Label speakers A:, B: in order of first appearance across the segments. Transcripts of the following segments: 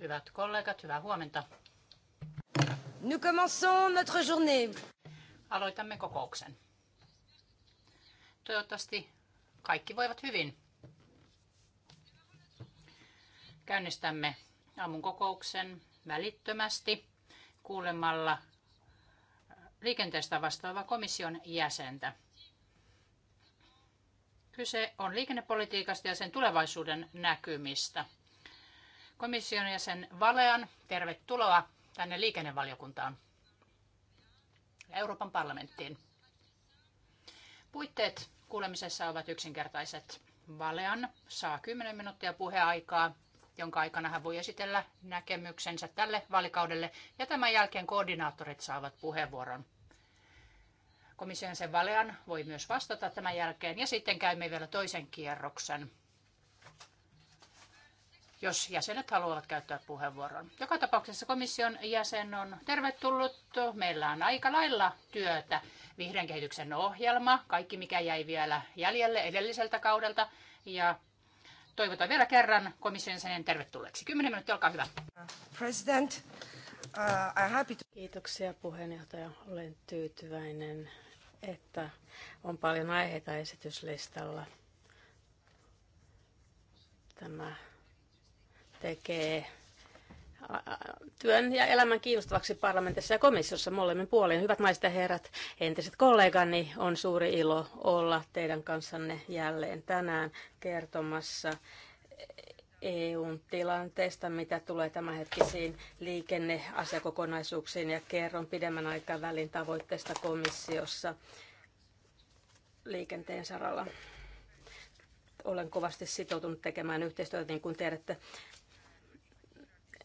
A: Hyvät kollegat, hyvää huomenta.
B: Nous commençons notre journée.
A: Aloitamme kokouksen. Toivottavasti kaikki voivat hyvin. Käynnistämme aamun kokouksen välittömästi kuulemalla liikenteestä vastaava komission jäsentä. Kyse on liikennepolitiikasta ja sen tulevaisuuden näkymistä – komission jäsen Valean. Tervetuloa tänne liikennevaliokuntaan ja Euroopan parlamenttiin. Puitteet kuulemisessa ovat yksinkertaiset. Valean saa 10 minuuttia puheaikaa, jonka aikana hän voi esitellä näkemyksensä tälle valikaudelle, ja tämän jälkeen koordinaattorit saavat puheenvuoron. Komission sen Valean voi myös vastata tämän jälkeen, ja sitten käymme vielä toisen kierroksen jos jäsenet haluavat käyttää puheenvuoron. Joka tapauksessa komission jäsen on tervetullut. Meillä on aika lailla työtä. Vihreän kehityksen ohjelma, kaikki mikä jäi vielä jäljelle edelliseltä kaudelta. Ja toivotan vielä kerran komission jäsenen tervetulleeksi. Kymmenen minuuttia, olkaa
C: hyvä. President, uh, I'm happy to... Kiitoksia puheenjohtaja. Olen tyytyväinen, että on paljon aiheita esityslistalla. Tämä tekee työn ja elämän kiinnostavaksi parlamentissa ja komissiossa molemmin puolin. Hyvät naiset ja herrat, entiset kollegani, on suuri ilo olla teidän kanssanne jälleen tänään kertomassa EUn tilanteesta, mitä tulee tämänhetkisiin liikenneasiakokonaisuuksiin ja kerron pidemmän aikavälin tavoitteesta komissiossa liikenteen saralla. Olen kovasti sitoutunut tekemään yhteistyötä, niin kuin tiedätte,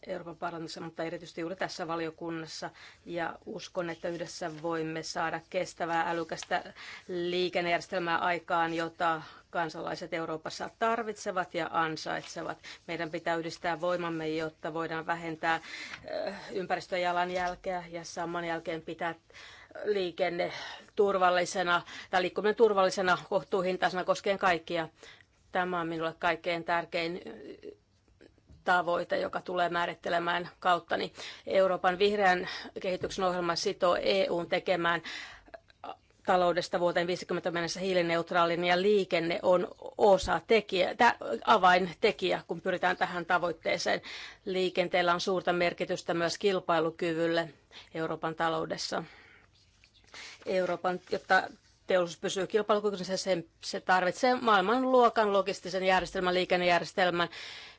C: Euroopan parlamentissa, mutta erityisesti juuri tässä valiokunnassa. Ja uskon, että yhdessä voimme saada kestävää älykästä liikennejärjestelmää aikaan, jota kansalaiset Euroopassa tarvitsevat ja ansaitsevat. Meidän pitää yhdistää voimamme, jotta voidaan vähentää eh, ympäristöjalan jälkeä ja saman jälkeen pitää eh, liikenne turvallisena tai liikkuminen turvallisena kohtuuhintaisena koskien kaikkia. Tämä on minulle kaikkein tärkein eh, tavoite, joka tulee määrittelemään kauttani. Niin Euroopan vihreän kehityksen ohjelma sitoo EUn tekemään taloudesta vuoteen 50 mennessä hiilineutraalin ja liikenne on osa tekijä, tä, avaintekijä, kun pyritään tähän tavoitteeseen. Liikenteellä on suurta merkitystä myös kilpailukyvylle Euroopan taloudessa. Euroopan, jotta teollisuus pysyy kilpailukykyisenä, se, se tarvitsee maailmanluokan logistisen järjestelmän, liikennejärjestelmän,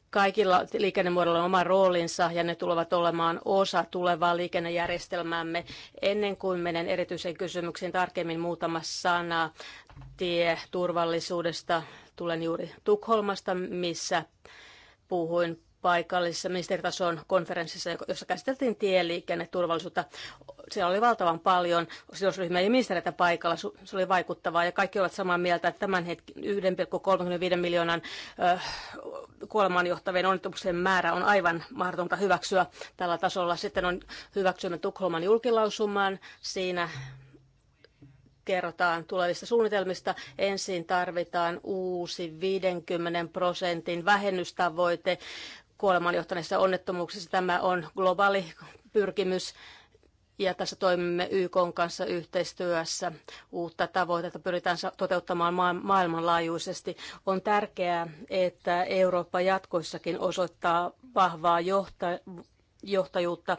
C: Kaikilla liikennemuodolla on oma roolinsa ja ne tulevat olemaan osa tulevaa liikennejärjestelmäämme. Ennen kuin menen erityisen kysymyksiin tarkemmin muutama sana tie turvallisuudesta. Tulen juuri Tukholmasta, missä puhuin paikallisessa ministeritason konferenssissa, jossa käsiteltiin tieliikenneturvallisuutta. Siellä oli valtavan paljon sidosryhmiä ja ministeriötä paikalla. Se oli vaikuttavaa ja kaikki ovat samaa mieltä, että tämän hetken 1,35 miljoonan kuolemaan johtavien onnettomuuksien määrä on aivan mahdotonta hyväksyä tällä tasolla. Sitten on hyväksymme Tukholman julkilausumaan. Siinä kerrotaan tulevista suunnitelmista. Ensin tarvitaan uusi 50 prosentin vähennystavoite kuolemaan johtaneissa onnettomuuksissa. Tämä on globaali pyrkimys ja tässä toimimme YK kanssa yhteistyössä. Uutta tavoitetta pyritään toteuttamaan maailmanlaajuisesti. On tärkeää, että Eurooppa jatkoissakin osoittaa vahvaa johtajuutta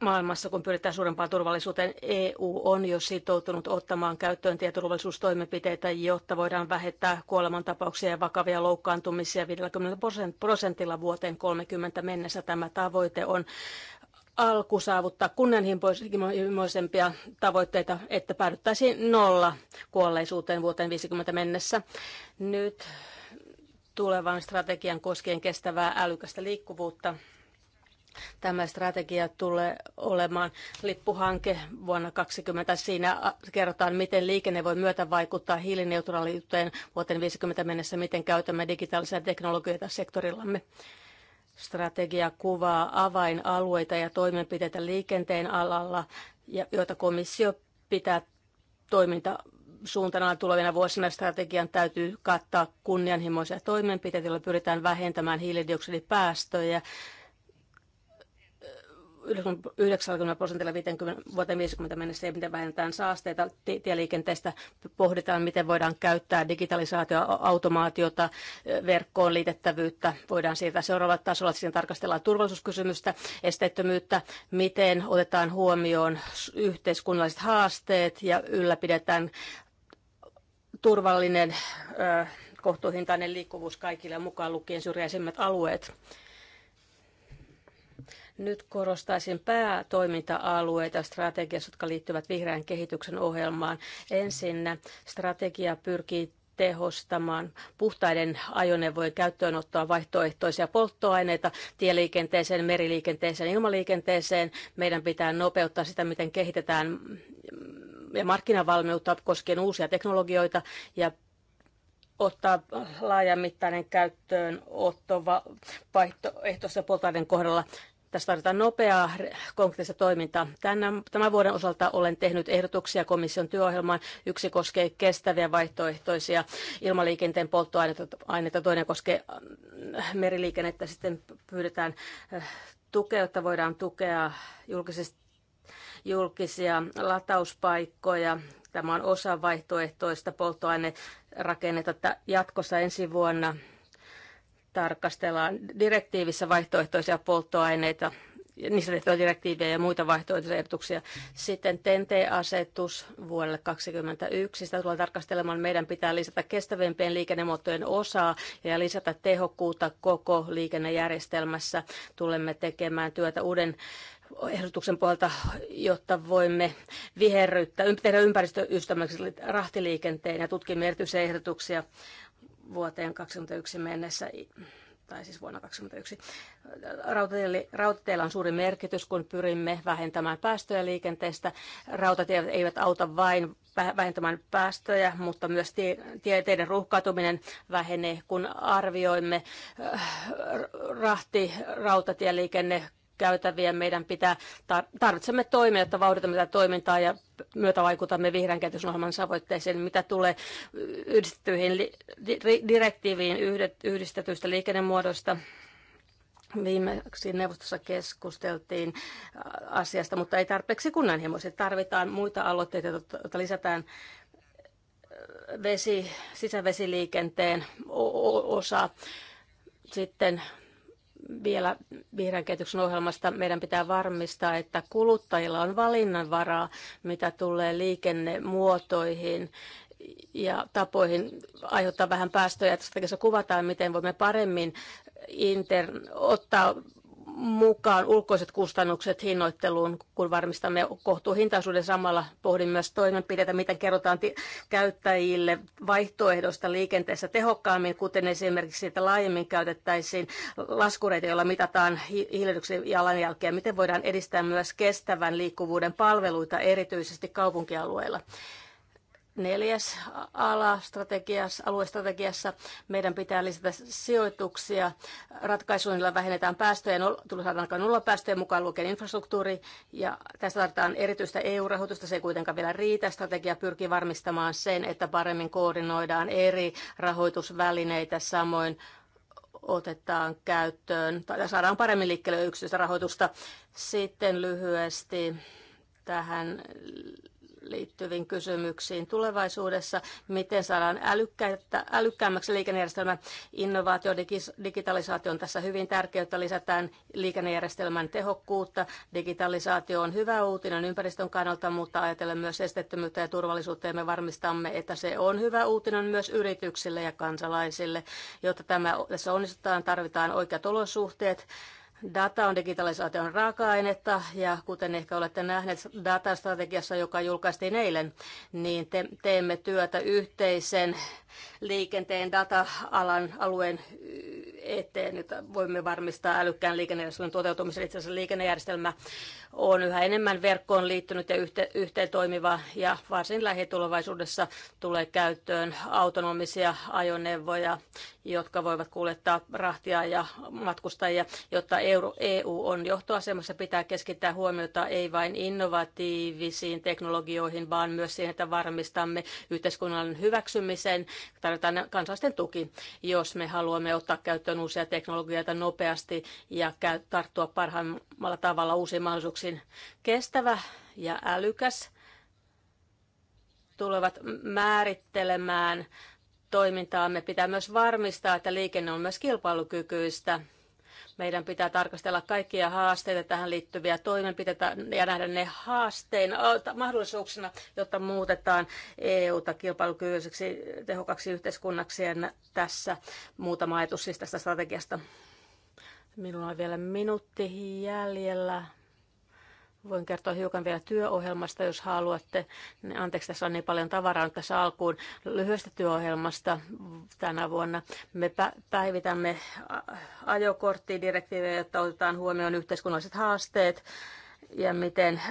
C: maailmassa, kun pyritään suurempaan turvallisuuteen. EU on jo sitoutunut ottamaan käyttöön tieturvallisuustoimenpiteitä, jotta voidaan vähentää kuolemantapauksia ja vakavia loukkaantumisia 50 prosentilla vuoteen 30 mennessä. Tämä tavoite on alku saavuttaa kunnianhimoisempia tavoitteita, että päädyttäisiin nolla kuolleisuuteen vuoteen 50 mennessä. Nyt tulevan strategian koskien kestävää älykästä liikkuvuutta – Tämä strategia tulee olemaan lippuhanke vuonna 2020. Siinä kerrotaan, miten liikenne voi myötä vaikuttaa hiilineutraaliuteen vuoteen 50 mennessä, miten käytämme digitaalisia teknologioita sektorillamme. Strategia kuvaa avainalueita ja toimenpiteitä liikenteen alalla, joita komissio pitää toiminta suuntanaan tulevina vuosina strategian täytyy kattaa kunnianhimoisia toimenpiteitä, joilla pyritään vähentämään hiilidioksidipäästöjä 90 prosentilla 50, vuoteen 50 mennessä ja miten vähennetään saasteita tieliikenteestä. Pohditaan, miten voidaan käyttää digitalisaatioa, automaatiota, verkkoon liitettävyyttä. Voidaan siirtää seuraavalle tasolle. Siinä tarkastellaan turvallisuuskysymystä, esteettömyyttä, miten otetaan huomioon yhteiskunnalliset haasteet ja ylläpidetään turvallinen kohtuuhintainen liikkuvuus kaikille mukaan lukien syrjäisimmät alueet. Nyt korostaisin päätoiminta-alueita strategiassa, jotka liittyvät vihreän kehityksen ohjelmaan. Ensinnä strategia pyrkii tehostamaan puhtaiden ajoneuvojen käyttöönottoa vaihtoehtoisia polttoaineita tieliikenteeseen, meriliikenteeseen, ilmaliikenteeseen. Meidän pitää nopeuttaa sitä, miten kehitetään ja markkinavalmiutta koskien uusia teknologioita ja ottaa laajamittainen käyttöön otto vaihtoehtoisen polttoaineen kohdalla tässä tarvitaan nopeaa konkreettista toimintaa. Tänään, tämän vuoden osalta olen tehnyt ehdotuksia komission työohjelmaan. Yksi koskee kestäviä vaihtoehtoisia ilmaliikenteen polttoaineita, toinen koskee äh, meriliikennettä. Sitten pyydetään äh, tukea, että voidaan tukea julkisesti julkisia latauspaikkoja. Tämä on osa vaihtoehtoista polttoainerakennetta jatkossa ensi vuonna tarkastellaan direktiivissä vaihtoehtoisia polttoaineita, niissä tehtyä direktiiviä ja muita vaihtoehtoisia ehdotuksia. Sitten TNT-asetus vuodelle 2021, sitä tulee tarkastelemaan, meidän pitää lisätä kestävimpien liikennemuotojen osaa ja lisätä tehokkuutta koko liikennejärjestelmässä. Tulemme tekemään työtä uuden ehdotuksen puolelta, jotta voimme viherryttää, tehdä ympäristöystävällisesti rahtiliikenteen ja tutkimme erityisiä ehdotuksia vuoteen 2021 mennessä tai siis vuonna 2021. Rautateillä on suuri merkitys, kun pyrimme vähentämään päästöjä liikenteestä. Rautatiet eivät auta vain vähentämään päästöjä, mutta myös tieteiden ruuhkautuminen vähenee, kun arvioimme äh, rahti rautatieliikenne käytäviä. Meidän pitää, tarvitsemme toimia, jotta vauhditamme tätä toimintaa ja vaikutamme vihreän kehitysohjelman savoitteeseen, mitä tulee yhdistettyihin direktiiviin yhdistetyistä liikennemuodoista. Viimeksi neuvostossa keskusteltiin äh, asiasta, mutta ei tarpeeksi kunnianhimoisesti. Tarvitaan muita aloitteita, joita lisätään äh, vesi, sisävesiliikenteen osa. Sitten vielä vihreän kehityksen ohjelmasta meidän pitää varmistaa, että kuluttajilla on valinnanvaraa, mitä tulee liikennemuotoihin ja tapoihin aiheuttaa vähän päästöjä. Tässä kuvataan, miten voimme paremmin inter- ottaa mukaan ulkoiset kustannukset hinnoitteluun, kun varmistamme kohtuuhintaisuuden samalla. Pohdin myös toimenpiteitä, miten kerrotaan käyttäjille vaihtoehdosta liikenteessä tehokkaammin, kuten esimerkiksi, että laajemmin käytettäisiin laskureita, joilla mitataan hiilityksen jalanjälkeä. Miten voidaan edistää myös kestävän liikkuvuuden palveluita, erityisesti kaupunkialueilla. Neljäs ala strategiassa, aluestrategiassa meidän pitää lisätä sijoituksia. Ratkaisuilla vähennetään päästöjä, saada ainakaan nolla päästöjä mukaan lukien infrastruktuuri. Ja tässä tarvitaan erityistä EU-rahoitusta, se ei kuitenkaan vielä riitä. Strategia pyrkii varmistamaan sen, että paremmin koordinoidaan eri rahoitusvälineitä samoin otetaan käyttöön tai saadaan paremmin liikkeelle yksityistä rahoitusta. Sitten lyhyesti tähän liittyviin kysymyksiin tulevaisuudessa, miten saadaan älykkäämmäksi liikennejärjestelmä, innovaatio, digitalisaatio on tässä hyvin tärkeää, että lisätään liikennejärjestelmän tehokkuutta. Digitalisaatio on hyvä uutinen ympäristön kannalta, mutta ajatellen myös estettömyyttä ja turvallisuutta ja me varmistamme, että se on hyvä uutinen myös yrityksille ja kansalaisille. Jotta tämä, tässä onnistutaan, tarvitaan oikeat olosuhteet, Data on digitalisaation raaka-ainetta ja kuten ehkä olette nähneet datastrategiassa, joka julkaistiin eilen, niin te- teemme työtä yhteisen liikenteen data-alan alueen eteen, että voimme varmistaa älykkään liikennejärjestelmän toteutumisen. Itse asiassa liikennejärjestelmä on yhä enemmän verkkoon liittynyt ja yhte, yhteen toimiva ja varsin lähitulevaisuudessa tulee käyttöön autonomisia ajoneuvoja, jotka voivat kuljettaa rahtia ja matkustajia, jotta Euro, EU on johtoasemassa. Pitää keskittää huomiota ei vain innovatiivisiin teknologioihin, vaan myös siihen, että varmistamme yhteiskunnan hyväksymisen. Tarvitaan kansalaisten tuki, jos me haluamme ottaa käyttöön käyttöön uusia teknologioita nopeasti ja tarttua parhaimmalla tavalla uusiin mahdollisuuksiin. Kestävä ja älykäs tulevat määrittelemään toimintaamme. Pitää myös varmistaa, että liikenne on myös kilpailukykyistä meidän pitää tarkastella kaikkia haasteita tähän liittyviä toimenpiteitä ja nähdä ne haasteina, mahdollisuuksina, jotta muutetaan EU-ta kilpailukykyiseksi tehokaksi yhteiskunnaksi. Ja tässä muutama ajatus siis tästä strategiasta. Minulla on vielä minuutti jäljellä. Voin kertoa hiukan vielä työohjelmasta, jos haluatte. Anteeksi, tässä on niin paljon tavaraa nyt tässä alkuun. Lyhyestä työohjelmasta tänä vuonna. Me päivitämme ajokorttidirektiivejä, jotta otetaan huomioon yhteiskunnalliset haasteet ja miten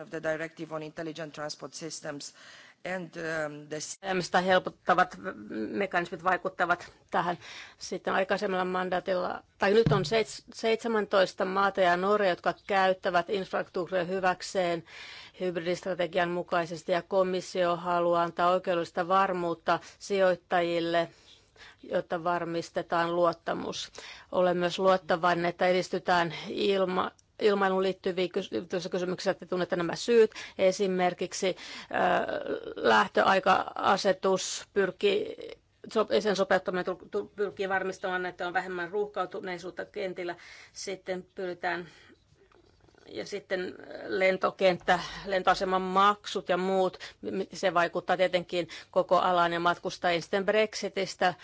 C: of the directive on intelligent transport systems and um, the... helpottavat mekanismit vaikuttavat tähän. Sitten aikaisemmalla mandaatilla, tai nyt on 17 maata ja Norja, jotka käyttävät infrastruktuuria hyväkseen hybridistrategian mukaisesti, ja komissio haluaa antaa oikeudellista varmuutta sijoittajille jotta varmistetaan luottamus. Olen myös luottavainen, että edistytään ilma, ilmailuun liittyvissä kysymyksissä, että tunnette nämä syyt. Esimerkiksi lähtöaika-asetus pyrkii sen sopeuttaminen pyrkii varmistamaan, että on vähemmän ruuhkautuneisuutta kentillä. Sitten pyritään ja sitten lentokenttä, lentoaseman maksut ja muut, se vaikuttaa tietenkin koko alaan ja matkustajien. Sitten Brexitistä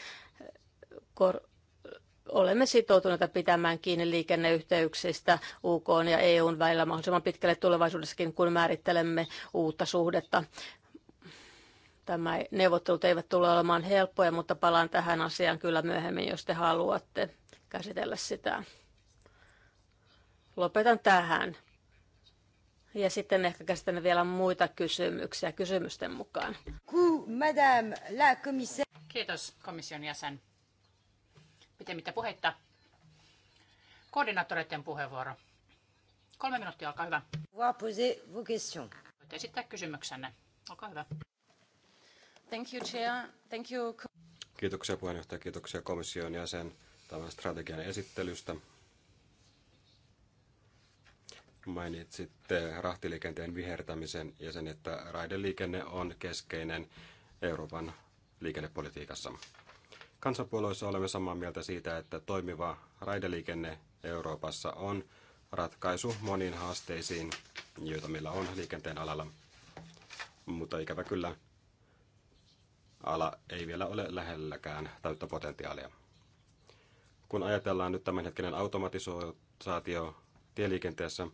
C: kor- olemme sitoutuneita pitämään kiinni liikenneyhteyksistä UK ja EUn välillä mahdollisimman pitkälle tulevaisuudessakin, kun määrittelemme uutta suhdetta. Tämä neuvottelut eivät tule olemaan helppoja, mutta palaan tähän asiaan kyllä myöhemmin, jos te haluatte käsitellä sitä. Lopetan tähän. Ja sitten ehkä käsitellään vielä muita kysymyksiä kysymysten mukaan.
A: Kiitos komission jäsen mitä puhetta. Koordinaattoreiden puheenvuoro. Kolme minuuttia, olkaa hyvä. Voitte esittää kysymyksenne. Olkaa hyvä. Thank you, Chair. Thank you.
D: Kiitoksia puheenjohtaja, kiitoksia komission jäsen tämän strategian esittelystä. Mainitsitte rahtiliikenteen vihertämisen ja sen, että raideliikenne on keskeinen Euroopan liikennepolitiikassa. Kansanpuolueessa olemme samaa mieltä siitä, että toimiva raideliikenne Euroopassa on ratkaisu moniin haasteisiin, joita meillä on liikenteen alalla. Mutta ikävä kyllä ala ei vielä ole lähelläkään täyttä potentiaalia. Kun ajatellaan nyt tämänhetkinen automatisaatio tieliikenteessä,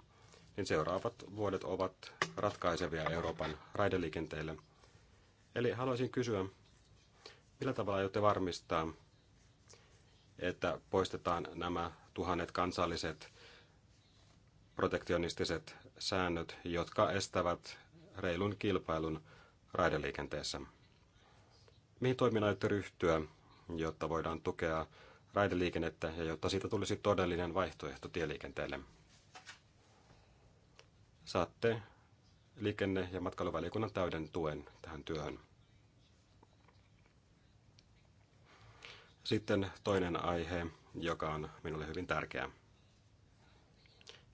D: niin seuraavat vuodet ovat ratkaisevia Euroopan raideliikenteelle. Eli haluaisin kysyä, Millä tavalla aiotte varmistaa, että poistetaan nämä tuhannet kansalliset protektionistiset säännöt, jotka estävät reilun kilpailun raideliikenteessä? Mihin toimiin aiotte ryhtyä, jotta voidaan tukea raideliikennettä ja jotta siitä tulisi todellinen vaihtoehto tieliikenteelle? Saatte liikenne- ja matkailuvaliokunnan täyden tuen tähän työhön. Sitten toinen aihe, joka on minulle hyvin tärkeä.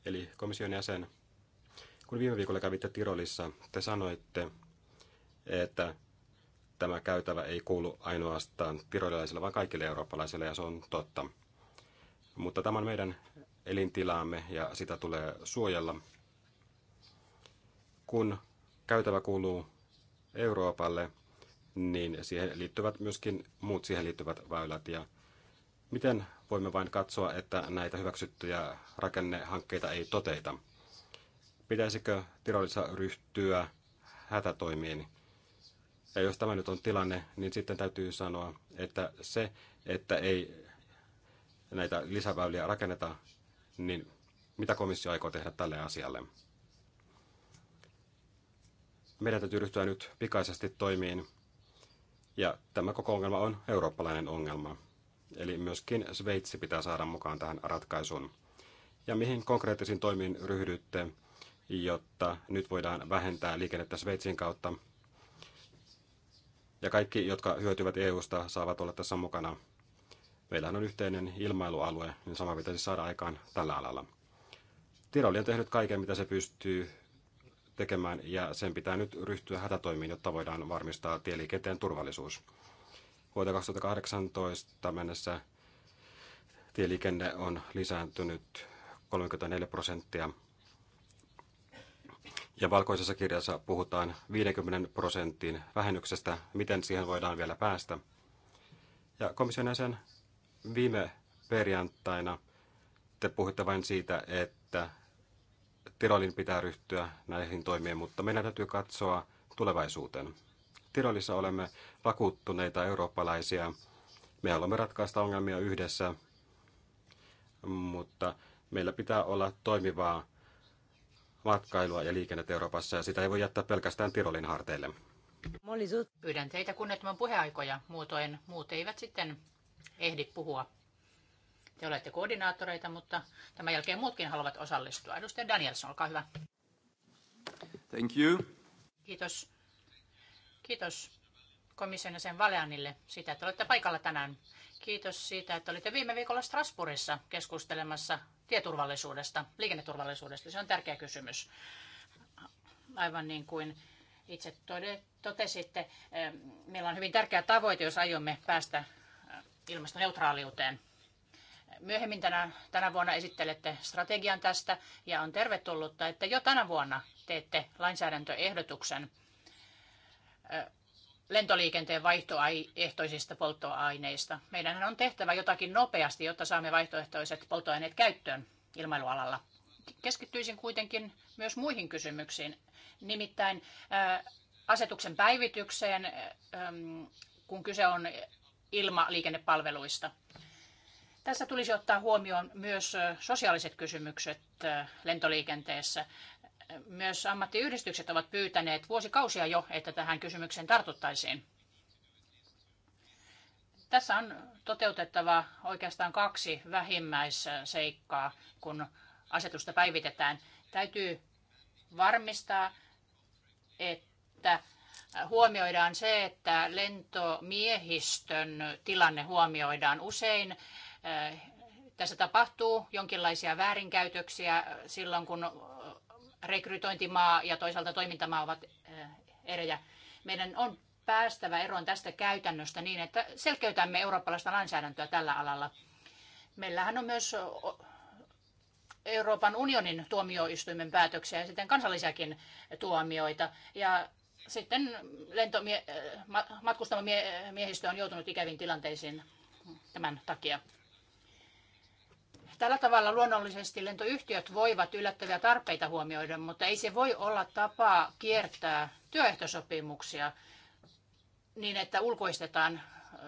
D: Eli komission jäsen, kun viime viikolla kävitte Tirolissa, te sanoitte, että tämä käytävä ei kuulu ainoastaan tirolilaisille, vaan kaikille eurooppalaisille, ja se on totta. Mutta tämä on meidän elintilaamme, ja sitä tulee suojella. Kun käytävä kuuluu Euroopalle, niin siihen liittyvät myöskin muut siihen liittyvät väylät. Ja miten voimme vain katsoa, että näitä hyväksyttyjä rakennehankkeita ei toteita? Pitäisikö Tirolissa ryhtyä hätätoimiin? Ja jos tämä nyt on tilanne, niin sitten täytyy sanoa, että se, että ei näitä lisäväyliä rakenneta, niin mitä komissio aikoo tehdä tälle asialle? Meidän täytyy ryhtyä nyt pikaisesti toimiin ja tämä koko ongelma on eurooppalainen ongelma. Eli myöskin Sveitsi pitää saada mukaan tähän ratkaisuun. Ja mihin konkreettisiin toimiin ryhdytte, jotta nyt voidaan vähentää liikennettä Sveitsin kautta? Ja kaikki, jotka hyötyvät EUsta, saavat olla tässä mukana. Meillähän on yhteinen ilmailualue, niin sama pitäisi saada aikaan tällä alalla. Tiroli on tehnyt kaiken, mitä se pystyy tekemään ja sen pitää nyt ryhtyä hätätoimiin, jotta voidaan varmistaa tieliikenteen turvallisuus. Vuoteen 2018 mennessä tieliikenne on lisääntynyt 34 prosenttia. Ja valkoisessa kirjassa puhutaan 50 prosentin vähennyksestä, miten siihen voidaan vielä päästä. Ja komission jäsen viime perjantaina te puhutte vain siitä, että Tirolin pitää ryhtyä näihin toimiin, mutta meidän täytyy katsoa tulevaisuuteen. Tirolissa olemme vakuuttuneita eurooppalaisia. Me haluamme ratkaista ongelmia yhdessä, mutta meillä pitää olla toimivaa matkailua ja liikennettä Euroopassa, ja sitä ei voi jättää pelkästään Tirolin harteille.
A: Pyydän teitä kunnioittamaan puheaikoja, muutoin muut eivät sitten ehdi puhua. Te olette koordinaattoreita, mutta tämän jälkeen muutkin haluavat osallistua. Edustaja Danielson, olkaa hyvä. Thank you. Kiitos. Kiitos komission sen Valeanille siitä, että olette paikalla tänään. Kiitos siitä, että olitte viime viikolla Strasbourgissa keskustelemassa tieturvallisuudesta, liikenneturvallisuudesta. Se on tärkeä kysymys. Aivan niin kuin itse totesitte, eh, meillä on hyvin tärkeä tavoite, jos aiomme päästä eh, ilmastoneutraaliuteen. Myöhemmin tänä, tänä vuonna esittelette strategian tästä ja on tervetullutta, että jo tänä vuonna teette lainsäädäntöehdotuksen lentoliikenteen vaihtoehtoisista polttoaineista. Meidän on tehtävä jotakin nopeasti, jotta saamme vaihtoehtoiset polttoaineet käyttöön ilmailualalla. Keskittyisin kuitenkin myös muihin kysymyksiin, nimittäin asetuksen päivitykseen, kun kyse on ilmaliikennepalveluista. Tässä tulisi ottaa huomioon myös sosiaaliset kysymykset lentoliikenteessä. Myös ammattiyhdistykset ovat pyytäneet vuosikausia jo, että tähän kysymykseen tartuttaisiin. Tässä on toteutettava oikeastaan kaksi vähimmäisseikkaa, kun asetusta päivitetään. Täytyy varmistaa, että huomioidaan se, että lentomiehistön tilanne huomioidaan. Usein tässä tapahtuu jonkinlaisia väärinkäytöksiä silloin, kun rekrytointimaa ja toisaalta toimintamaa ovat eh, erejä. Meidän on päästävä eroon tästä käytännöstä niin, että selkeytämme eurooppalaista lainsäädäntöä tällä alalla. Meillähän on myös Euroopan unionin tuomioistuimen päätöksiä ja sitten kansallisiakin tuomioita. Ja sitten lentomie- eh, miehistö on joutunut ikäviin tilanteisiin tämän takia. Tällä tavalla luonnollisesti lentoyhtiöt voivat yllättäviä tarpeita huomioida, mutta ei se voi olla tapa kiertää työehtosopimuksia niin, että ulkoistetaan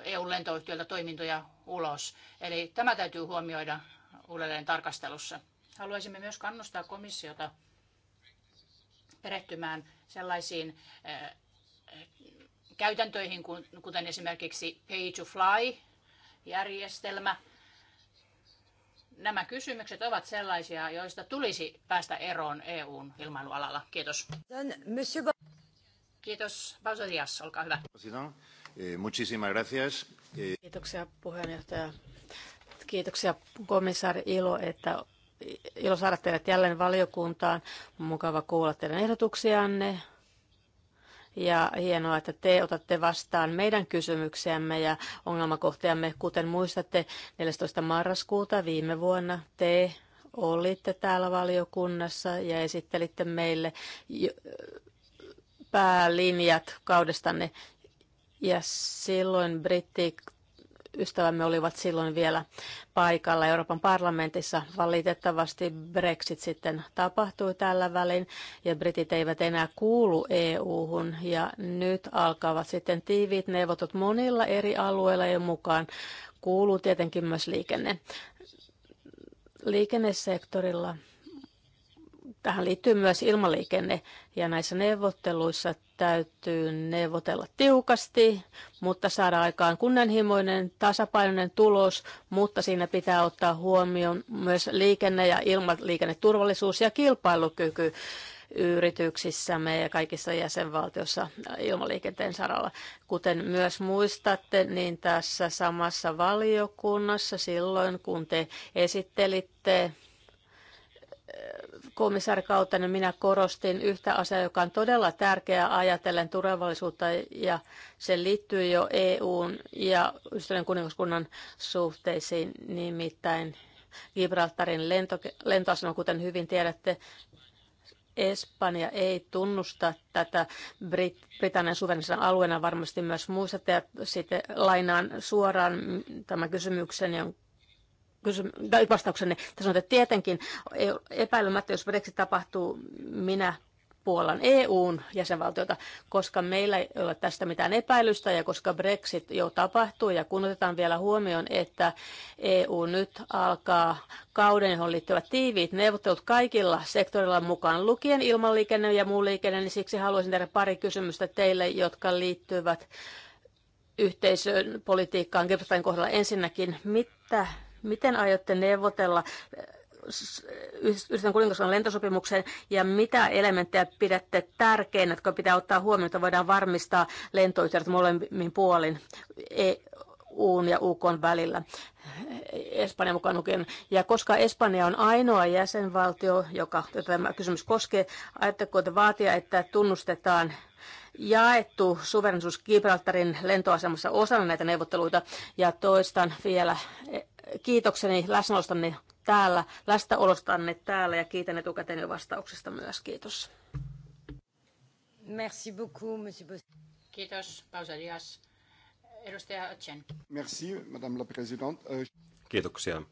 A: EU-lentoyhtiöltä toimintoja ulos. Eli tämä täytyy huomioida uudelleen tarkastelussa. Haluaisimme myös kannustaa komissiota perehtymään sellaisiin eh, käytäntöihin, kuten esimerkiksi pay to fly järjestelmä – nämä kysymykset ovat sellaisia, joista tulisi päästä eroon EUn ilmailualalla.
C: Kiitos. Kiitos. Pausa Dias, olkaa hyvä.
D: Muchísimas
C: Kiitoksia puheenjohtaja. Kiitoksia komissaari Ilo, että ilo saada teidät jälleen valiokuntaan. Mukava kuulla teidän ehdotuksianne ja hienoa, että te otatte vastaan meidän kysymyksiämme ja ongelmakohtiamme. Kuten muistatte, 14. marraskuuta viime vuonna te olitte täällä valiokunnassa ja esittelitte meille päälinjat kaudestanne. Ja silloin britti ystävämme olivat silloin vielä paikalla Euroopan parlamentissa. Valitettavasti Brexit sitten tapahtui tällä välin ja britit eivät enää kuulu EU-hun ja nyt alkavat sitten tiiviit neuvotut monilla eri alueilla ja mukaan kuuluu tietenkin myös liikenne. Liikennesektorilla Tähän liittyy myös ilmaliikenne ja näissä neuvotteluissa täytyy neuvotella tiukasti, mutta saada aikaan kunnianhimoinen, tasapainoinen tulos, mutta siinä pitää ottaa huomioon myös liikenne- ja ilmaliikenneturvallisuus ja kilpailukyky yrityksissämme ja kaikissa jäsenvaltioissa ilmaliikenteen saralla. Kuten myös muistatte, niin tässä samassa valiokunnassa silloin, kun te esittelitte komissaari Kautanen, minä korostin yhtä asiaa, joka on todella tärkeää ajatellen turvallisuutta ja se liittyy jo EUn ja ystävän kuningaskunnan suhteisiin, nimittäin Gibraltarin lento, lentoasema, kuten hyvin tiedätte, Espanja ei tunnusta tätä Brit- Britannian suverenisen alueena varmasti myös muistatte. Ja sitten lainaan suoraan tämän kysymyksen, jonka kysym- vastauksenne. Te sanotte, että tietenkin epäilemättä, jos Brexit tapahtuu, minä Puolan EUn jäsenvaltiota, koska meillä ei ole tästä mitään epäilystä ja koska Brexit jo tapahtuu ja kun otetaan vielä huomioon, että EU nyt alkaa kauden, johon liittyvät tiiviit neuvottelut kaikilla sektorilla mukaan lukien ilmanliikenne ja muu liikenne, niin siksi haluaisin tehdä pari kysymystä teille, jotka liittyvät yhteisön politiikkaan Gibraltarin kohdalla. Ensinnäkin, mitä Miten aiotte neuvotella Yhdistön kuningaskunnan lentosopimukseen ja mitä elementtejä pidätte tärkeinä, jotka pitää ottaa huomioon, että voidaan varmistaa lentoyhteydet molemmin puolin EUn ja UK välillä, Espanja mukaan lukien. Ja koska Espanja on ainoa jäsenvaltio, joka tämä kysymys koskee, ajatteko te vaatia, että tunnustetaan jaettu suverenisuus Gibraltarin lentoasemassa osana näitä neuvotteluita, ja toistan vielä kiitokseni läsnäolostanne täällä, läsnäolostanne täällä ja kiitän etukäteen jo vastauksesta myös. Kiitos.
A: Merci beaucoup, monsieur Bos- Kiitos, Dias. Edustaja Ötchen.
D: Merci, madame la présidente. Euh, Kiitoksia.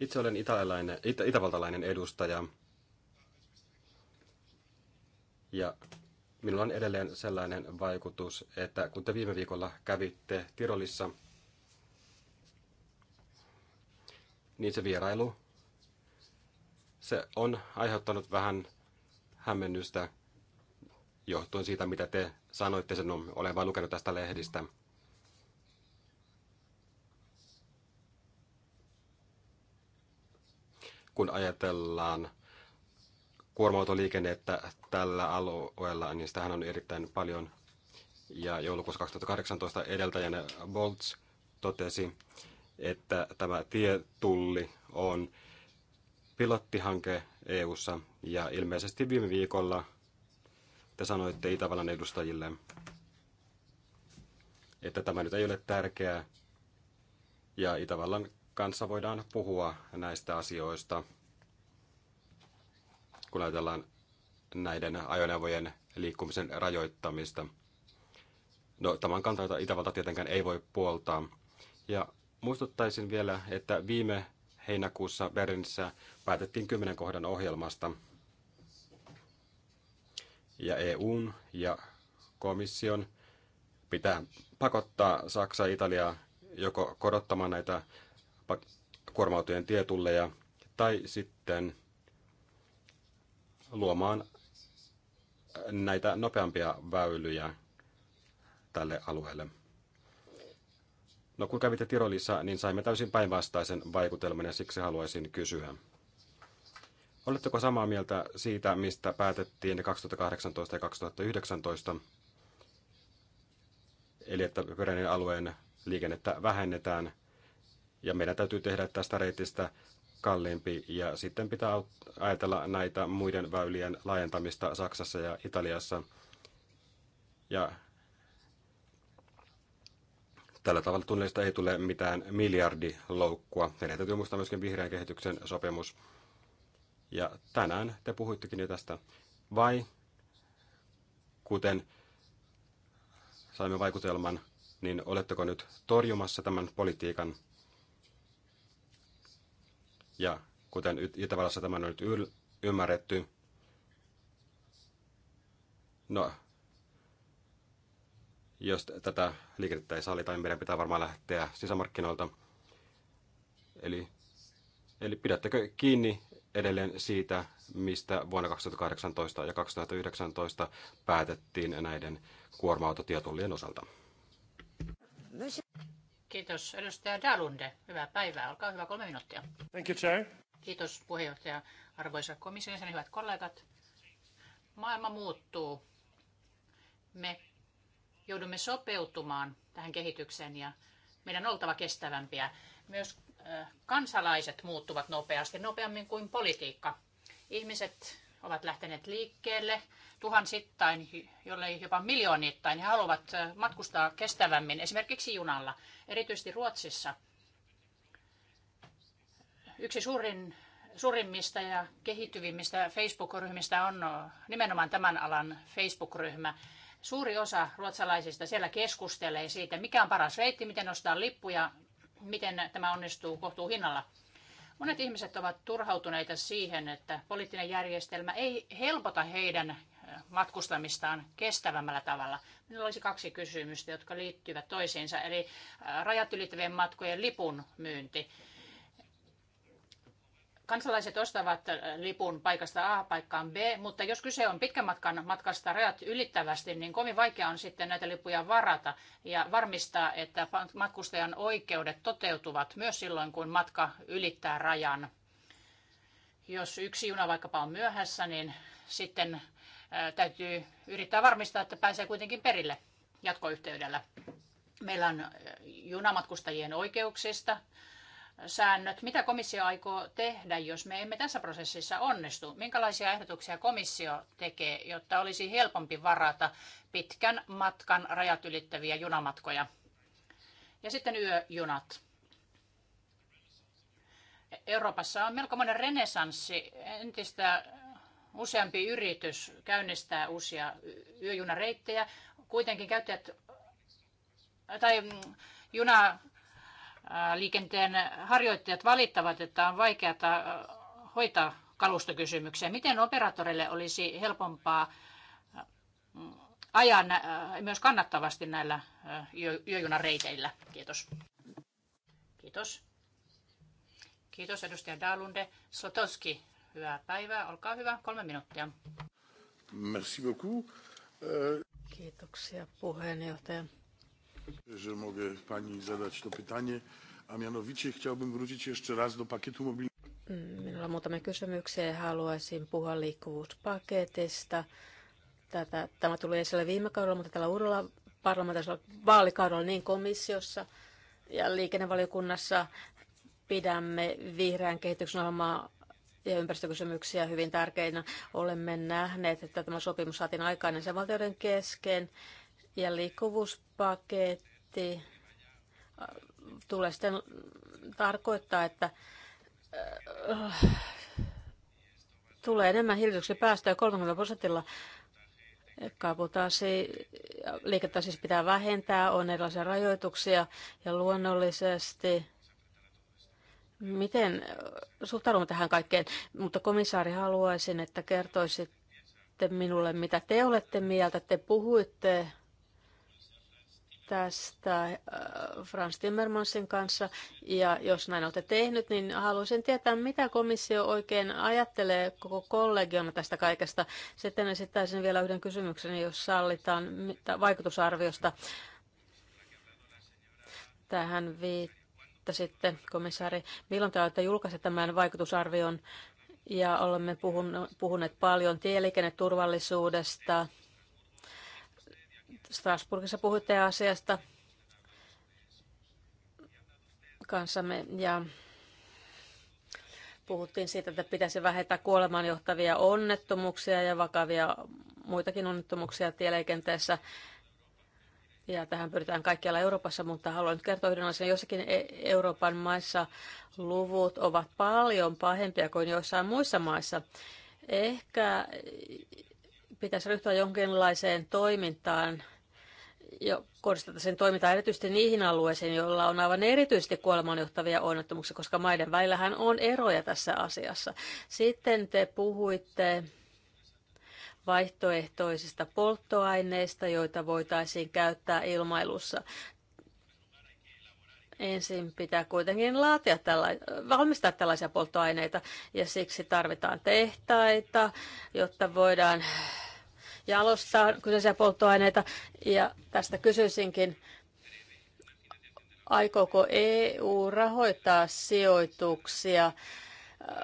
D: Itse olen itä, itävaltalainen edustaja. Ja Minulla on edelleen sellainen vaikutus, että kun te viime viikolla kävitte Tirolissa, niin se vierailu, se on aiheuttanut vähän hämmennystä johtuen siitä, mitä te sanoitte, sen no, olen vain lukenut tästä lehdistä. Kun ajatellaan kuorma-autoliikennettä tällä alueella, niin sitähän on erittäin paljon. Ja joulukuussa 2018 edeltäjänä Bolts totesi, että tämä tietulli on pilottihanke EU:ssa ja ilmeisesti viime viikolla te sanoitte Itävallan edustajille, että tämä nyt ei ole tärkeää ja Itävallan kanssa voidaan puhua näistä asioista – kun ajatellaan näiden ajoneuvojen liikkumisen rajoittamista. No, tämän kantaa Itävalta tietenkään ei voi puoltaa. Ja muistuttaisin vielä, että viime heinäkuussa Berlinissä päätettiin kymmenen kohdan ohjelmasta. Ja EUn ja komission pitää pakottaa Saksa ja Italia joko korottamaan näitä kuormautujen tietulleja tai sitten luomaan näitä nopeampia väylyjä tälle alueelle. No kun kävitte Tirolissa, niin saimme täysin päinvastaisen vaikutelman ja siksi haluaisin kysyä. Oletteko samaa mieltä siitä, mistä päätettiin 2018 ja 2019? Eli että pyöräinen alueen liikennettä vähennetään ja meidän täytyy tehdä tästä reitistä kalliimpi. Ja sitten pitää ajatella näitä muiden väylien laajentamista Saksassa ja Italiassa. Ja tällä tavalla tunnelista ei tule mitään miljardiloukkua. Meidän täytyy muistaa myöskin vihreän kehityksen sopimus. Ja tänään te puhuittekin jo tästä. Vai kuten saimme vaikutelman, niin oletteko nyt torjumassa tämän politiikan? Ja kuten Itävallassa tämä on nyt ymmärretty, no, jos tätä liikettä ei sallita, niin meidän pitää varmaan lähteä sisämarkkinoilta. Eli, eli pidättekö kiinni edelleen siitä, mistä vuonna 2018 ja 2019 päätettiin näiden kuorma-autotietullien osalta?
A: Kiitos. Edustaja Dalunde, hyvää päivää. Olkaa hyvä, kolme minuuttia. Thank you, Chair. Kiitos puheenjohtaja, arvoisa komission jäsen, hyvät kollegat. Maailma muuttuu. Me joudumme sopeutumaan tähän kehitykseen ja meidän on oltava kestävämpiä. Myös äh, kansalaiset muuttuvat nopeasti, nopeammin kuin politiikka. Ihmiset ovat lähteneet liikkeelle tuhansittain, jollei jopa miljoonittain. He haluavat matkustaa kestävämmin, esimerkiksi junalla, erityisesti Ruotsissa. Yksi suurin, suurimmista ja kehittyvimmistä Facebook-ryhmistä on nimenomaan tämän alan Facebook-ryhmä. Suuri osa ruotsalaisista siellä keskustelee siitä, mikä on paras reitti, miten ostaa lippuja, miten tämä onnistuu kohtuuhinnalla. hinnalla Monet ihmiset ovat turhautuneita siihen, että poliittinen järjestelmä ei helpota heidän matkustamistaan kestävämmällä tavalla. Minulla olisi kaksi kysymystä, jotka liittyvät toisiinsa, eli rajat ylittävien matkojen lipun myynti. Kansalaiset ostavat äh, lipun paikasta A paikkaan B, mutta jos kyse on pitkän matkan matkasta rajat ylittävästi, niin kovin vaikea on sitten näitä lippuja varata ja varmistaa, että matkustajan oikeudet toteutuvat myös silloin, kun matka ylittää rajan. Jos yksi juna vaikkapa on myöhässä, niin sitten äh, täytyy yrittää varmistaa, että pääsee kuitenkin perille jatkoyhteydellä. Meillä on äh, junamatkustajien oikeuksista säännöt. Mitä komissio aikoo tehdä, jos me emme tässä prosessissa onnistu? Minkälaisia ehdotuksia komissio tekee, jotta olisi helpompi varata pitkän matkan rajat ylittäviä junamatkoja? Ja sitten yöjunat. Euroopassa on melkoinen renesanssi. Entistä useampi yritys käynnistää uusia yöjunareittejä. Kuitenkin käyttäjät tai mm, juna Äh, liikenteen harjoittajat valittavat, että on vaikeaa äh, hoitaa kalustokysymyksiä. Miten operaattoreille olisi helpompaa äh, ajaa myös kannattavasti näillä yöjunareiteillä? Kiitos. Kiitos. Kiitos edustaja Dalunde. Sotoski, hyvää päivää. Olkaa hyvä, kolme minuuttia.
B: Merci beaucoup.
C: Kiitoksia puheenjohtaja.
B: Że mogę pani zadać to pytanie, a mianowicie chciałbym wrócić jeszcze raz do pakietu mobilności.
C: Minulla on muutamia kysymyksiä. Haluaisin puhua liikkuvuuspaketista. Tätä, tämä tuli esille viime kaudella, mutta tällä uudella parlamentaarisella vaalikaudella niin komissiossa ja liikennevaliokunnassa pidämme vihreän kehityksen ohjelmaa ja ympäristökysymyksiä hyvin tärkeinä. Olemme nähneet, että tämä sopimus saatiin aikaan valtioiden kesken ja liikkuvuuspaketti äh, tulee sitten tarkoittaa, että äh, tulee enemmän hiilidioksidipäästöjä 30 prosentilla. Kaputasi, liikettä siis pitää vähentää, on erilaisia rajoituksia ja luonnollisesti. Miten suhtaudumme tähän kaikkeen? Mutta komissaari, haluaisin, että kertoisitte minulle, mitä te olette mieltä. Te puhuitte tästä äh, Frans Timmermansin kanssa. Ja jos näin olette tehnyt, niin haluaisin tietää, mitä komissio oikein ajattelee koko kollegiona tästä kaikesta. Sitten esittäisin vielä yhden kysymyksen, jos sallitaan vaikutusarviosta. Tähän viittasitte, komissaari. Milloin te olette julkaisseet tämän vaikutusarvion? Ja olemme puhuneet paljon tieliikenneturvallisuudesta, Strasbourgissa puhuitte asiasta kanssamme ja puhuttiin siitä, että pitäisi vähentää kuolemaan johtavia onnettomuuksia ja vakavia muitakin onnettomuuksia tieliikenteessä. Ja tähän pyritään kaikkialla Euroopassa, mutta haluan nyt kertoa yhden asian. Jossakin e- Euroopan maissa luvut ovat paljon pahempia kuin joissain muissa maissa. Ehkä pitäisi ryhtyä jonkinlaiseen toimintaan, jo kohdistetaan sen toimintaa erityisesti niihin alueisiin, joilla on aivan erityisesti kuolemanjohtavia onnettomuuksia, koska maiden välillähän on eroja tässä asiassa. Sitten te puhuitte vaihtoehtoisista polttoaineista, joita voitaisiin käyttää ilmailussa. Ensin pitää kuitenkin laatia tällä, valmistaa tällaisia polttoaineita ja siksi tarvitaan tehtaita, jotta voidaan jalostaa kyseisiä polttoaineita. Ja tästä kysyisinkin, aikooko EU rahoittaa sijoituksia äh,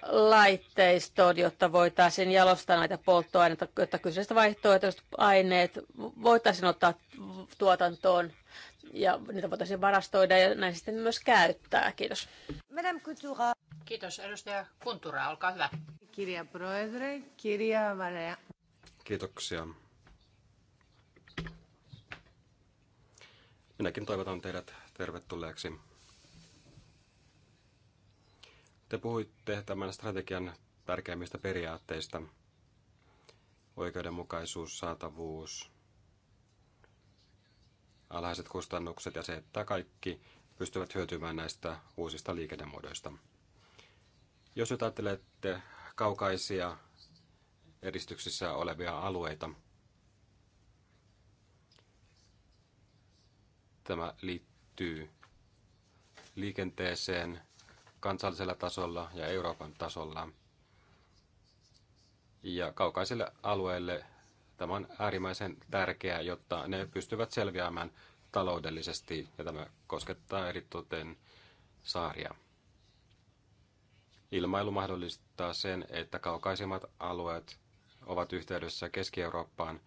C: laitteistoon, jotta voitaisiin jalostaa näitä polttoaineita, jotta kyseiset vaihtoehtoiset aineet voitaisiin ottaa tuotantoon ja niitä voitaisiin varastoida ja näin sitten myös käyttää. Kiitos.
A: Kiitos. Edustaja Kuntura, olkaa hyvä. Kirja Proedre, kirja Valea.
D: Kiitoksia. Minäkin toivotan teidät tervetulleeksi. Te puhuitte tämän strategian tärkeimmistä periaatteista. Oikeudenmukaisuus, saatavuus, alhaiset kustannukset ja se, että kaikki pystyvät hyötymään näistä uusista liikennemuodoista. Jos ajattelette kaukaisia eristyksissä olevia alueita. Tämä liittyy liikenteeseen kansallisella tasolla ja Euroopan tasolla. Ja kaukaisille alueille tämä on äärimmäisen tärkeää, jotta ne pystyvät selviämään taloudellisesti, ja tämä koskettaa eritoten saaria. Ilmailu mahdollistaa sen, että kaukaisimmat alueet ovat yhteydessä Keski-Eurooppaan,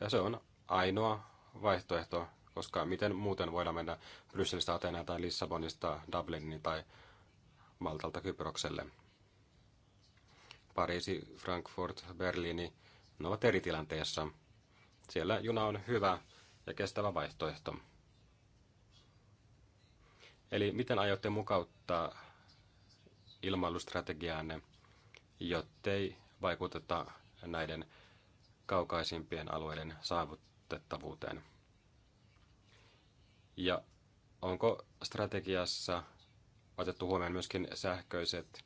D: ja se on ainoa vaihtoehto, koska miten muuten voidaan mennä Brysselistä Ateenaan tai Lissabonista Dubliniin tai Maltalta Kyprokselle. Pariisi, Frankfurt, Berliini, ne ovat eri tilanteessa. Siellä juna on hyvä ja kestävä vaihtoehto. Eli miten aiotte mukauttaa ilmailustrategiaanne, jottei vaikuteta näiden kaukaisimpien alueiden saavutettavuuteen? Ja onko strategiassa otettu huomioon myöskin sähköiset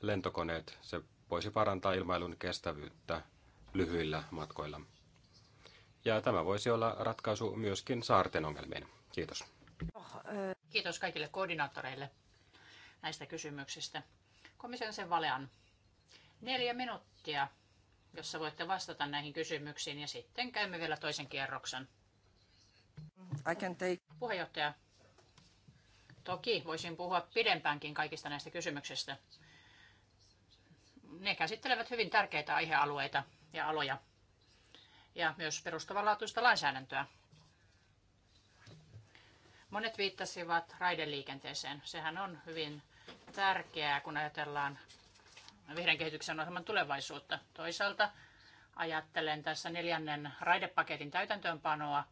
D: lentokoneet? Se voisi parantaa ilmailun kestävyyttä lyhyillä matkoilla. Ja tämä voisi olla ratkaisu myöskin saarten ongelmiin. Kiitos.
A: Kiitos kaikille koordinaattoreille näistä kysymyksistä. Komission sen valean. Neljä minuuttia jossa voitte vastata näihin kysymyksiin ja sitten käymme vielä toisen kierroksen. I can take... Puheenjohtaja, toki voisin puhua pidempäänkin kaikista näistä kysymyksistä. Ne käsittelevät hyvin tärkeitä aihealueita ja aloja ja myös perustavanlaatuista lainsäädäntöä. Monet viittasivat raideliikenteeseen. Sehän on hyvin tärkeää, kun ajatellaan vihreän kehityksen ohjelman tulevaisuutta. Toisaalta ajattelen tässä neljännen raidepaketin täytäntöönpanoa.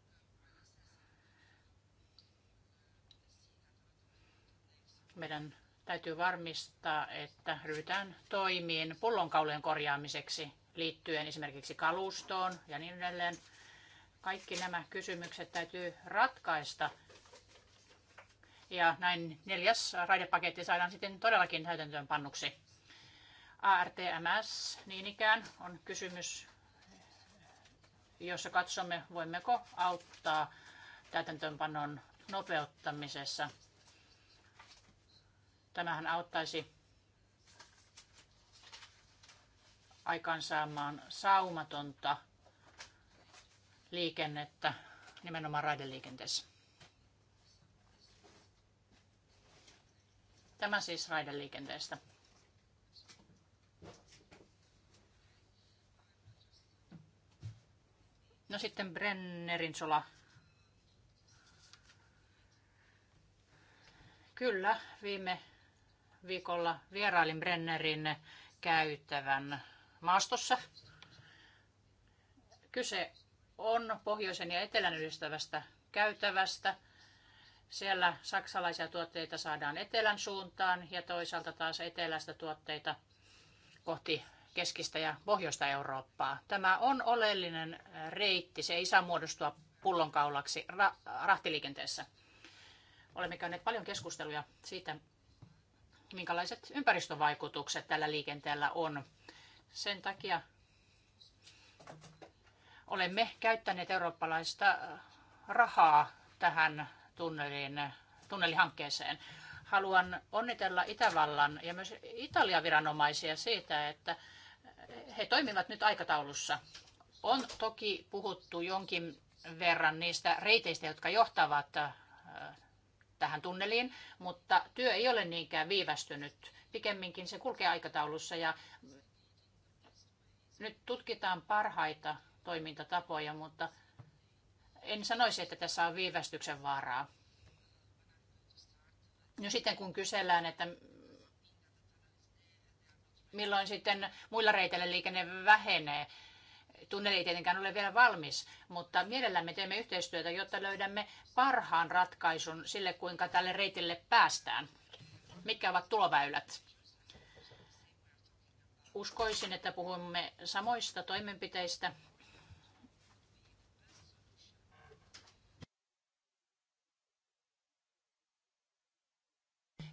A: Meidän täytyy varmistaa, että ryhdytään toimiin pullonkaulujen korjaamiseksi liittyen esimerkiksi kalustoon ja niin edelleen. Kaikki nämä kysymykset täytyy ratkaista. Ja näin neljäs raidepaketti saadaan sitten todellakin täytäntöönpannuksi. ARTMS niin ikään on kysymys, jossa katsomme, voimmeko auttaa täytäntöönpanon nopeuttamisessa. Tämähän auttaisi aikaansaamaan saumatonta liikennettä nimenomaan raideliikenteessä. Tämä siis raideliikenteestä. No sitten Brennerin sola. Kyllä, viime viikolla vierailin Brennerin käytävän maastossa. Kyse on pohjoisen ja etelän yhdistävästä käytävästä. Siellä saksalaisia tuotteita saadaan etelän suuntaan ja toisaalta taas etelästä tuotteita kohti keskistä ja pohjoista Eurooppaa. Tämä on oleellinen reitti, se ei saa muodostua pullonkaulaksi ra- rahtiliikenteessä. Olemme käyneet paljon keskusteluja siitä, minkälaiset ympäristövaikutukset tällä liikenteellä on. Sen takia olemme käyttäneet eurooppalaista rahaa tähän tunnelin, tunnelihankkeeseen. Haluan onnitella Itävallan ja myös Italian viranomaisia siitä, että he toimivat nyt aikataulussa. On toki puhuttu jonkin verran niistä reiteistä, jotka johtavat äh, tähän tunneliin, mutta työ ei ole niinkään viivästynyt. Pikemminkin se kulkee aikataulussa ja nyt tutkitaan parhaita toimintatapoja, mutta en sanoisi, että tässä on viivästyksen vaaraa. No sitten kun kysellään, että milloin sitten muilla reiteillä liikenne vähenee. Tunneli ei tietenkään ole vielä valmis, mutta mielellämme teemme yhteistyötä, jotta löydämme parhaan ratkaisun sille, kuinka tälle reitille päästään. Mitkä ovat tuloväylät? Uskoisin, että puhumme samoista toimenpiteistä.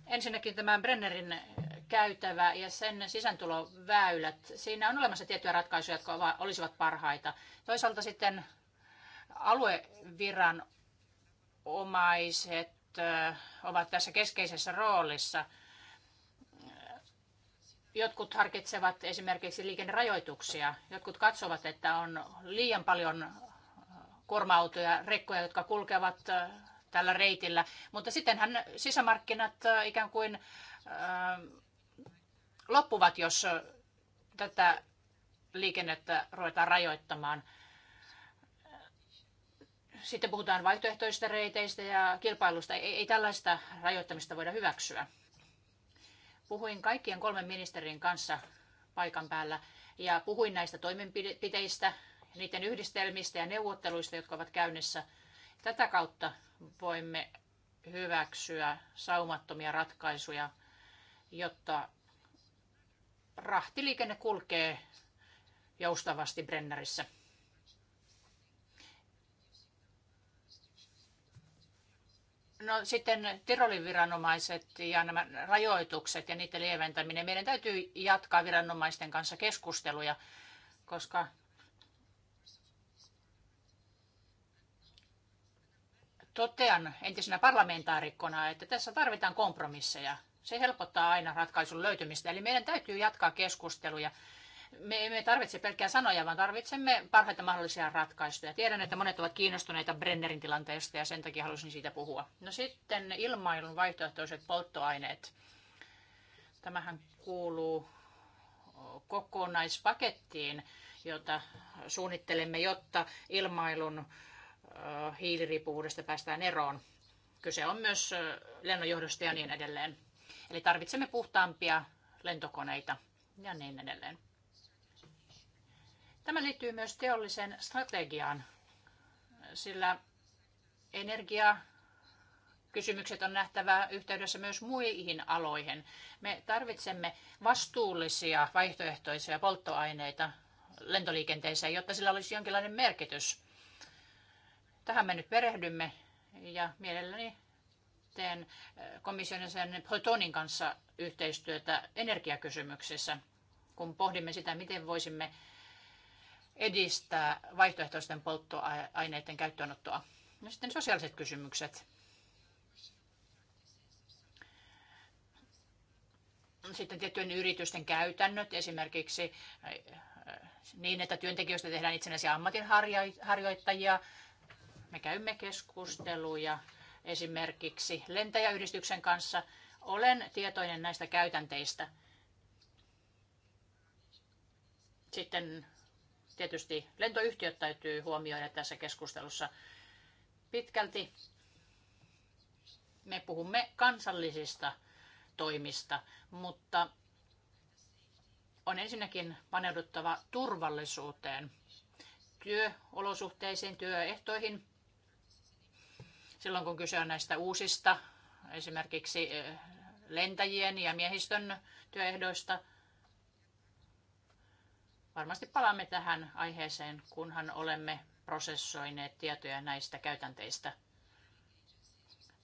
A: Ensinnäkin tämä Brennerin käytävä ja sen sisääntuloväylät, siinä on olemassa tiettyjä ratkaisuja, jotka olisivat parhaita. Toisaalta sitten alueviranomaiset äh, ovat tässä keskeisessä roolissa. Jotkut harkitsevat esimerkiksi liikennerajoituksia. Jotkut katsovat, että on liian paljon äh, kuorma-autoja, rekkoja, jotka kulkevat äh, tällä reitillä. Mutta sittenhän sisämarkkinat ikään kuin loppuvat, jos tätä liikennettä ruvetaan rajoittamaan. Sitten puhutaan vaihtoehtoisista reiteistä ja kilpailusta. Ei, ei tällaista rajoittamista voida hyväksyä. Puhuin kaikkien kolmen ministerin kanssa paikan päällä ja puhuin näistä toimenpiteistä, niiden yhdistelmistä ja neuvotteluista, jotka ovat käynnissä. Tätä kautta voimme hyväksyä saumattomia ratkaisuja, jotta rahtiliikenne kulkee joustavasti Brennerissä. No sitten Tirolin viranomaiset ja nämä rajoitukset ja niiden lieventäminen. Meidän täytyy jatkaa viranomaisten kanssa keskusteluja, koska totean entisenä parlamentaarikkona, että tässä tarvitaan kompromisseja. Se helpottaa aina ratkaisun löytymistä. Eli meidän täytyy jatkaa keskusteluja. Me emme tarvitse pelkkää sanoja, vaan tarvitsemme parhaita mahdollisia ratkaisuja. Tiedän, että monet ovat kiinnostuneita Brennerin tilanteesta ja sen takia halusin siitä puhua. No sitten ilmailun vaihtoehtoiset polttoaineet. Tämähän kuuluu kokonaispakettiin, jota suunnittelemme, jotta ilmailun hiiliriippuvuudesta päästään eroon. Kyse on myös lennonjohdosta ja niin edelleen. Eli tarvitsemme puhtaampia lentokoneita ja niin edelleen. Tämä liittyy myös teolliseen strategiaan, sillä energia kysymykset on nähtävä yhteydessä myös muihin aloihin. Me tarvitsemme vastuullisia vaihtoehtoisia polttoaineita lentoliikenteeseen, jotta sillä olisi jonkinlainen merkitys. Tähän me nyt perehdymme ja mielelläni teen eh, komission jäsenen Bretonin kanssa yhteistyötä energiakysymyksissä, kun pohdimme sitä, miten voisimme edistää vaihtoehtoisten polttoaineiden käyttöönottoa. No sitten sosiaaliset kysymykset. Sitten tiettyjen yritysten käytännöt, esimerkiksi eh, niin, että työntekijöistä tehdään itsenäisiä ammatinharjoittajia. Me käymme keskusteluja esimerkiksi lentäjäyhdistyksen kanssa. Olen tietoinen näistä käytänteistä. Sitten tietysti lentoyhtiöt täytyy huomioida tässä keskustelussa pitkälti. Me puhumme kansallisista toimista, mutta on ensinnäkin paneuduttava turvallisuuteen, työolosuhteisiin, työehtoihin silloin kun kyse on näistä uusista, esimerkiksi eh, lentäjien ja miehistön työehdoista. Varmasti palaamme tähän aiheeseen, kunhan olemme prosessoineet tietoja näistä käytänteistä.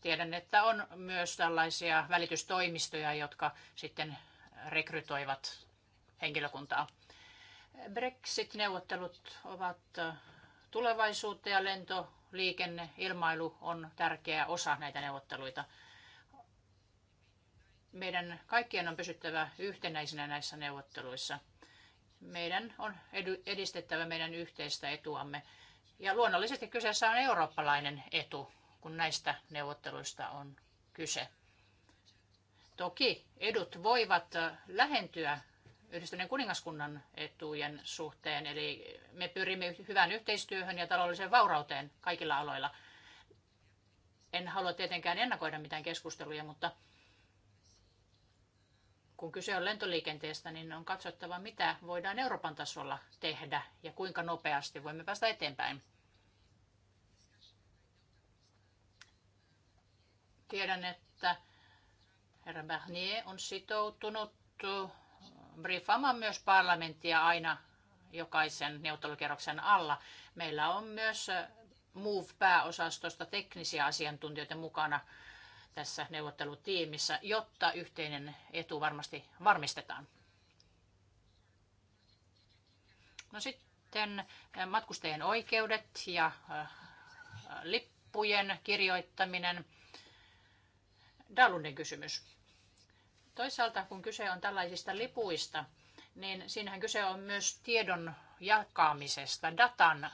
A: Tiedän, että on myös tällaisia välitystoimistoja, jotka sitten rekrytoivat henkilökuntaa. Brexit-neuvottelut ovat eh, tulevaisuutta ja lento liikenne, ilmailu on tärkeä osa näitä neuvotteluita. Meidän kaikkien on pysyttävä yhtenäisenä näissä neuvotteluissa. Meidän on edistettävä meidän yhteistä etuamme. Ja luonnollisesti kyseessä on eurooppalainen etu, kun näistä neuvotteluista on kyse. Toki edut voivat lähentyä yhdistyneen kuningaskunnan etujen suhteen. Eli me pyrimme hyvään yhteistyöhön ja taloudelliseen vaurauteen kaikilla aloilla. En halua tietenkään ennakoida mitään keskusteluja, mutta kun kyse on lentoliikenteestä, niin on katsottava, mitä voidaan Euroopan tasolla tehdä ja kuinka nopeasti voimme päästä eteenpäin. Tiedän, että herra Barnier on sitoutunut briefaamaan myös parlamenttia aina jokaisen neuvottelukierroksen alla. Meillä on myös MOVE-pääosastosta teknisiä asiantuntijoita mukana tässä neuvottelutiimissä, jotta yhteinen etu varmasti varmistetaan. No sitten eh, matkustajien oikeudet ja eh, lippujen kirjoittaminen. Dalunden kysymys. Toisaalta kun kyse on tällaisista lipuista, niin siinähän kyse on myös tiedon jakamisesta, datan äh,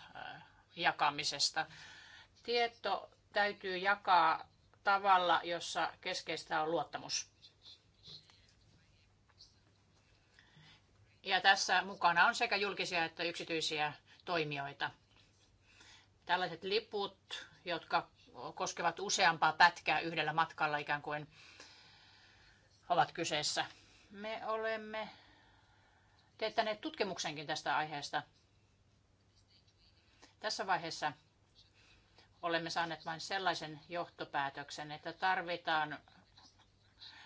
A: jakamisesta. Tieto täytyy jakaa tavalla, jossa keskeistä on luottamus. Ja tässä mukana on sekä julkisia että yksityisiä toimijoita. Tällaiset liput, jotka koskevat useampaa pätkää yhdellä matkalla ikään kuin ovat kyseessä. Me olemme teettäneet tutkimuksenkin tästä aiheesta. Tässä vaiheessa olemme saaneet vain sellaisen johtopäätöksen, että tarvitaan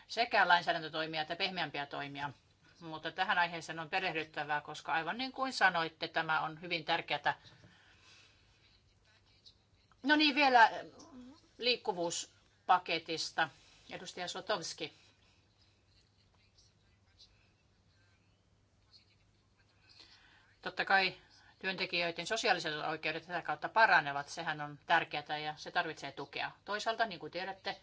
A: sekä lainsäädäntötoimia että pehmeämpiä toimia. Mutta tähän aiheeseen on perehdyttävää, koska aivan niin kuin sanoitte, tämä on hyvin tärkeää. No niin, vielä liikkuvuuspaketista. Edustaja Sotovski. Totta kai työntekijöiden sosiaaliset oikeudet tätä kautta paranevat, sehän on tärkeää ja se tarvitsee tukea. Toisaalta, niin kuin tiedätte,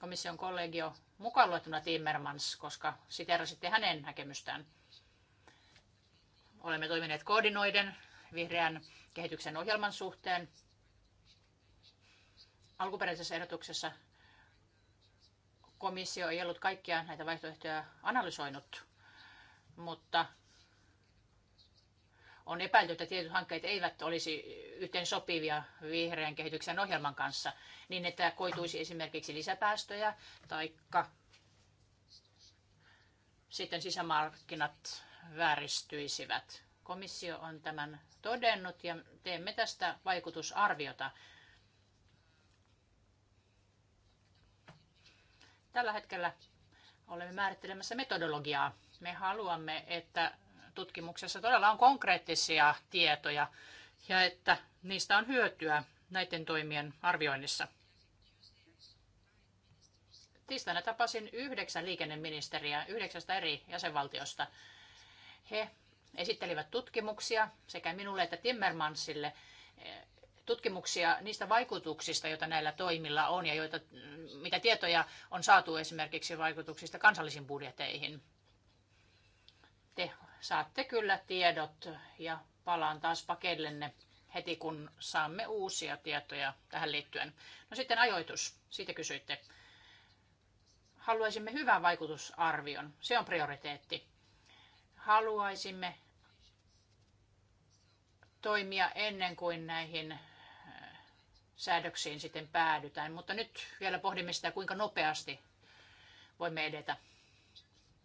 A: komission kollegio mukaan luettuna Timmermans, koska siterasitte hänen näkemystään. Olemme toimineet koordinoiden vihreän kehityksen ohjelman suhteen. Alkuperäisessä ehdotuksessa komissio ei ollut kaikkia näitä vaihtoehtoja analysoinut, mutta on epäilty, että tietyt hankkeet eivät olisi yhteen sopivia vihreän kehityksen ohjelman kanssa, niin että koituisi esimerkiksi lisäpäästöjä tai sitten sisämarkkinat vääristyisivät. Komissio on tämän todennut ja teemme tästä vaikutusarviota. Tällä hetkellä olemme määrittelemässä metodologiaa. Me haluamme, että tutkimuksessa todella on konkreettisia tietoja ja että niistä on hyötyä näiden toimien arvioinnissa. Tiistaina tapasin yhdeksän liikenneministeriä yhdeksästä eri jäsenvaltiosta. He esittelivät tutkimuksia sekä minulle että Timmermansille eh, tutkimuksia niistä vaikutuksista, joita näillä toimilla on ja joita, mm, mitä tietoja on saatu esimerkiksi vaikutuksista kansallisiin budjeteihin. Te saatte kyllä tiedot ja palaan taas pakellenne heti, kun saamme uusia tietoja tähän liittyen. No sitten ajoitus, siitä kysyitte. Haluaisimme hyvän vaikutusarvion, se on prioriteetti. Haluaisimme toimia ennen kuin näihin äh, säädöksiin sitten päädytään, mutta nyt vielä pohdimme sitä, kuinka nopeasti voimme edetä.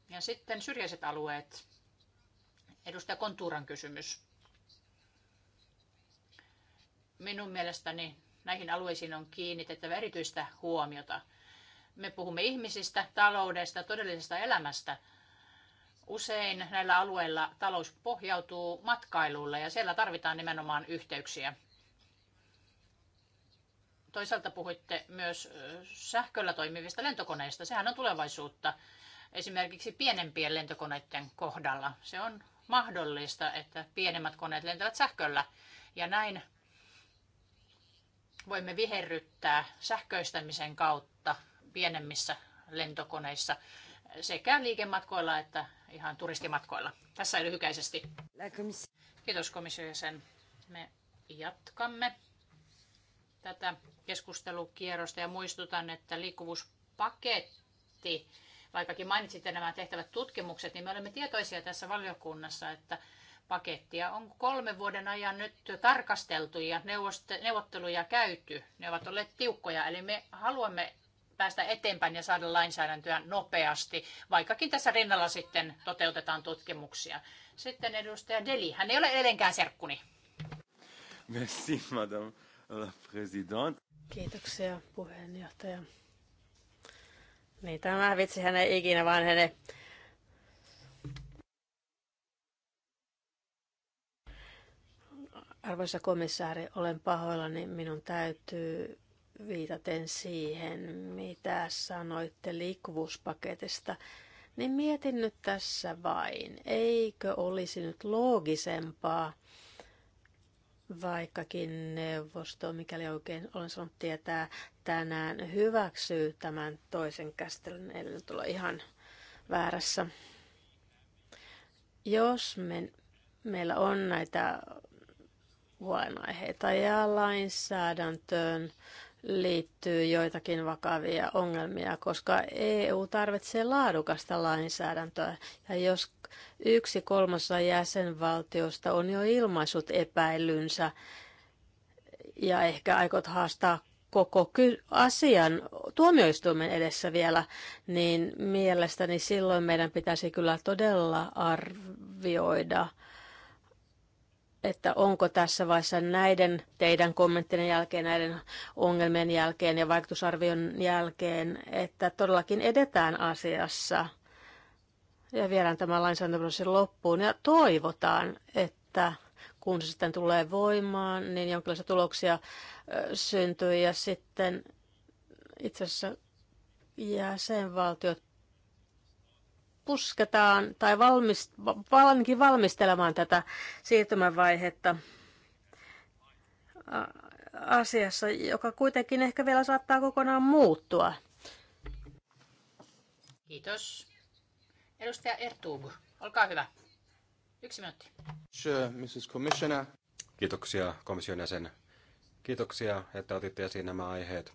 A: Ja sitten syrjäiset alueet. Edustaja Konturan kysymys. Minun mielestäni näihin alueisiin on kiinnitettävä erityistä huomiota. Me puhumme ihmisistä, taloudesta, todellisesta elämästä. Usein näillä alueilla talous pohjautuu matkailulle ja siellä tarvitaan nimenomaan yhteyksiä. Toisaalta puhuitte myös sähköllä toimivista lentokoneista. Sehän on tulevaisuutta esimerkiksi pienempien lentokoneiden kohdalla. Se on mahdollista, että pienemmät koneet lentävät sähköllä. Ja näin voimme viherryttää sähköistämisen kautta pienemmissä lentokoneissa sekä liikematkoilla että ihan turistimatkoilla. Tässä lyhykäisesti. Kiitos komission sen. Me jatkamme tätä keskustelukierrosta ja muistutan, että liikkuvuuspaketti Vaikkakin mainitsitte nämä tehtävät tutkimukset, niin me olemme tietoisia tässä valiokunnassa, että pakettia on kolmen vuoden ajan nyt tarkasteltu ja neuvotteluja käyty. Ne ovat olleet tiukkoja, eli me haluamme päästä eteenpäin ja saada lainsäädäntöä nopeasti, vaikkakin tässä rinnalla sitten toteutetaan tutkimuksia. Sitten edustaja Deli, hän ei ole edelleenkään serkkuni.
D: Merci, madame la présidente.
C: Kiitoksia puheenjohtaja. Niin tämä hän ei ikinä vanhene. Arvoisa komissaari, olen pahoillani. Minun täytyy viitaten siihen, mitä sanoitte liikkuvuuspaketista. Niin mietin nyt tässä vain, eikö olisi nyt loogisempaa vaikkakin neuvosto, mikäli oikein olen sanonut tietää, tänään hyväksyy tämän toisen käsittelyn, eli nyt olla ihan väärässä. Jos me, meillä on näitä huolenaiheita ja lainsäädäntöön liittyy joitakin vakavia ongelmia, koska EU tarvitsee laadukasta lainsäädäntöä. Ja jos Yksi kolmasosa jäsenvaltiosta on jo ilmaissut epäilynsä ja ehkä aikot haastaa koko asian tuomioistuimen edessä vielä, niin mielestäni silloin meidän pitäisi kyllä todella arvioida, että onko tässä vaiheessa näiden teidän kommenttien jälkeen, näiden ongelmien jälkeen ja vaikutusarvion jälkeen, että todellakin edetään asiassa – ja viedään tämä lainsäädäntöprosessi loppuun ja toivotaan, että kun se sitten tulee voimaan, niin jonkinlaisia tuloksia syntyy ja sitten itse asiassa jäsenvaltiot pusketaan tai valmist valmistelemaan tätä siirtymävaihetta asiassa, joka kuitenkin ehkä vielä saattaa kokonaan muuttua.
A: Kiitos. Edustaja Ertug, olkaa hyvä. Yksi minuutti.
B: Sure, Mrs. Commissioner.
D: Kiitoksia komission jäsen. Kiitoksia, että otitte esiin nämä aiheet.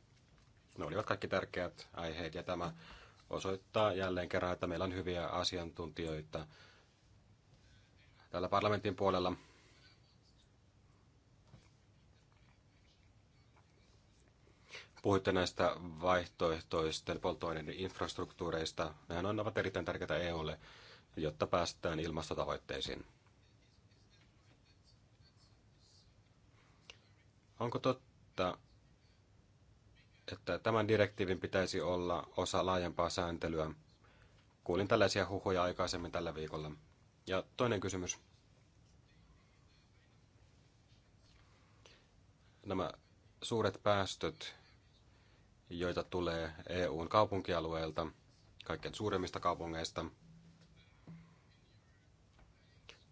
D: Ne olivat kaikki tärkeät aiheet ja tämä osoittaa jälleen kerran, että meillä on hyviä asiantuntijoita täällä parlamentin puolella. Puhuitte näistä vaihtoehtoisten polttoaineiden infrastruktuureista. Nehän on, ovat erittäin tärkeitä EUlle, jotta päästään ilmastotavoitteisiin. Onko totta, että tämän direktiivin pitäisi olla osa laajempaa sääntelyä? Kuulin tällaisia huhuja aikaisemmin tällä viikolla. Ja toinen kysymys. Nämä suuret päästöt joita tulee EUn kaupunkialueelta, kaikkein suurimmista kaupungeista.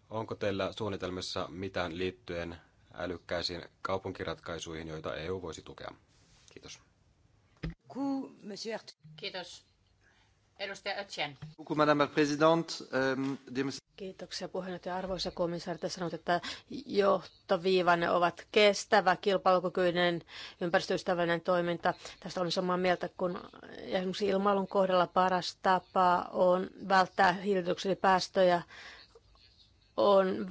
D: Onko teillä suunnitelmissa mitään liittyen älykkäisiin kaupunkiratkaisuihin, joita EU voisi tukea? Kiitos.
A: Kiitos. Edustaja Ötchen.
D: Madame la Présidente. Euh,
C: Kiitoksia puheenjohtaja. Arvoisa komissaari, te sanoit, että johtoviivanne ovat kestävä, kilpailukykyinen, ympäristöystävällinen toiminta. Tästä olen samaa mieltä, kun esimerkiksi ilmailun kohdalla paras tapa on välttää hiilidioksidipäästöjä on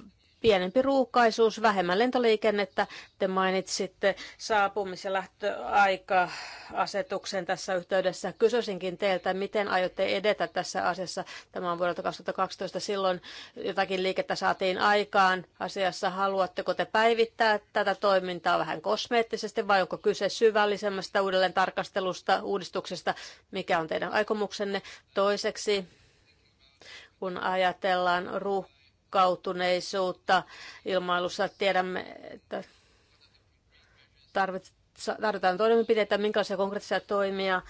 C: pienempi ruuhkaisuus, vähemmän lentoliikennettä. Te mainitsitte saapumis- ja lähtöaika-asetuksen tässä yhteydessä. Kysyisinkin teiltä, miten aiotte edetä tässä asiassa. Tämä on vuodelta 2012. Silloin jotakin liikettä saatiin aikaan asiassa. Haluatteko te päivittää tätä toimintaa vähän kosmeettisesti vai onko kyse syvällisemmästä uudelleen tarkastelusta, uudistuksesta? Mikä on teidän aikomuksenne? Toiseksi kun ajatellaan ruuh- ruuhkautuneisuutta ilmailussa. Tiedämme, että tarvitaan toimenpiteitä, minkälaisia konkreettisia toimia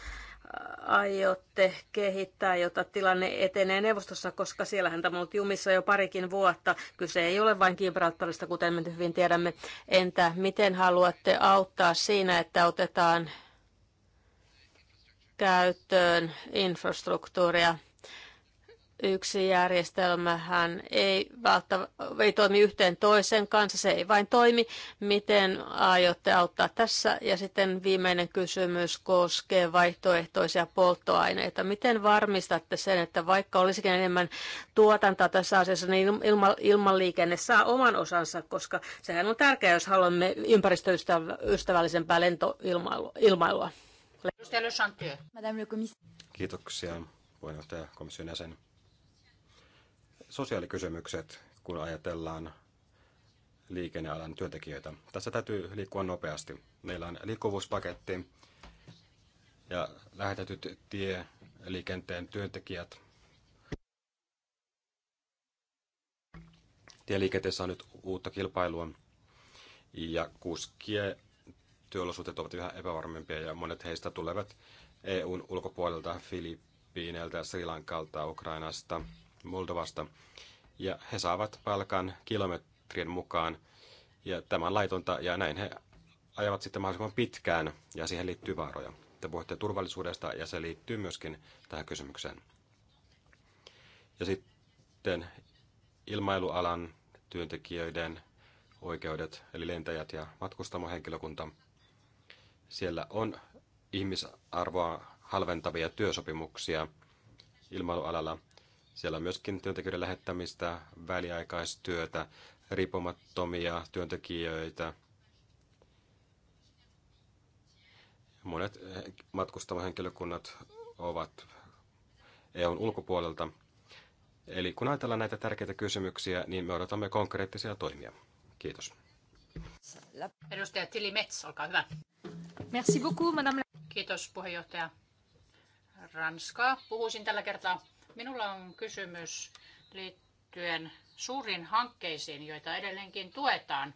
C: aiotte kehittää, jotta tilanne etenee neuvostossa, koska siellähän tämä on ollut jumissa jo parikin vuotta. Kyse ei ole vain Gibraltarista, kuten me hyvin tiedämme. Entä miten haluatte auttaa siinä, että otetaan käyttöön infrastruktuuria yksi järjestelmähän ei, välttä, ei toimi yhteen toisen kanssa, se ei vain toimi. Miten aiotte auttaa tässä? Ja sitten viimeinen kysymys koskee vaihtoehtoisia polttoaineita. Miten varmistatte sen, että vaikka olisikin enemmän tuotantoa tässä asiassa, niin ilma, ilmanliikenne saa oman osansa, koska sehän on tärkeää, jos haluamme ympäristöystävällisempää lentoilmailua.
D: Kiitoksia puheenjohtaja komission jäsen sosiaalikysymykset, kun ajatellaan liikennealan työntekijöitä. Tässä täytyy liikkua nopeasti. Meillä on liikkuvuuspaketti ja lähetetyt tie liikenteen työntekijät. Tieliikenteessä on nyt uutta kilpailua ja kuskien työolosuhteet ovat yhä epävarmempia ja monet heistä tulevat EUn ulkopuolelta, Filippiineiltä, Sri Lankalta, Ukrainasta – Moldovasta. Ja he saavat palkan kilometrien mukaan. Ja tämän laitonta ja näin he ajavat sitten mahdollisimman pitkään ja siihen liittyy vaaroja. Te puhutte turvallisuudesta ja se liittyy myöskin tähän kysymykseen. Ja sitten ilmailualan työntekijöiden oikeudet, eli lentäjät ja matkustamohenkilökunta. Siellä on ihmisarvoa halventavia työsopimuksia ilmailualalla. Siellä on myöskin työntekijöiden lähettämistä, väliaikaistyötä, riippumattomia työntekijöitä. Monet henkilökunnat ovat EUn ulkopuolelta. Eli kun ajatellaan näitä tärkeitä kysymyksiä, niin me odotamme konkreettisia toimia. Kiitos.
A: Edustaja Tili Mets, olkaa hyvä. Merci beaucoup, madame. Kiitos puheenjohtaja. Ranskaa puhuisin tällä kertaa. Minulla on kysymys liittyen suuriin hankkeisiin, joita edelleenkin tuetaan,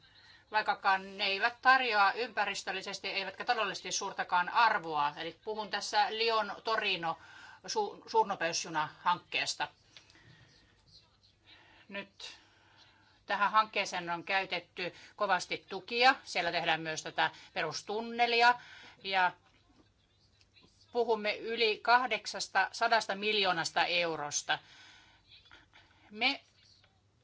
A: vaikkakaan ne eivät tarjoa ympäristöllisesti eivätkä taloudellisesti suurtakaan arvoa. Eli puhun tässä Lion Torino su- suurnopeusjuna-hankkeesta. Nyt tähän hankkeeseen on käytetty kovasti tukia. Siellä tehdään myös tätä perustunnelia ja puhumme yli 800 miljoonasta eurosta. Me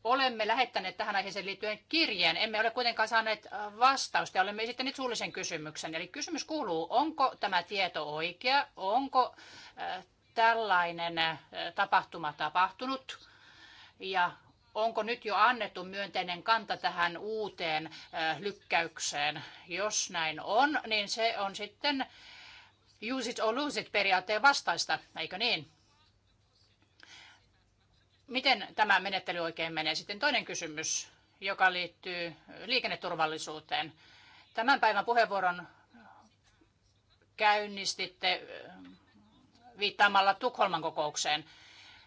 A: olemme lähettäneet tähän aiheeseen liittyen kirjeen. Emme ole kuitenkaan saaneet äh, vastausta ja olemme esittäneet suullisen kysymyksen. Eli kysymys kuuluu, onko tämä tieto oikea? Onko äh, tällainen äh, tapahtuma tapahtunut? Ja onko nyt jo annettu myönteinen kanta tähän uuteen lykkäykseen? Jos näin on, niin se on sitten use it or lose it periaatteen vastaista, eikö niin? Miten tämä menettely oikein menee? Sitten toinen kysymys, joka liittyy liikenneturvallisuuteen. Tämän päivän puheenvuoron käynnistitte äh, viittaamalla Tukholman kokoukseen.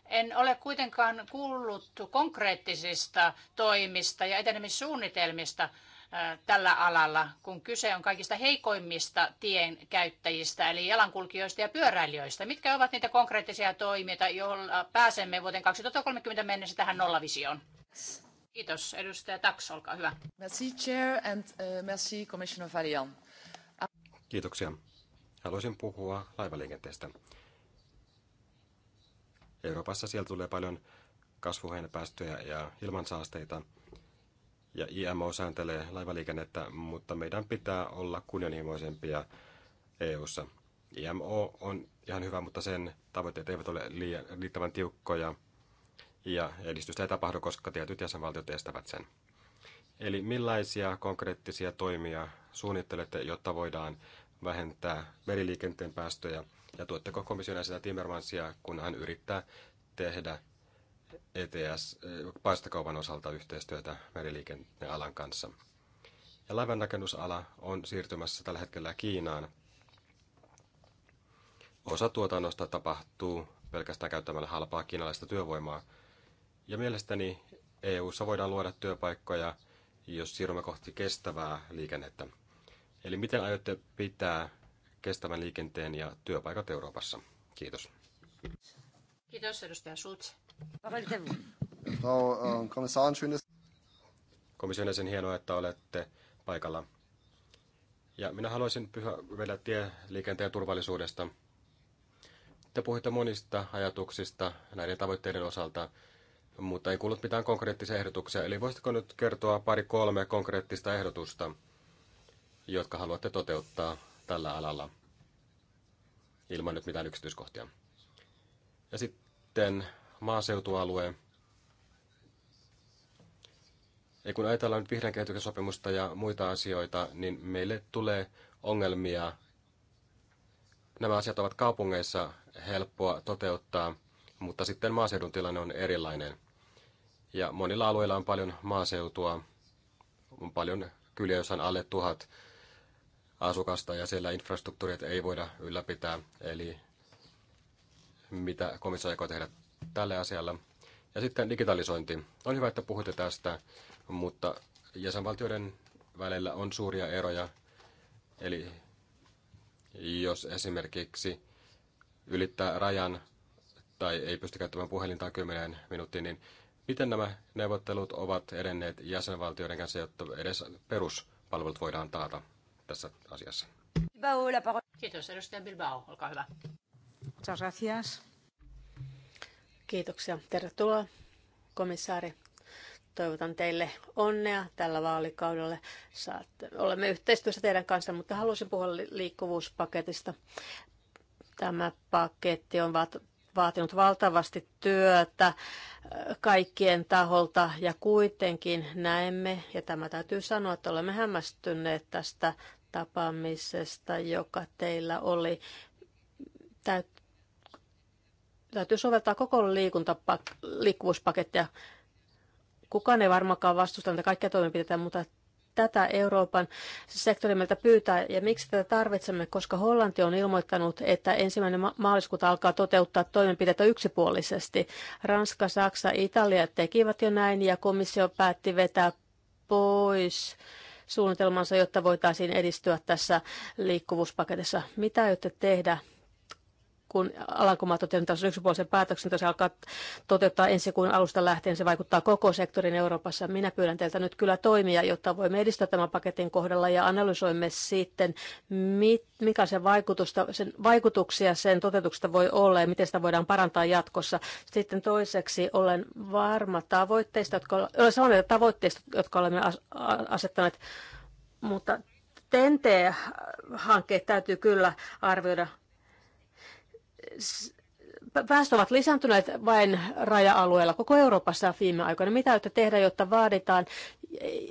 A: En ole kuitenkaan kuullut konkreettisista toimista ja etenemissuunnitelmista tällä alalla, kun kyse on kaikista heikoimmista tien käyttäjistä, eli jalankulkijoista ja pyöräilijöistä. Mitkä ovat niitä konkreettisia toimia, joilla pääsemme vuoteen 2030 mennessä tähän nollavisioon? Kiitos. Edustaja Tax, olkaa hyvä. Merci Chair and uh, merci Commissioner Valian.
D: Kiitoksia. Haluaisin puhua laivaliikenteestä. Euroopassa sieltä tulee paljon kasvuhuonepäästöjä ja ilmansaasteita – ja IMO sääntelee laivaliikennettä, mutta meidän pitää olla kunnianhimoisempia EU:ssa. IMO on ihan hyvä, mutta sen tavoitteet eivät ole liian, riittävän tiukkoja ja edistystä ei tapahdu, koska tietyt jäsenvaltiot estävät sen. Eli millaisia konkreettisia toimia suunnittelette, jotta voidaan vähentää meriliikenteen päästöjä ja tuotteko komission sitä Timmermansia, kun hän yrittää tehdä ETS, eh, paistakaupan osalta yhteistyötä meriliikennealan kanssa. Ja laivanrakennusala on siirtymässä tällä hetkellä Kiinaan. Osa tuotannosta tapahtuu pelkästään käyttämällä halpaa kiinalaista työvoimaa. Ja mielestäni EU-ssa voidaan luoda työpaikkoja, jos siirrymme kohti kestävää liikennettä. Eli miten aiotte pitää kestävän liikenteen ja työpaikat Euroopassa? Kiitos.
A: Kiitos, edustaja Schulz. Äh,
D: Komission jäsen, hienoa, että olette paikalla. Ja minä haluaisin pyhä vielä tieliikenteen turvallisuudesta. Te puhuitte monista ajatuksista näiden tavoitteiden osalta, mutta ei kuullut mitään konkreettisia ehdotuksia. Eli voisitko nyt kertoa pari kolme konkreettista ehdotusta, jotka haluatte toteuttaa tällä alalla, ilman nyt mitään yksityiskohtia? Ja sitten maaseutualueen. Ja kun ajatellaan nyt vihreän kehityksen sopimusta ja muita asioita, niin meille tulee ongelmia. Nämä asiat ovat kaupungeissa helppoa toteuttaa, mutta sitten maaseudun tilanne on erilainen. Ja monilla alueilla on paljon maaseutua, on paljon kyliä, joissa on alle tuhat asukasta ja siellä infrastruktuurit ei voida ylläpitää. Eli mitä komissio aikoo tehdä tälle asialle. Ja sitten digitalisointi. On hyvä, että puhutte tästä, mutta jäsenvaltioiden välillä on suuria eroja. Eli jos esimerkiksi ylittää rajan tai ei pysty käyttämään puhelinta 10 minuuttia, niin miten nämä neuvottelut ovat edenneet jäsenvaltioiden kanssa, jotta edes peruspalvelut voidaan taata tässä asiassa?
A: Kiitos, edustaja Bilbao, olkaa hyvä.
D: Muchas
C: gracias. Kiitoksia. Tervetuloa, komissaari. Toivotan teille onnea tällä vaalikaudella. Saatte, olemme yhteistyössä teidän kanssa, mutta haluaisin puhua liikkuvuuspaketista. Tämä paketti on vaatinut valtavasti työtä kaikkien taholta ja kuitenkin näemme, ja tämä täytyy sanoa, että olemme hämmästyneet tästä tapaamisesta, joka teillä oli. Täyt, täytyy soveltaa koko liikkuvuuspakettia. Kukaan ei varmaankaan vastusta näitä kaikkia toimenpiteitä, mutta tätä Euroopan sektori meiltä pyytää ja miksi tätä tarvitsemme, koska Hollanti on ilmoittanut, että ensimmäinen maaliskuuta alkaa toteuttaa toimenpiteitä yksipuolisesti. Ranska, Saksa, Italia tekivät jo näin ja komissio päätti vetää pois suunnitelmansa, jotta voitaisiin edistyä tässä liikkuvuuspaketissa. Mitä aiotte tehdä kun Alankomaa toteuttaa sen yksipuolisen päätöksen, se alkaa toteuttaa ensi kuun alusta lähtien, se vaikuttaa koko sektorin Euroopassa. Minä pyydän teiltä nyt kyllä toimia, jotta voimme edistää tämän paketin kohdalla ja analysoimme sitten, mit, mikä se vaikutusta, sen vaikutuksia sen toteutuksesta voi olla ja miten sitä voidaan parantaa jatkossa. Sitten toiseksi olen varma tavoitteista, jotka, olen samaa mieltä tavoitteista, jotka olemme asettaneet, mutta TNT-hankkeet täytyy kyllä arvioida päästöt ovat lisääntyneet vain raja-alueella koko Euroopassa viime aikoina. Mitä aiotte tehdä, jotta vaaditaan,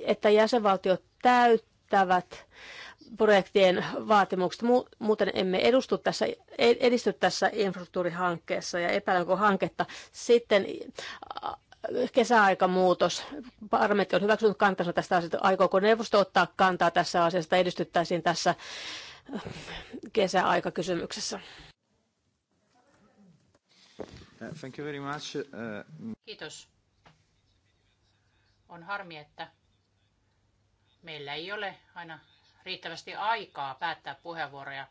C: että jäsenvaltiot täyttävät projektien vaatimukset. Muuten emme edustu tässä, e, edisty tässä infrastruktuurihankkeessa ja epäilenko hanketta. Sitten kesäaikamuutos. Parlamentti on hyväksynyt kantansa tästä asiasta. Aikooko neuvosto ottaa kantaa tässä asiasta? Edistyttäisiin tässä kesäaikakysymyksessä.
A: Uh, thank you very much. Uh, mm. Kiitos. On harmi, että meillä ei ole aina riittävästi aikaa päättää puheenvuoroja.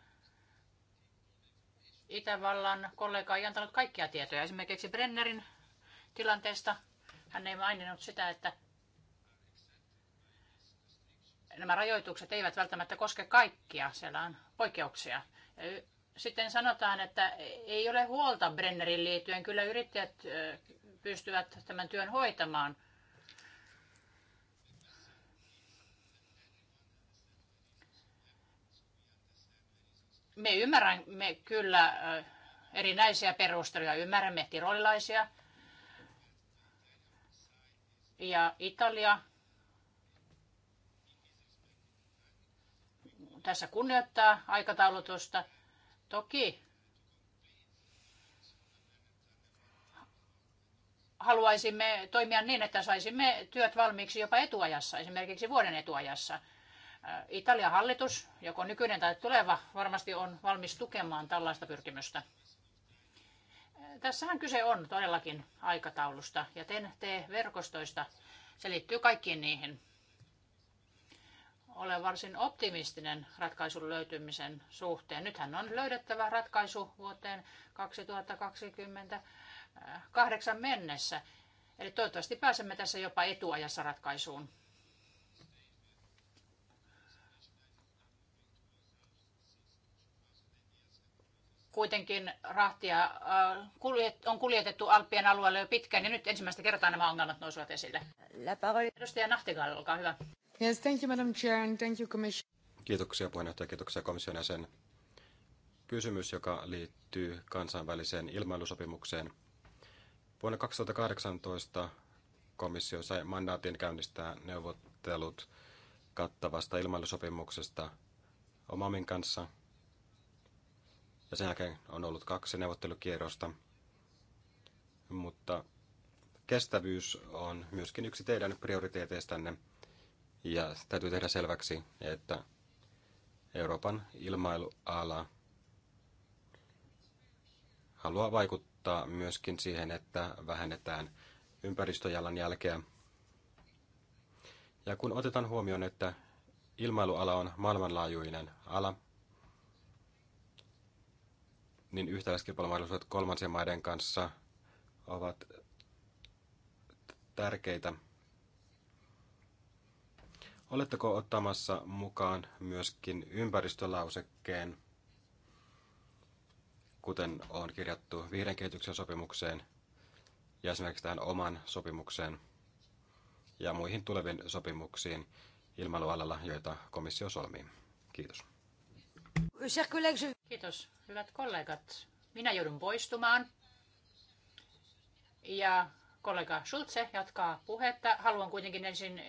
A: Itävallan kollega ei antanut kaikkia tietoja. Esimerkiksi Brennerin tilanteesta hän ei maininnut sitä, että nämä rajoitukset eivät välttämättä koske kaikkia. Siellä on poikkeuksia sitten sanotaan, että ei ole huolta Brennerin liittyen. Kyllä yrittäjät pystyvät tämän työn hoitamaan. Me ymmärrämme kyllä erinäisiä perusteluja. Ymmärrämme tirolilaisia ja Italia tässä kunnioittaa aikataulutusta – Toki haluaisimme toimia niin, että saisimme työt valmiiksi jopa etuajassa, esimerkiksi vuoden etuajassa. Äh, Italian hallitus, joko nykyinen tai tuleva, varmasti on valmis tukemaan tällaista pyrkimystä. Äh, tässähän kyse on todellakin aikataulusta ja TEN-T-verkostoista. Se liittyy kaikkiin niihin ole varsin optimistinen ratkaisun löytymisen suhteen. Nythän on löydettävä ratkaisu vuoteen 2028 mennessä. Eli toivottavasti pääsemme tässä jopa etuajassa ratkaisuun. Kuitenkin rahtia äh, on kuljetettu Alppien alueelle jo pitkään ja nyt ensimmäistä kertaa nämä ongelmat nousivat esille. Edustaja Nahtigal, olkaa hyvä.
B: Yes, thank you, Madam Chair, and thank you, Commission.
D: Kiitoksia puheenjohtaja, kiitoksia komission jäsen. Kysymys, joka liittyy kansainväliseen ilmailusopimukseen. Vuonna 2018 komissio sai mandaatin käynnistää neuvottelut kattavasta ilmailusopimuksesta Omamin kanssa. Ja sen jälkeen on ollut kaksi neuvottelukierrosta. Mutta kestävyys on myöskin yksi teidän prioriteeteistanne ja täytyy tehdä selväksi, että Euroopan ilmailuala haluaa vaikuttaa myöskin siihen, että vähennetään ympäristöjalanjälkeä. Ja kun otetaan huomioon, että ilmailuala on maailmanlaajuinen ala, niin yhtäläiskilpailumahdollisuudet kolmansien maiden kanssa ovat tärkeitä – Oletteko ottamassa mukaan myöskin ympäristölausekkeen, kuten on kirjattu vihreän kehityksen sopimukseen ja esimerkiksi tähän oman sopimukseen ja muihin tuleviin sopimuksiin ilmailualalla, joita komissio solmii? Kiitos.
A: Kiitos, hyvät kollegat. Minä joudun poistumaan. Ja kollega Schulze jatkaa puhetta. Haluan kuitenkin ensin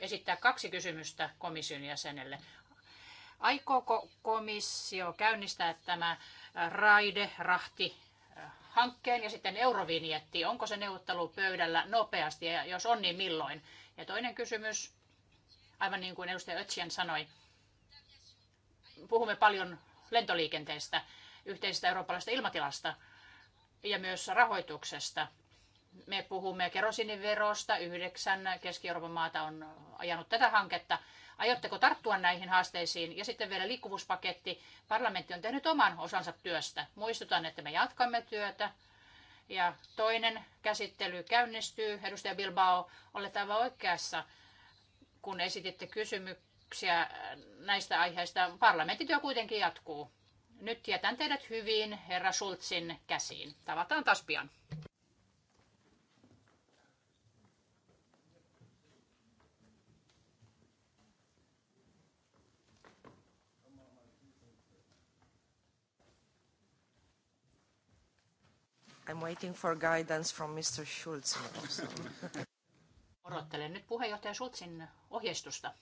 A: esittää kaksi kysymystä komission jäsenelle. Aikooko komissio käynnistää tämä raide, rahti, hankkeen ja sitten eurovinjetti. Onko se neuvottelu pöydällä nopeasti ja jos on, niin milloin? Ja toinen kysymys, aivan niin kuin edustaja Ötsien sanoi, puhumme paljon lentoliikenteestä, yhteisestä eurooppalaisesta ilmatilasta ja myös rahoituksesta. Me puhumme kerosiniverosta. Yhdeksän Keski-Euroopan maata on ajanut tätä hanketta. Aiotteko tarttua näihin haasteisiin? Ja sitten vielä liikkuvuuspaketti. Parlamentti on tehnyt oman osansa työstä. Muistutan, että me jatkamme työtä. Ja toinen käsittely käynnistyy. Edustaja Bilbao, olet aivan oikeassa, kun esititte kysymyksiä näistä aiheista. Parlamenttityö kuitenkin jatkuu. Nyt jätän teidät hyvin herra Schulzin käsiin. Tavataan taas pian. I'm waiting for guidance from Mr. Schulz. Odottelen nyt puheenjohtaja Schulzin ohjeistusta.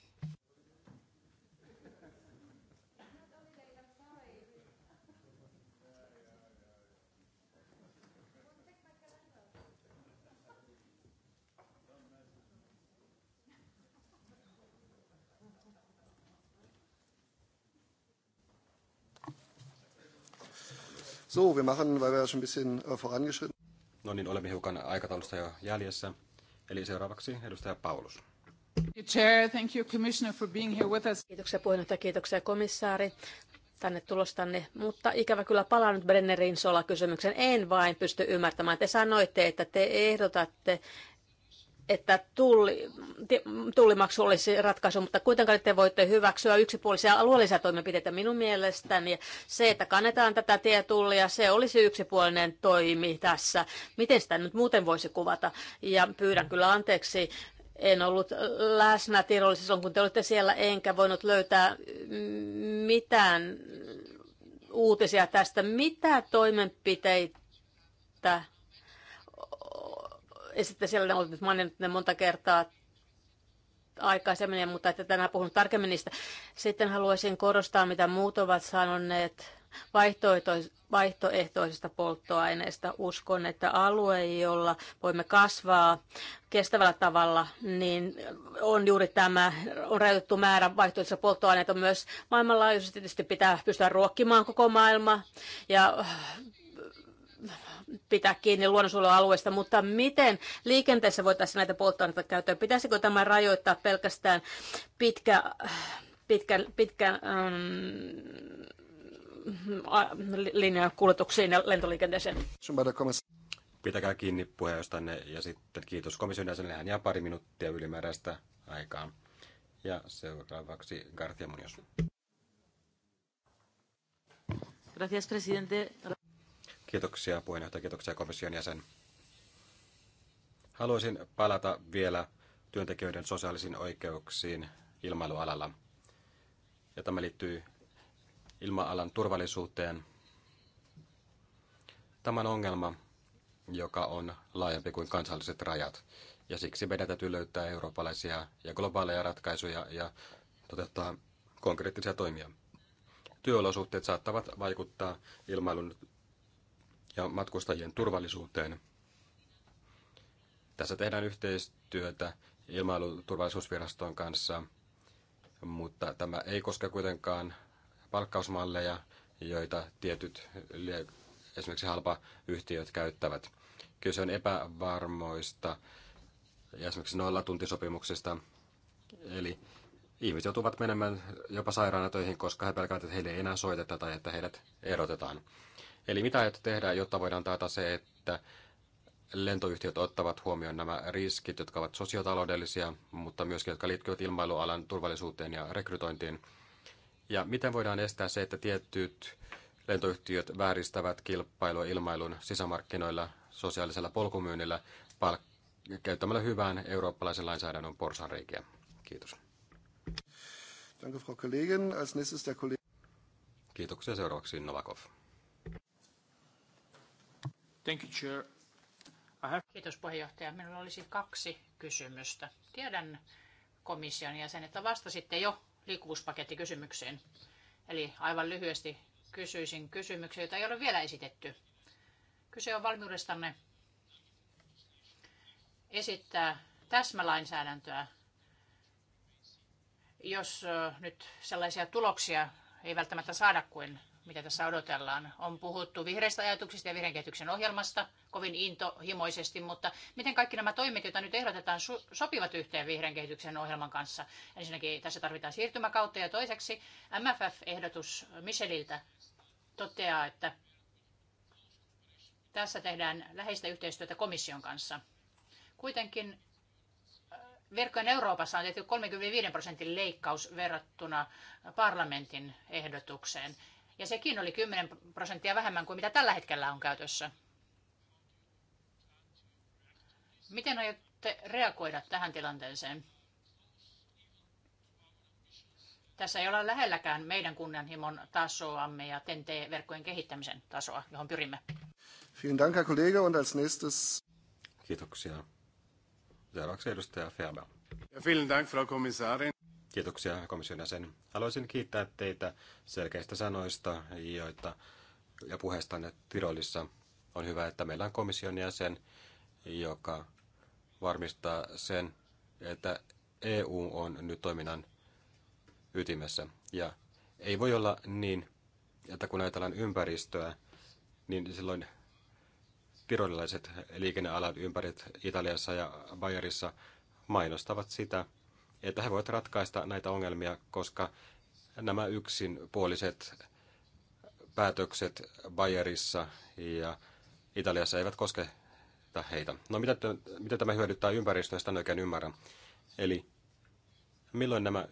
B: So, wir machen, weil wir ja schon ein bisschen äh, vorangeschritten.
D: No niin, olemme hiukan aikataulusta jo jäljessä. Eli seuraavaksi edustaja Paulus.
C: Thank you, Commissioner, for being here with us. Kiitoksia puheenjohtaja, kiitoksia komissaari tänne tulostanne, mutta ikävä kyllä palaan nyt Brennerin sola kysymyksen. En vain pysty ymmärtämään. Te sanoitte, että te ehdotatte, että tulli, tullimaksu olisi ratkaisu, mutta kuitenkaan te voitte hyväksyä yksipuolisia alueellisia toimenpiteitä minun mielestäni. Se, että kannetaan tätä tietullia, se olisi yksipuolinen toimi tässä. Miten sitä nyt muuten voisi kuvata? Ja pyydän kyllä anteeksi en ollut läsnä Tirolissa silloin, kun te olitte siellä, enkä voinut löytää mitään uutisia tästä. Mitä toimenpiteitä ja sitten siellä on nyt maininnut ne monta kertaa aikaisemmin, mutta että tänään puhun tarkemmin niistä. Sitten haluaisin korostaa, mitä muut ovat sanoneet vaihtoehtoisista polttoaineista. Uskon, että alue, jolla voimme kasvaa kestävällä tavalla, niin on juuri tämä, on rajoitettu määrä vaihtoehtoisia polttoaineita myös maailmanlaajuisesti. Tietysti pitää pystyä ruokkimaan koko maailma ja pitää kiinni luonnonsuojelualueesta, mutta miten liikenteessä voitaisiin näitä polttoaineita käyttää? Pitäisikö tämä rajoittaa pelkästään pitkä, pitkän, pitkän ähm, mm, linjan kuljetuksiin ja lentoliikenteeseen?
D: Pitäkää kiinni puheenjohtajanne ja sitten kiitos komission jäsenelle. Hän jää pari minuuttia ylimääräistä aikaa. Ja seuraavaksi Garcia Munoz.
C: Gracias, presidente.
D: Kiitoksia puheenjohtaja, kiitoksia komission jäsen. Haluaisin palata vielä työntekijöiden sosiaalisiin oikeuksiin ilmailualalla. Ja tämä liittyy ilma-alan turvallisuuteen. Tämä on ongelma, joka on laajempi kuin kansalliset rajat. Ja siksi meidän täytyy löytää eurooppalaisia ja globaaleja ratkaisuja ja toteuttaa konkreettisia toimia. Työolosuhteet saattavat vaikuttaa ilmailun ja matkustajien turvallisuuteen. Tässä tehdään yhteistyötä ilmailuturvallisuusviraston kanssa, mutta tämä ei koske kuitenkaan palkkausmalleja, joita tietyt esimerkiksi halpa yhtiöt käyttävät. Kyse on epävarmoista ja esimerkiksi tuntisopimuksista. Eli ihmiset joutuvat menemään jopa sairaana töihin, koska he pelkäävät, että heille ei enää soiteta tai että heidät erotetaan. Eli mitä aiotte tehdä, jotta voidaan taata se, että lentoyhtiöt ottavat huomioon nämä riskit, jotka ovat sosiotaloudellisia, mutta myöskin jotka liittyvät ilmailualan turvallisuuteen ja rekrytointiin. Ja miten voidaan estää se, että tietyt lentoyhtiöt vääristävät kilpailua ilmailun sisämarkkinoilla, sosiaalisella polkumyynnillä, palk- käyttämällä hyvään eurooppalaisen lainsäädännön porsanreikiä? Kiitos. Danke, Frau Kollegin. Als nächstes der Kollege. Kiitoksia. Seuraavaksi Novakov. Thank you, Chair.
A: Have... Kiitos puheenjohtaja. Minulla olisi kaksi kysymystä. Tiedän komission jäsen, että vastasitte jo liikkuvuuspakettikysymykseen. Eli aivan lyhyesti kysyisin kysymyksiä, joita ei ole vielä esitetty. Kyse on valmiudestanne esittää täsmälainsäädäntöä, jos nyt sellaisia tuloksia ei välttämättä saada kuin mitä tässä odotellaan. On puhuttu vihreistä ajatuksista ja vihreän kehityksen ohjelmasta kovin intohimoisesti, mutta miten kaikki nämä toimet, joita nyt ehdotetaan, sopivat yhteen vihreän kehityksen ohjelman kanssa? Ensinnäkin tässä tarvitaan siirtymäkautta ja toiseksi MFF-ehdotus Michelilta toteaa, että tässä tehdään läheistä yhteistyötä komission kanssa. Kuitenkin äh, verkkojen Euroopassa on tehty 35 prosentin leikkaus verrattuna parlamentin ehdotukseen. Ja sekin oli 10 prosenttia vähemmän kuin mitä tällä hetkellä on käytössä. Miten aiotte reagoida tähän tilanteeseen? Tässä ei ole lähelläkään meidän kunnianhimon tasoamme ja TEN-T-verkkojen kehittämisen tasoa, johon
B: pyrimme. Vielen Dank, Herr Kollege, und als nächstes...
D: Kiitoksia. Seuraavaksi edustaja Ferber. Ja vielen Dank, Frau Kommissarin. Kiitoksia komission jäsen. Haluaisin kiittää teitä selkeistä sanoista joita, ja puheestanne Tirolissa. On hyvä, että meillä on komission jäsen, joka varmistaa sen, että EU on nyt toiminnan ytimessä. Ja ei voi olla niin, että kun ajatellaan ympäristöä, niin silloin tirolilaiset liikennealat ympärit Italiassa ja Bayerissa mainostavat sitä, että he voivat ratkaista näitä ongelmia, koska nämä yksinpuoliset päätökset Bayerissa ja Italiassa eivät koske heitä. No mitä, mitä tämä hyödyttää ympäristöä, sitä en oikein ymmärrä. Eli milloin nämä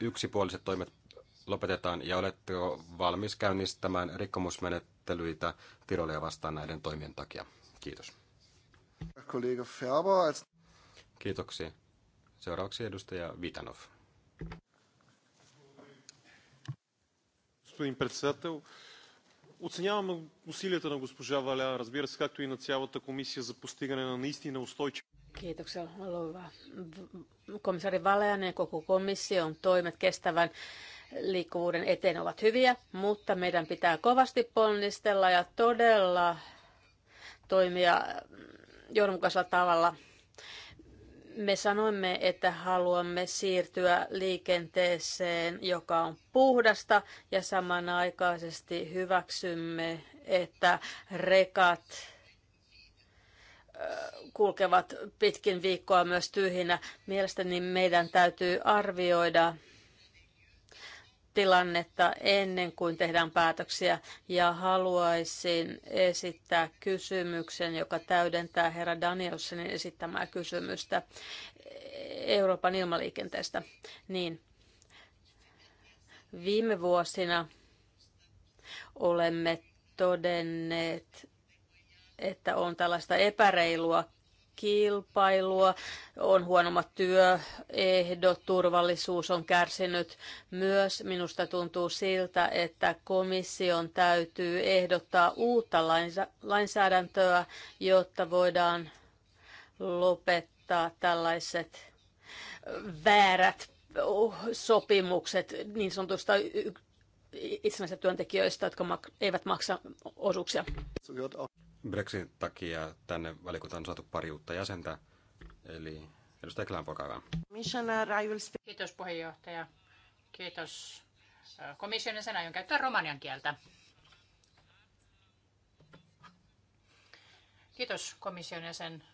D: yksipuoliset toimet lopetetaan ja oletteko valmis käynnistämään rikkomusmenettelyitä Tirolia vastaan näiden toimien takia? Kiitos.
B: Kollega Färber,
D: Kiitoksia. Seuraavaksi edustaja Vitanov. Господин председател, оценявам усилията на госпожа Валя, разбира се, както и на цялата комисия за постигане на наистина устойчив
C: Kiitoksia, Lova. Komissaari Valean ja koko komission toimet kestävän liikkuvuuden eteen ovat hyviä, mutta meidän pitää kovasti ponnistella ja todella toimia johdonmukaisella tavalla me sanoimme, että haluamme siirtyä liikenteeseen, joka on puhdasta ja samanaikaisesti hyväksymme, että rekat kulkevat pitkin viikkoa myös tyhjinä. Mielestäni meidän täytyy arvioida tilannetta ennen kuin tehdään päätöksiä. Ja haluaisin esittää kysymyksen, joka täydentää herra Danielsonin esittämää kysymystä Euroopan ilmaliikenteestä. Niin, viime vuosina olemme todenneet, että on tällaista epäreilua kilpailua, on huonommat työehdot, turvallisuus on kärsinyt myös. Minusta tuntuu siltä, että komission täytyy ehdottaa uutta lainsäädäntöä, jotta voidaan lopettaa tällaiset väärät sopimukset niin sanotusta itsenäisistä työntekijöistä, jotka eivät maksa osuuksia.
D: Brexitin takia tänne valiokuntaan on saatu pari uutta jäsentä, eli edustaja Klään, poikaa
A: Kiitos puheenjohtaja. Kiitos komission sen aion käyttää romanian kieltä. Kiitos komission jäsen.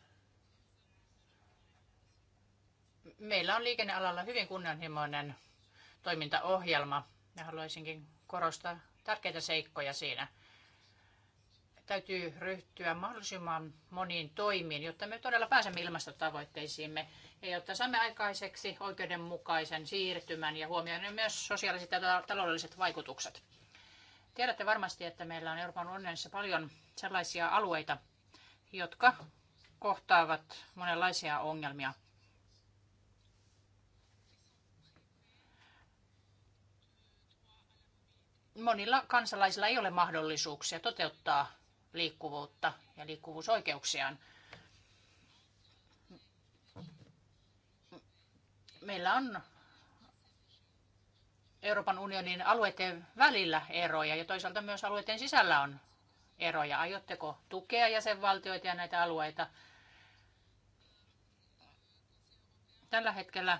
A: Meillä on liikennealalla hyvin kunnianhimoinen toimintaohjelma ja haluaisinkin korostaa tärkeitä seikkoja siinä täytyy ryhtyä mahdollisimman moniin toimiin, jotta me todella pääsemme ilmastotavoitteisiimme ja jotta saamme aikaiseksi oikeudenmukaisen siirtymän ja huomioiden myös sosiaaliset ja taloudelliset vaikutukset. Tiedätte varmasti, että meillä on Euroopan unionissa paljon sellaisia alueita, jotka kohtaavat monenlaisia ongelmia. Monilla kansalaisilla ei ole mahdollisuuksia toteuttaa liikkuvuutta ja liikkuvuusoikeuksiaan. Meillä on Euroopan unionin alueiden välillä eroja ja toisaalta myös alueiden sisällä on eroja. Aiotteko tukea jäsenvaltioita ja näitä alueita? Tällä hetkellä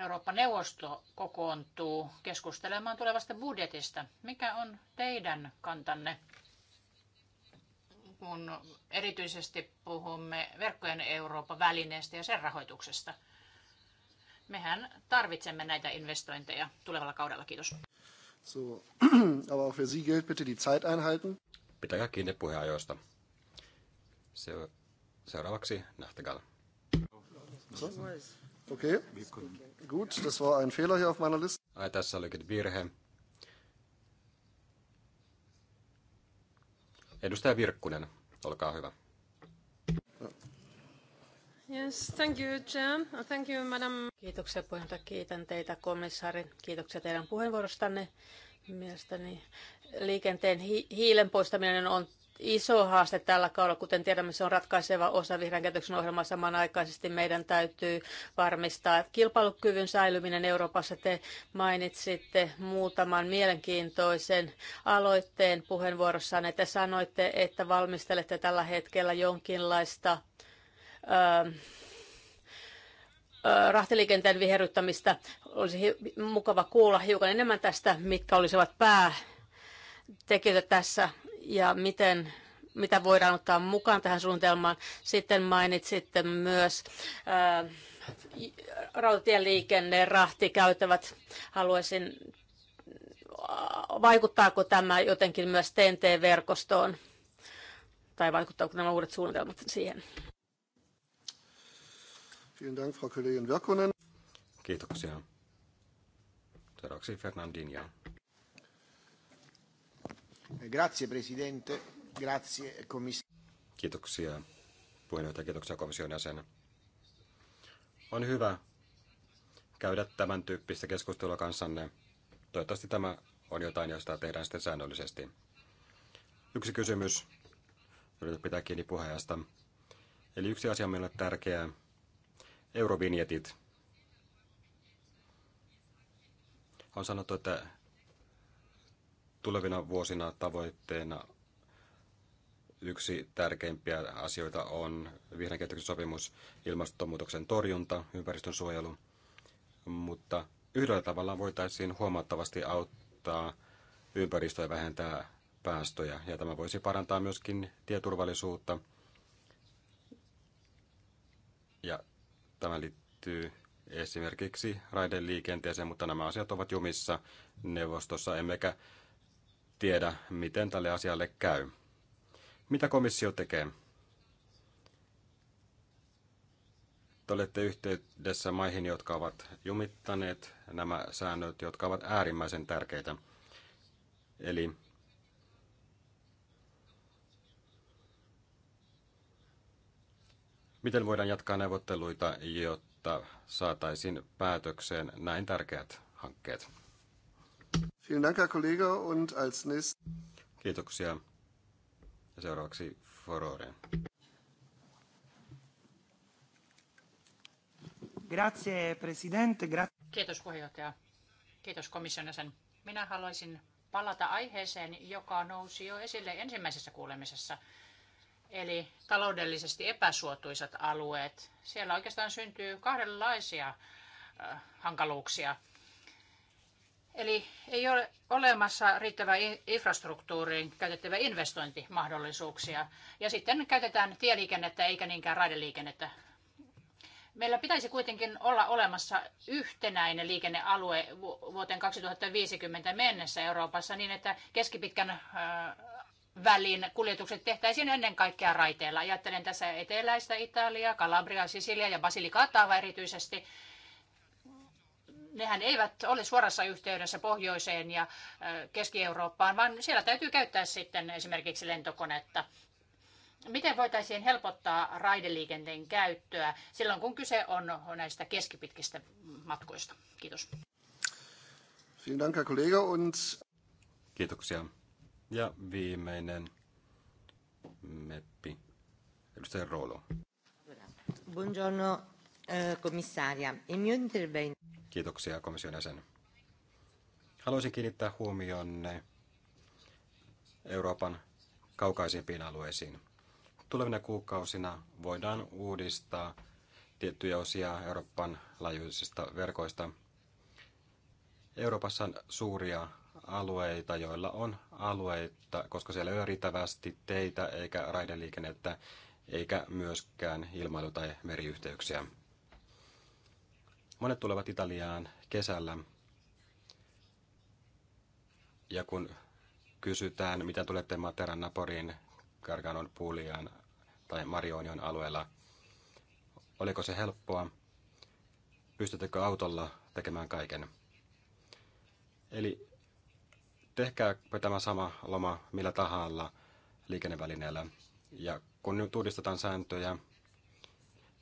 A: Eurooppa-neuvosto kokoontuu keskustelemaan tulevasta budjetista. Mikä on teidän kantanne, kun erityisesti puhumme verkkojen Euroopan välineestä ja sen rahoituksesta? Mehän tarvitsemme näitä investointeja tulevalla kaudella. Kiitos.
B: So, aber auch für Sie gilt bitte die Zeit einhalten.
D: Pitäkää kiinni puheajoista. Se, seuraavaksi Nähtäkää. So.
B: Okei, okay. gut, das war ein Fehler hier auf meiner Liste.
D: Ai, tässä olikin virhe. Edustaja Virkkunen, olkaa hyvä.
C: Yes, thank you, chair. Thank you, madam. Kiitoksia puheenjohtaja. Kiitän teitä, komissaari. Kiitoksia teidän puheenvuorostanne. Mielestäni liikenteen hi- hiilen poistaminen on iso haaste tällä kaudella. Kuten tiedämme, se on ratkaiseva osa vihreän kehityksen ohjelmaa. Samanaikaisesti meidän täytyy varmistaa kilpailukyvyn säilyminen Euroopassa. Te mainitsitte muutaman mielenkiintoisen aloitteen puheenvuorossa, Te sanoitte, että valmistelette tällä hetkellä jonkinlaista... Öö, rahtiliikenteen viherryttämistä. Olisi mukava kuulla hiukan enemmän tästä, mitkä olisivat päätekijöitä tässä ja miten, mitä voidaan ottaa mukaan tähän suunnitelmaan. Sitten mainitsitte myös ää, äh, rautatieliikenne, rahti, käytävät. Haluaisin, äh, vaikuttaako tämä jotenkin myös TNT-verkostoon? Tai vaikuttaako nämä uudet suunnitelmat siihen?
D: Kiitoksia. Seuraavaksi ja
B: Grazie presidente, grazie komissio.
D: Kiitoksia puheenjohtaja, kiitoksia komission jäsen. On hyvä käydä tämän tyyppistä keskustelua kanssanne. Toivottavasti tämä on jotain, josta tehdään sitten säännöllisesti. Yksi kysymys. Yritän pitää kiinni puheenjohtajasta. Eli yksi asia on meille tärkeää. Eurovinjetit. On sanottu, että tulevina vuosina tavoitteena yksi tärkeimpiä asioita on vihreän kehityksen sopimus, ilmastonmuutoksen torjunta, ympäristön suojelu, mutta yhdellä tavalla voitaisiin huomattavasti auttaa ympäristöä vähentää päästöjä, ja tämä voisi parantaa myöskin tieturvallisuutta. Ja tämä liittyy esimerkiksi raideliikenteeseen, mutta nämä asiat ovat jumissa neuvostossa, emmekä tiedä, miten tälle asialle käy. Mitä komissio tekee? Te olette yhteydessä maihin, jotka ovat jumittaneet nämä säännöt, jotka ovat äärimmäisen tärkeitä. Eli miten voidaan jatkaa neuvotteluita, jotta saataisiin päätökseen näin tärkeät hankkeet?
B: Vielen Dank, Herr Kollege, und als nächstes...
D: Kiitoksia. Ja seuraavaksi Forore. Grazie, presidente. Gra-
A: Kiitos puheenjohtaja. Kiitos komission jäsen. Minä haluaisin palata aiheeseen, joka nousi jo esille ensimmäisessä kuulemisessa, eli taloudellisesti epäsuotuisat alueet. Siellä oikeastaan syntyy kahdenlaisia äh, hankaluuksia. Eli ei ole olemassa riittävää infrastruktuuriin käytettäviä investointimahdollisuuksia. Ja sitten käytetään tieliikennettä eikä niinkään raideliikennettä. Meillä pitäisi kuitenkin olla olemassa yhtenäinen liikennealue vuoteen 2050 mennessä Euroopassa niin, että keskipitkän välin kuljetukset tehtäisiin ennen kaikkea raiteilla. Ajattelen tässä eteläistä Italiaa, Kalabria, Sisilia ja Basilicataava erityisesti – nehän eivät ole suorassa yhteydessä pohjoiseen ja Keski-Eurooppaan, vaan siellä täytyy käyttää sitten esimerkiksi lentokonetta. Miten voitaisiin helpottaa raideliikenteen käyttöä silloin, kun kyse on näistä keskipitkistä matkoista? Kiitos.
D: Kiitoksia. Ja viimeinen meppi, edustaja Rolo.
A: Buongiorno, eh, Commissaria, Il mio intervento...
D: Kiitoksia komission jäsen. Haluaisin kiinnittää huomioon Euroopan kaukaisimpiin alueisiin. Tulevina kuukausina voidaan uudistaa tiettyjä osia Euroopan laajuisista verkoista. Euroopassa on suuria alueita, joilla on alueita, koska siellä ei ole riittävästi teitä eikä raideliikennettä eikä myöskään ilmailu- tai meriyhteyksiä. Monet tulevat Italiaan kesällä. Ja kun kysytään, mitä tulette Materan, Naporin, Garganon, Puliaan tai Marionion alueella, oliko se helppoa? Pystyttekö autolla tekemään kaiken? Eli tehkää tämä sama loma millä tahalla liikennevälineellä. Ja kun nyt uudistetaan sääntöjä,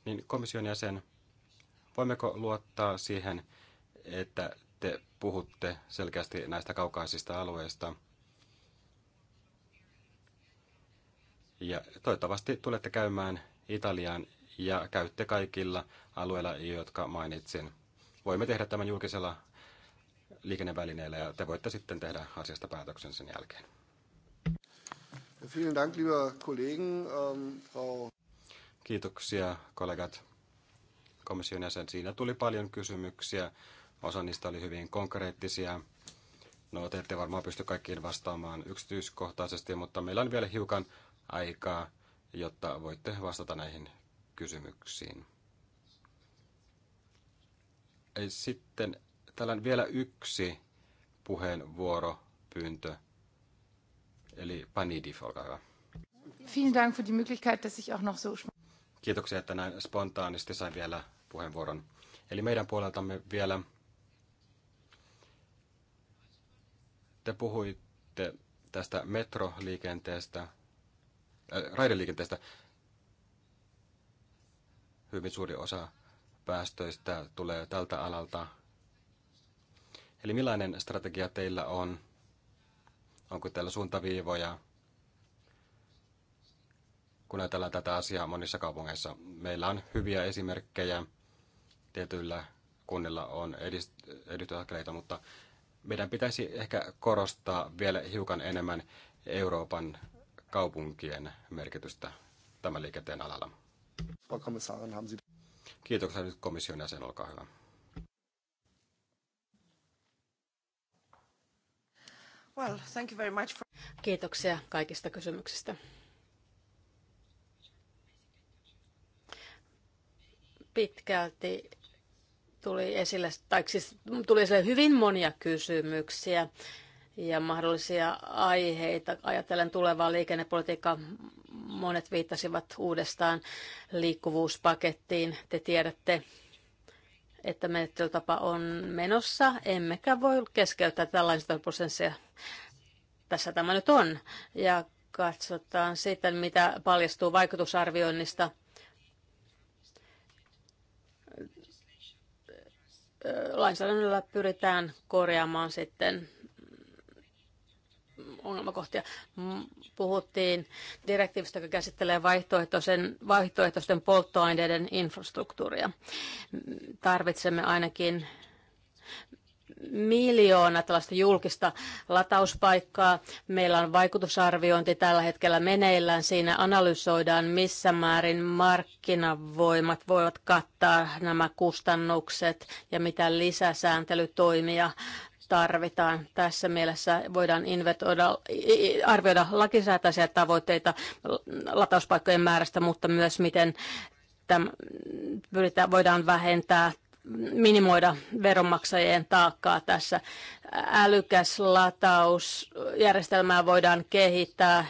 D: niin komission jäsen Voimmeko luottaa siihen, että te puhutte selkeästi näistä kaukaisista alueista? Ja toivottavasti tulette käymään Italiaan ja käytte kaikilla alueilla, jotka mainitsin. Voimme tehdä tämän julkisella liikennevälineellä ja te voitte sitten tehdä asiasta päätöksen sen jälkeen.
B: Vielen Dank, lieber Kollegen. Ähm,
D: Kiitoksia, kollegat komission jäsen. Siinä tuli paljon kysymyksiä. Osa niistä oli hyvin konkreettisia. No, te ette varmaan pysty kaikkiin vastaamaan yksityiskohtaisesti, mutta meillä on vielä hiukan aikaa, jotta voitte vastata näihin kysymyksiin. Sitten täällä on vielä yksi puheenvuoropyyntö. Eli Panidif, olkaa hyvä.
A: Vielen Dank für die Möglichkeit, dass ich auch noch so
D: Kiitoksia, että näin spontaanisti sain vielä puheenvuoron. Eli meidän puoleltamme vielä te puhuitte tästä metroliikenteestä, äh, raideliikenteestä. Hyvin suuri osa päästöistä tulee tältä alalta. Eli millainen strategia teillä on? Onko teillä suuntaviivoja? Kun ajatellaan tätä asiaa monissa kaupungeissa, meillä on hyviä esimerkkejä – tietyillä kunnilla on edistysaskeleita, mutta meidän pitäisi ehkä korostaa vielä hiukan enemmän Euroopan kaupunkien merkitystä tämän liikenteen alalla. Kiitoksia nyt komission jäsen, olkaa hyvä.
C: Well, thank you very much for... Kiitoksia kaikista kysymyksistä. Pitkälti tuli esille, tai siis tuli esille hyvin monia kysymyksiä ja mahdollisia aiheita. Ajatellen tulevaa liikennepolitiikkaa monet viittasivat uudestaan liikkuvuuspakettiin. Te tiedätte, että menettelytapa on menossa, emmekä voi keskeyttää tällaista prosessia. Tässä tämä nyt on. Ja katsotaan sitten, mitä paljastuu vaikutusarvioinnista lainsäädännöllä pyritään korjaamaan sitten ongelmakohtia. Puhuttiin direktiivistä, joka käsittelee vaihtoehtoisen, vaihtoehtoisten polttoaineiden infrastruktuuria. Tarvitsemme ainakin miljoona tällaista julkista latauspaikkaa. Meillä on vaikutusarviointi tällä hetkellä meneillään. Siinä analysoidaan, missä määrin markkinavoimat voivat kattaa nämä kustannukset ja mitä lisäsääntelytoimia tarvitaan. Tässä mielessä voidaan arvioida lakisääteisiä tavoitteita latauspaikkojen määrästä, mutta myös miten pyritään, voidaan vähentää minimoida veronmaksajien taakkaa tässä. Älykäs latausjärjestelmää voidaan kehittää,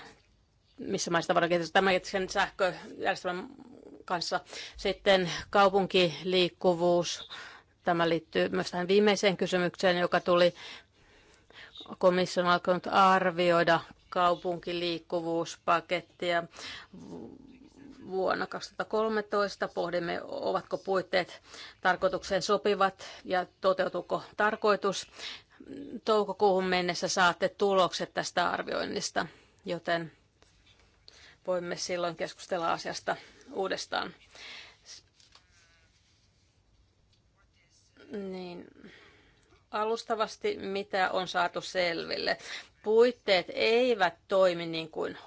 C: missä maista voidaan kehittää tämä sen sähköjärjestelmän kanssa. Sitten kaupunkiliikkuvuus, tämä liittyy myös tähän viimeiseen kysymykseen, joka tuli komissio on alkanut arvioida kaupunkiliikkuvuuspakettia vuonna 2013. Pohdimme, ovatko puitteet tarkoitukseen sopivat ja toteutuuko tarkoitus. Toukokuuhun mennessä saatte tulokset tästä arvioinnista, joten voimme silloin keskustella asiasta uudestaan. Niin, alustavasti mitä on saatu selville. Puitteet eivät toimi niin kuin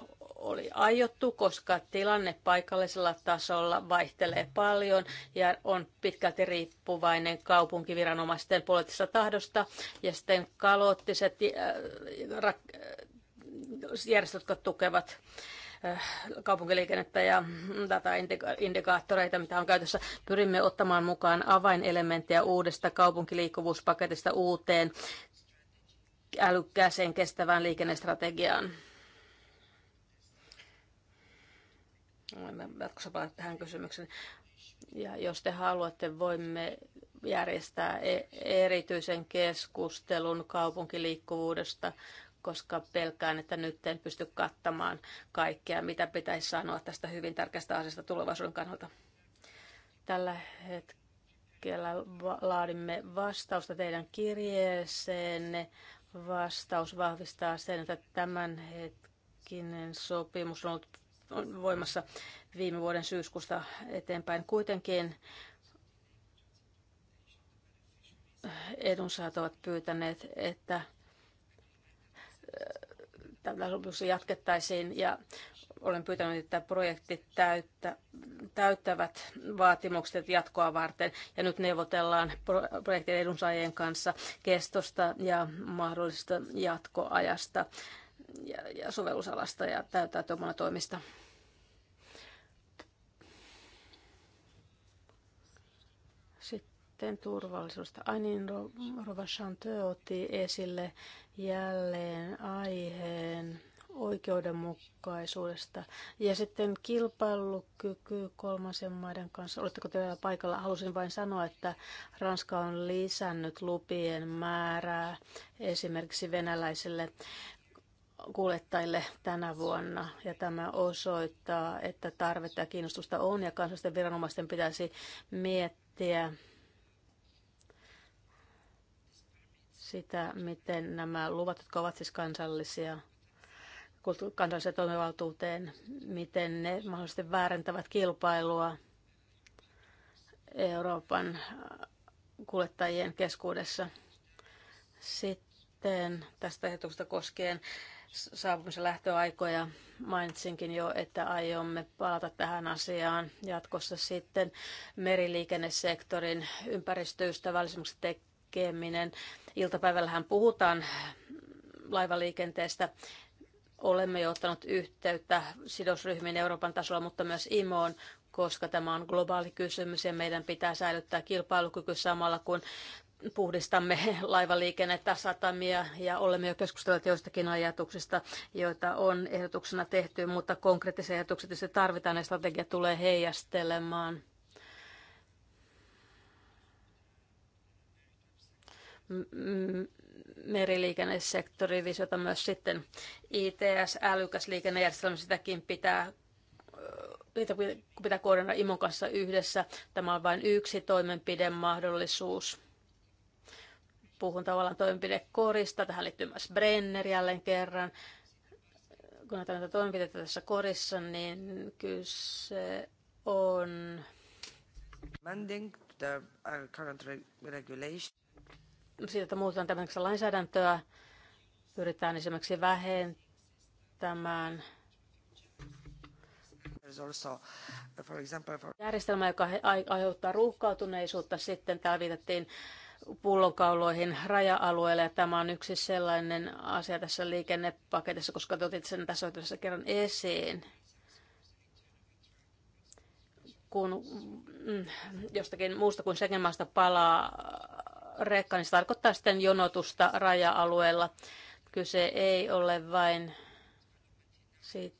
C: oli aiottu, koska tilanne paikallisella tasolla vaihtelee paljon ja on pitkälti riippuvainen kaupunkiviranomaisten poliittisesta tahdosta. Ja sitten kaloottiset äh, äh, järjestöt, jotka tukevat äh, kaupunkiliikennettä ja dataindikaattoreita, mitä on käytössä. Pyrimme ottamaan mukaan avainelementtejä uudesta kaupunkiliikkuvuuspaketista uuteen älykkääseen kestävään liikennestrategiaan. jatkossa palata tähän kysymykseen. Ja jos te haluatte, voimme järjestää e- erityisen keskustelun kaupunkiliikkuvuudesta, koska pelkään, että nyt en pysty kattamaan kaikkea, mitä pitäisi sanoa tästä hyvin tärkeästä asiasta tulevaisuuden kannalta. Tällä hetkellä laadimme vastausta teidän kirjeeseenne. Vastaus vahvistaa sen, että tämänhetkinen sopimus on ollut
D: on voimassa
C: viime vuoden syyskuusta eteenpäin. Kuitenkin edunsaat ovat pyytäneet, että äh, tällä sopimuksessa jatkettaisiin ja olen pyytänyt, että projektit täyttä, täyttävät vaatimukset jatkoa varten. Ja nyt neuvotellaan projektin edunsaajien kanssa kestosta ja mahdollisesta jatkoajasta ja, ja sovellusalasta ja täytäntöönpanotoimista. toimista. sitten turvallisuudesta. Ainin Rova Chanteu otti esille jälleen aiheen oikeudenmukaisuudesta. Ja sitten kilpailukyky kolmansien maiden kanssa. Oletteko te vielä paikalla? Halusin vain sanoa, että Ranska on lisännyt lupien määrää esimerkiksi venäläisille kuljettajille tänä vuonna. Ja tämä osoittaa, että tarvetta ja kiinnostusta on ja kansallisten viranomaisten pitäisi miettiä sitä, miten nämä luvat, jotka ovat siis kansallisia, kansalliseen toimivaltuuteen, miten ne mahdollisesti väärentävät kilpailua Euroopan äh, kuljettajien keskuudessa. Sitten tästä ehdotuksesta koskien saapumisen lähtöaikoja mainitsinkin jo, että aiomme palata tähän asiaan jatkossa sitten meriliikennesektorin ympäristöystävällisemmäksi tekeminen. Iltapäivällähän puhutaan laivaliikenteestä. Olemme jo ottanut yhteyttä sidosryhmiin Euroopan tasolla, mutta myös IMOon, koska tämä on globaali kysymys ja meidän pitää säilyttää kilpailukyky samalla, kun puhdistamme laivaliikennettä, satamia ja olemme jo keskustelleet joistakin ajatuksista, joita on ehdotuksena tehty, mutta konkreettisia ajatuksia tietysti tarvitaan ja strategia tulee heijastelemaan meriliikennesektori visiota myös sitten ITS, älykäs liikennejärjestelmä, sitäkin pitää niitä pitää koordinoida Imon kanssa yhdessä. Tämä on vain yksi toimenpidemahdollisuus. Puhun tavallaan toimenpidekorista. Tähän liittyy myös Brenner jälleen kerran. Kun näitä, näitä toimenpiteitä tässä korissa, niin kyse on...
D: Manding the uh, current regulation
C: siitä, että muutetaan tämmöistä lainsäädäntöä, pyritään esimerkiksi vähentämään järjestelmä, joka aiheuttaa ruuhkautuneisuutta. Sitten täällä viitattiin pullonkauloihin raja-alueelle, ja tämä on yksi sellainen asia tässä liikennepaketissa, koska te otit sen tässä yhteydessä kerran esiin. Kun mm, jostakin muusta kuin schengen palaa rekka, niin se tarkoittaa sitten jonotusta raja-alueella. Kyse ei ole vain siitä,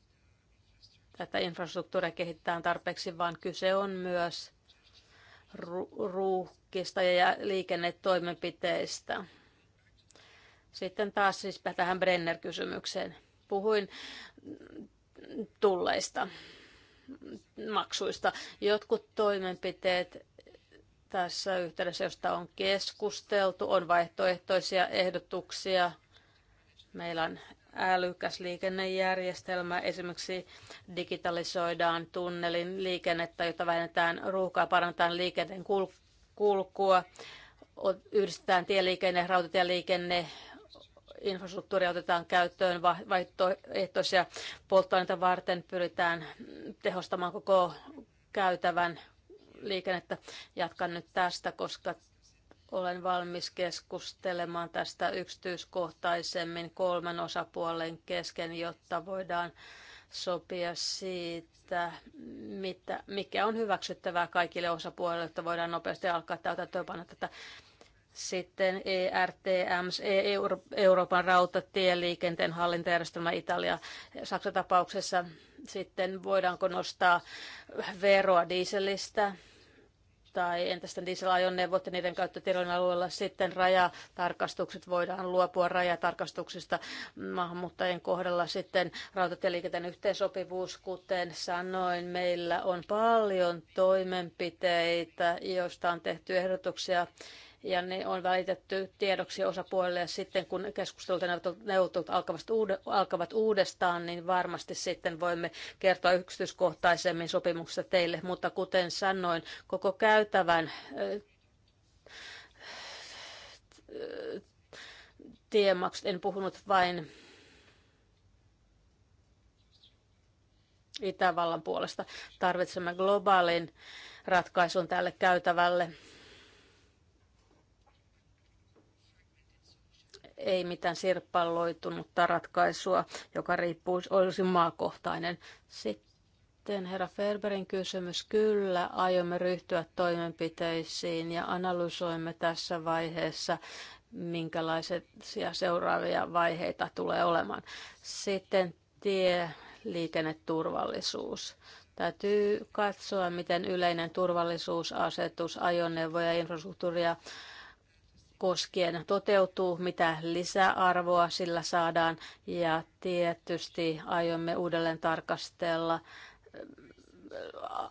C: että infrastruktuuria kehitetään tarpeeksi, vaan kyse on myös ruuhkista ja liikennetoimenpiteistä. Sitten taas siis tähän Brenner-kysymykseen. Puhuin tulleista maksuista. Jotkut toimenpiteet tässä yhteydessä, josta on keskusteltu, on vaihtoehtoisia ehdotuksia. Meillä on älykäs liikennejärjestelmä. Esimerkiksi digitalisoidaan tunnelin liikennettä, jota vähennetään ruuhkaa, parannetaan liikenteen kulkua, yhdistetään tieliikenne, rautatieliikenne, infrastruktuuria otetaan käyttöön vaihtoehtoisia polttoaineita varten, pyritään tehostamaan koko käytävän liikennettä. Jatkan nyt tästä, koska olen valmis keskustelemaan tästä yksityiskohtaisemmin kolmen osapuolen kesken, jotta voidaan sopia siitä, mitä, mikä on hyväksyttävää kaikille osapuolille, että voidaan nopeasti alkaa täytäntöönpanna tätä. Sitten ERTMS, e Euroopan rautatieliikenteen hallintajärjestelmä Italia. Saksan tapauksessa sitten voidaanko nostaa veroa dieselistä tai entä sitten dieselajoneuvot ja niiden käyttö Tironin alueella sitten rajatarkastukset, voidaan luopua rajatarkastuksista maahanmuuttajien kohdalla sitten rautatieliikenteen yhteensopivuus, kuten sanoin, meillä on paljon toimenpiteitä, joista on tehty ehdotuksia ja ne on välitetty tiedoksi osapuolille. Ja sitten kun keskustelut ja neuvottelut alkavat, uude, alkavat uudestaan, niin varmasti sitten voimme kertoa yksityiskohtaisemmin sopimuksesta teille. Mutta kuten sanoin, koko käytävän eh, tiemaksut, en puhunut vain Itävallan puolesta. Tarvitsemme globaalin ratkaisun tälle käytävälle. ei mitään sirppalloitunutta ratkaisua, joka riippuu, olisi maakohtainen. Sitten herra Ferberin kysymys. Kyllä, aiomme ryhtyä toimenpiteisiin ja analysoimme tässä vaiheessa, minkälaisia seuraavia vaiheita tulee olemaan. Sitten tie, liikenneturvallisuus. Täytyy katsoa, miten yleinen turvallisuusasetus, ajoneuvoja, infrastruktuuria, koskien toteutuu, mitä lisäarvoa sillä saadaan ja tietysti aiomme uudelleen tarkastella äh,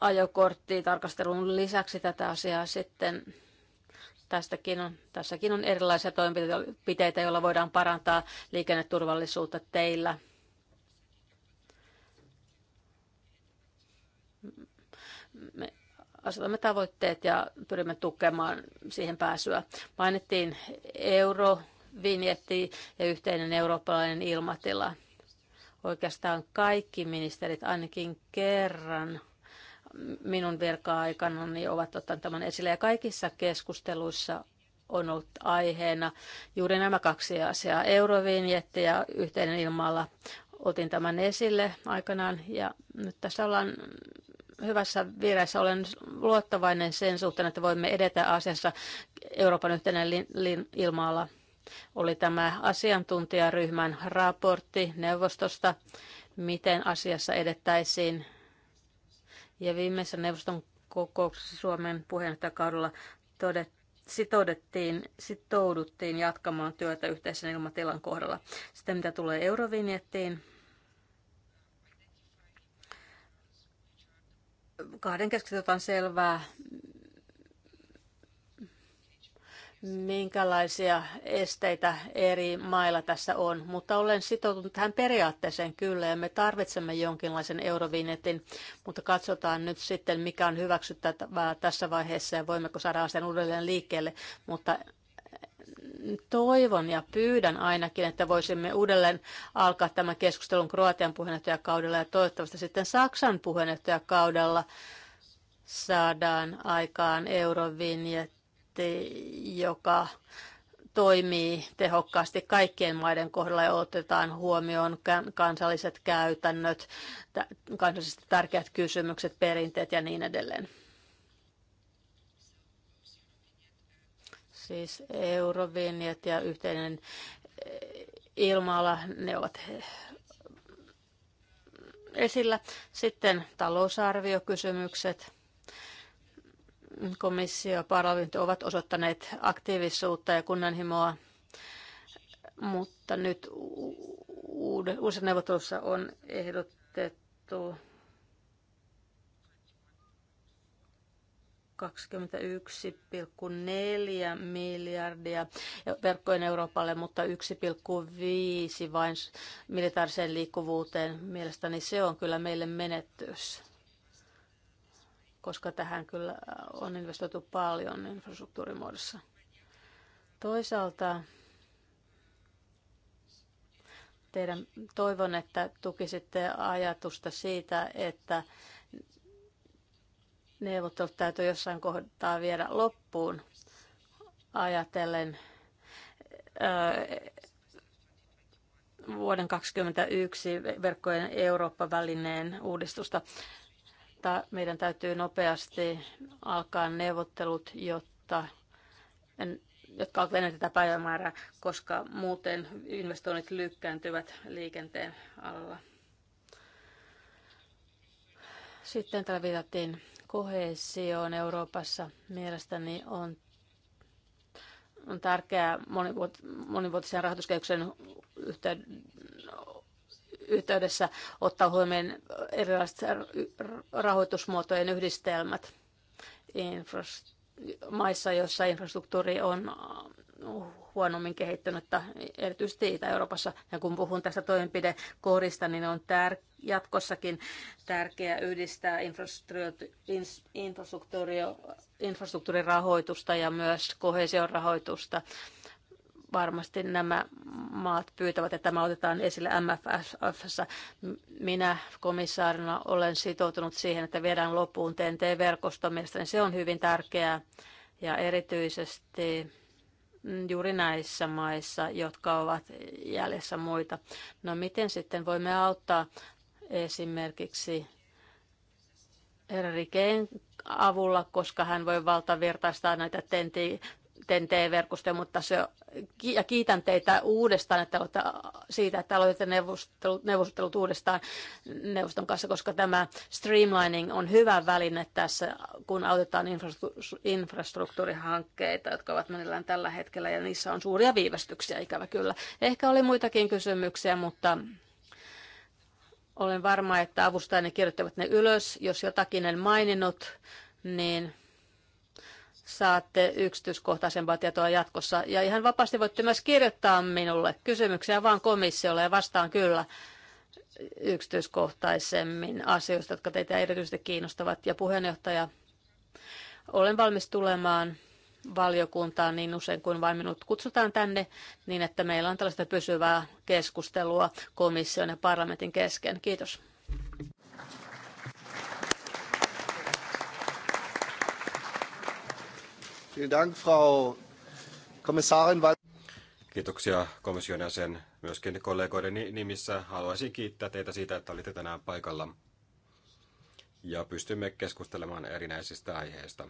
C: ajokorttiin tarkastelun lisäksi tätä asiaa sitten tästäkin on, tässäkin on erilaisia toimenpiteitä, joilla voidaan parantaa liikenneturvallisuutta teillä. Me asetamme tavoitteet ja pyrimme tukemaan siihen pääsyä. Mainittiin euro, vinjetti ja yhteinen eurooppalainen ilmatila. Oikeastaan kaikki ministerit ainakin kerran minun virka-aikana niin ovat ottaneet tämän esille. Ja kaikissa keskusteluissa on ollut aiheena juuri nämä kaksi asiaa, eurovinjetti ja yhteinen ilmalla. Otin tämän esille aikanaan ja nyt tässä ollaan hyvässä vieressä. Olen luottavainen sen suhteen, että voimme edetä asiassa Euroopan yhteinen ilmaala. Oli tämä asiantuntijaryhmän raportti neuvostosta, miten asiassa edettäisiin. Ja viimeisessä neuvoston kokouksessa Suomen puheenjohtajakaudella todettiin, sitouduttiin, sitouduttiin jatkamaan työtä yhteisen ilmatilan kohdalla. Sitten mitä tulee eurovinjettiin, kahden keskitytään selvää, minkälaisia esteitä eri mailla tässä on, mutta olen sitoutunut tähän periaatteeseen kyllä ja me tarvitsemme jonkinlaisen eurovinetin, mutta katsotaan nyt sitten mikä on hyväksyttävää tässä vaiheessa ja voimmeko saada sen uudelleen liikkeelle, mutta toivon ja pyydän ainakin, että voisimme uudelleen alkaa tämän keskustelun Kroatian puheenjohtajakaudella ja toivottavasti sitten Saksan puheenjohtajakaudella saadaan aikaan eurovinjetti, joka toimii tehokkaasti kaikkien maiden kohdalla ja otetaan huomioon kansalliset käytännöt, kansallisesti tärkeät kysymykset, perinteet ja niin edelleen. Siis eurovinjet ja yhteinen eh, ilmaala, ne ovat esillä. Sitten talousarviokysymykset. Komissio ja parlamentti ovat osoittaneet aktiivisuutta ja kunnanhimoa, mutta nyt uudessa neuvottelussa on ehdotettu 21,4 miljardia verkkojen Euroopalle, mutta 1,5 vain militaariseen liikkuvuuteen. Mielestäni se on kyllä meille menettys, koska tähän kyllä on investoitu paljon infrastruktuurimuodossa. Toisaalta teidän toivon, että tukisitte ajatusta siitä, että neuvottelut täytyy jossain kohtaa viedä loppuun ajatellen öö, vuoden 2021 verkkojen Eurooppa-välineen uudistusta. Meidän täytyy nopeasti alkaa neuvottelut, jotta jotka ovat ennen tätä päivämäärää, koska muuten investoinnit lykkääntyvät liikenteen alalla. Sitten täällä viitattiin kohesioon Euroopassa mielestäni on on tärkeää monivuotisen rahoituskehyksen yhteydessä ottaa huomioon erilaiset rahoitusmuotojen yhdistelmät maissa, joissa infrastruktuuri on huonommin kehittynyttä, erityisesti Itä-Euroopassa. Ja kun puhun tästä toimenpidekoodista, niin on tär- jatkossakin tärkeää yhdistää infrastruktuurin rahoitusta ja myös kohesion rahoitusta varmasti nämä maat pyytävät, että tämä otetaan esille MFFssä. Minä komissaarina olen sitoutunut siihen, että viedään loppuun TNT-verkosto. Mielestäni se on hyvin tärkeää ja erityisesti Mm, juuri näissä maissa, jotka ovat jäljessä muita. No miten sitten voimme auttaa esimerkiksi Erikeen avulla, koska hän voi valtavirtaistaa näitä ten t verkosto mutta se, ja kiitän teitä uudestaan että olette, siitä, että aloitte neuvostelut, neuvostelut uudestaan neuvoston kanssa, koska tämä streamlining on hyvä väline tässä, kun autetaan infrastruktuurihankkeita, jotka ovat menillään tällä hetkellä, ja niissä on suuria viivästyksiä, ikävä kyllä. Ehkä oli muitakin kysymyksiä, mutta olen varma, että avustajani kirjoittavat ne ylös. Jos jotakin en maininnut, niin saatte yksityiskohtaisempaa tietoa jatkossa. Ja ihan vapaasti voitte myös kirjoittaa minulle kysymyksiä vaan komissiolle ja vastaan kyllä yksityiskohtaisemmin asioista, jotka teitä erityisesti kiinnostavat. Ja puheenjohtaja, olen valmis tulemaan valiokuntaan niin usein kuin vain minut kutsutaan tänne, niin että meillä on tällaista pysyvää keskustelua komission ja parlamentin kesken. Kiitos.
D: Kiitoksia komission jäsen. Myöskin kollegoiden nimissä haluaisin kiittää teitä siitä, että olitte tänään paikalla ja pystymme keskustelemaan erinäisistä aiheista.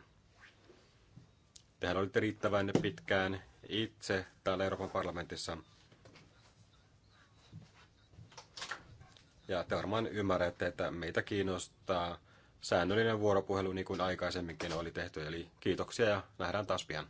D: Tehän olitte riittävän pitkään itse täällä Euroopan parlamentissa. Ja te varmaan ymmärrätte, että meitä kiinnostaa säännöllinen vuoropuhelu niin kuin aikaisemminkin oli tehty. Eli kiitoksia ja nähdään taas pian.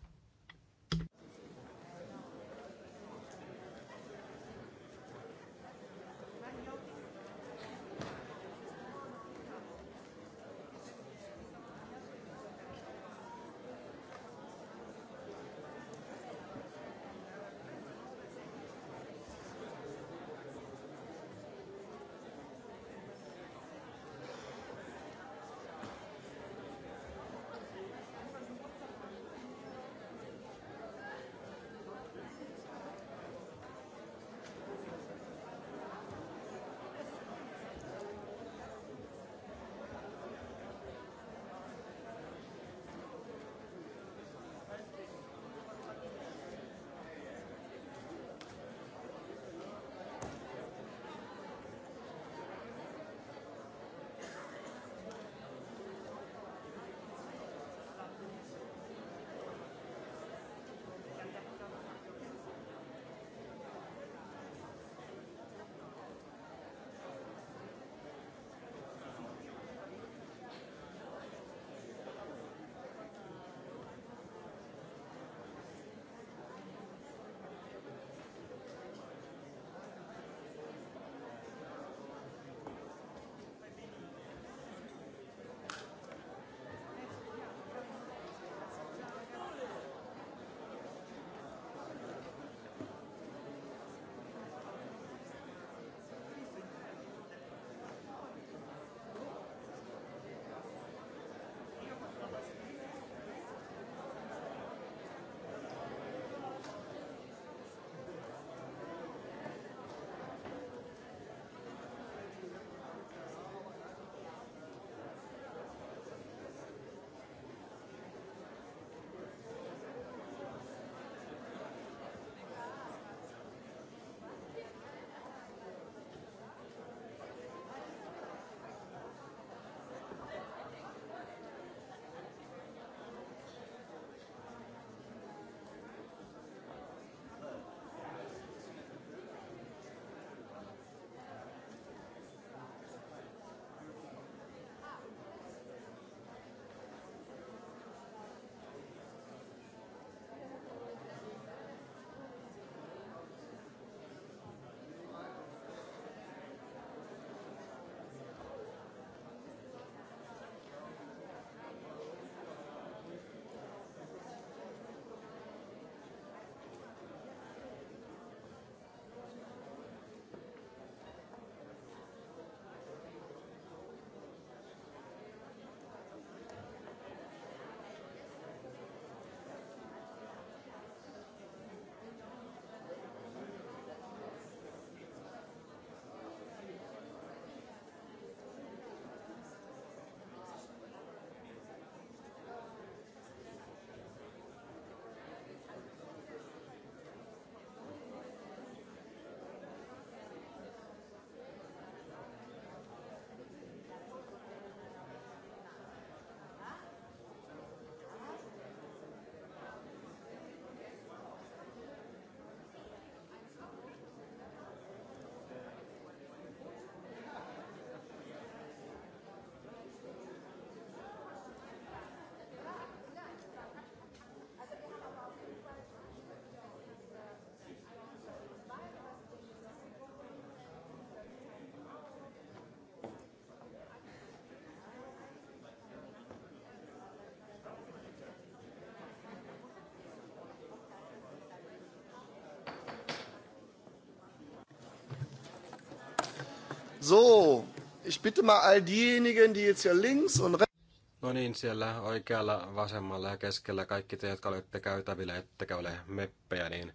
B: So, ich bitte mal all diejenigen, die jetzt hier links und rechts...
D: No niin, siellä oikealla, vasemmalla ja keskellä kaikki te, jotka olette käytävillä, ettekä ole meppejä, niin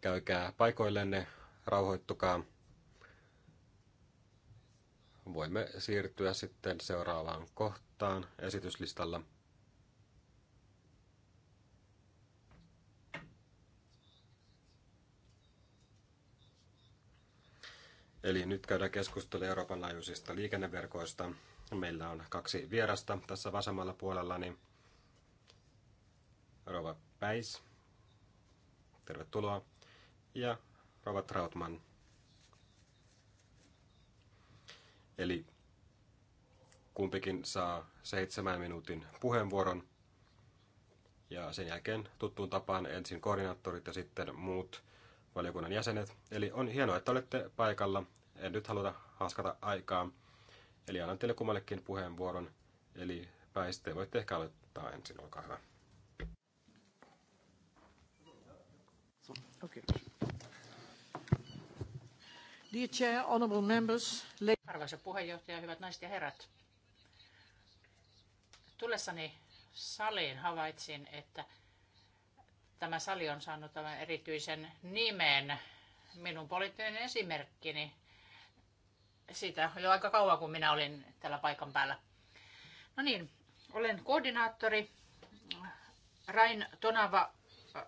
D: käykää paikoillenne, rauhoittukaa. Voimme siirtyä sitten seuraavaan kohtaan esityslistalla. Eli nyt käydään keskustelua Euroopan laajuisista liikenneverkoista. Meillä on kaksi vierasta tässä vasemmalla puolella niin Rova Päis, tervetuloa. Ja Rova Trautman. Eli kumpikin saa seitsemän minuutin puheenvuoron. Ja sen jälkeen tuttuun tapaan ensin koordinaattorit ja sitten muut valiokunnan jäsenet. Eli on hienoa, että olette paikalla. En nyt haluta haskata aikaa. Eli annan teille kummallekin puheenvuoron. Eli pääsitte, voitte ehkä aloittaa ensin, olkaa hyvä.
A: Okay. Arvoisa puheenjohtaja, hyvät naiset ja herrat. Tullessani saliin havaitsin, että tämä sali on saanut tämän erityisen nimen. Minun poliittinen esimerkkini siitä jo aika kauan, kun minä olin tällä paikan päällä. No niin, olen koordinaattori Rain Tonava äh,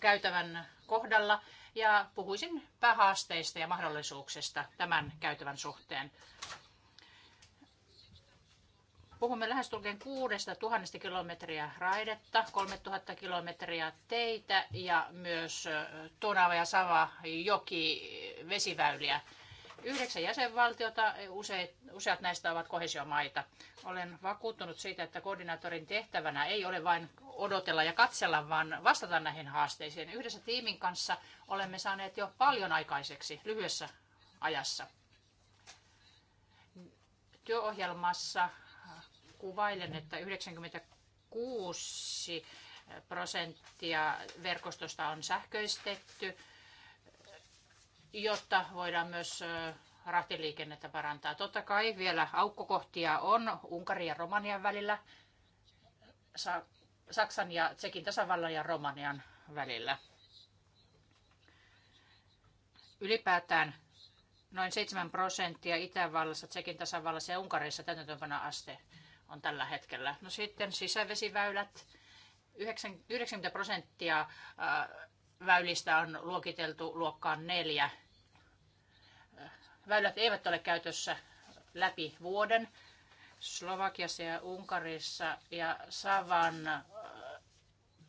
A: käytävän kohdalla ja puhuisin päähaasteista ja mahdollisuuksista tämän käytävän suhteen. Puhumme lähestulkoon kuudesta tuhannesta kilometriä raidetta, 3000 kilometriä teitä ja myös Tunava ja Sava joki vesiväyliä. Yhdeksän jäsenvaltiota, useat, useat näistä ovat kohesiomaita. Olen vakuuttunut siitä, että koordinaattorin tehtävänä ei ole vain odotella ja katsella, vaan vastata näihin haasteisiin. Yhdessä tiimin kanssa olemme saaneet jo paljon aikaiseksi lyhyessä ajassa. Työohjelmassa kuvailen, että 96 prosenttia verkostosta on sähköistetty, jotta voidaan myös rahtiliikennettä parantaa. Totta kai vielä aukkokohtia on Unkarin ja Romanian välillä, Saksan ja Tsekin tasavallan ja Romanian välillä. Ylipäätään noin 7 prosenttia Itävallassa, Tsekin tasavallassa ja Unkarissa täytäntöönpana aste on tällä hetkellä. No sitten sisävesiväylät. 90 prosenttia äh, väylistä on luokiteltu luokkaan neljä. Äh, väylät eivät ole käytössä läpi vuoden. Slovakiassa ja Unkarissa ja Savan äh,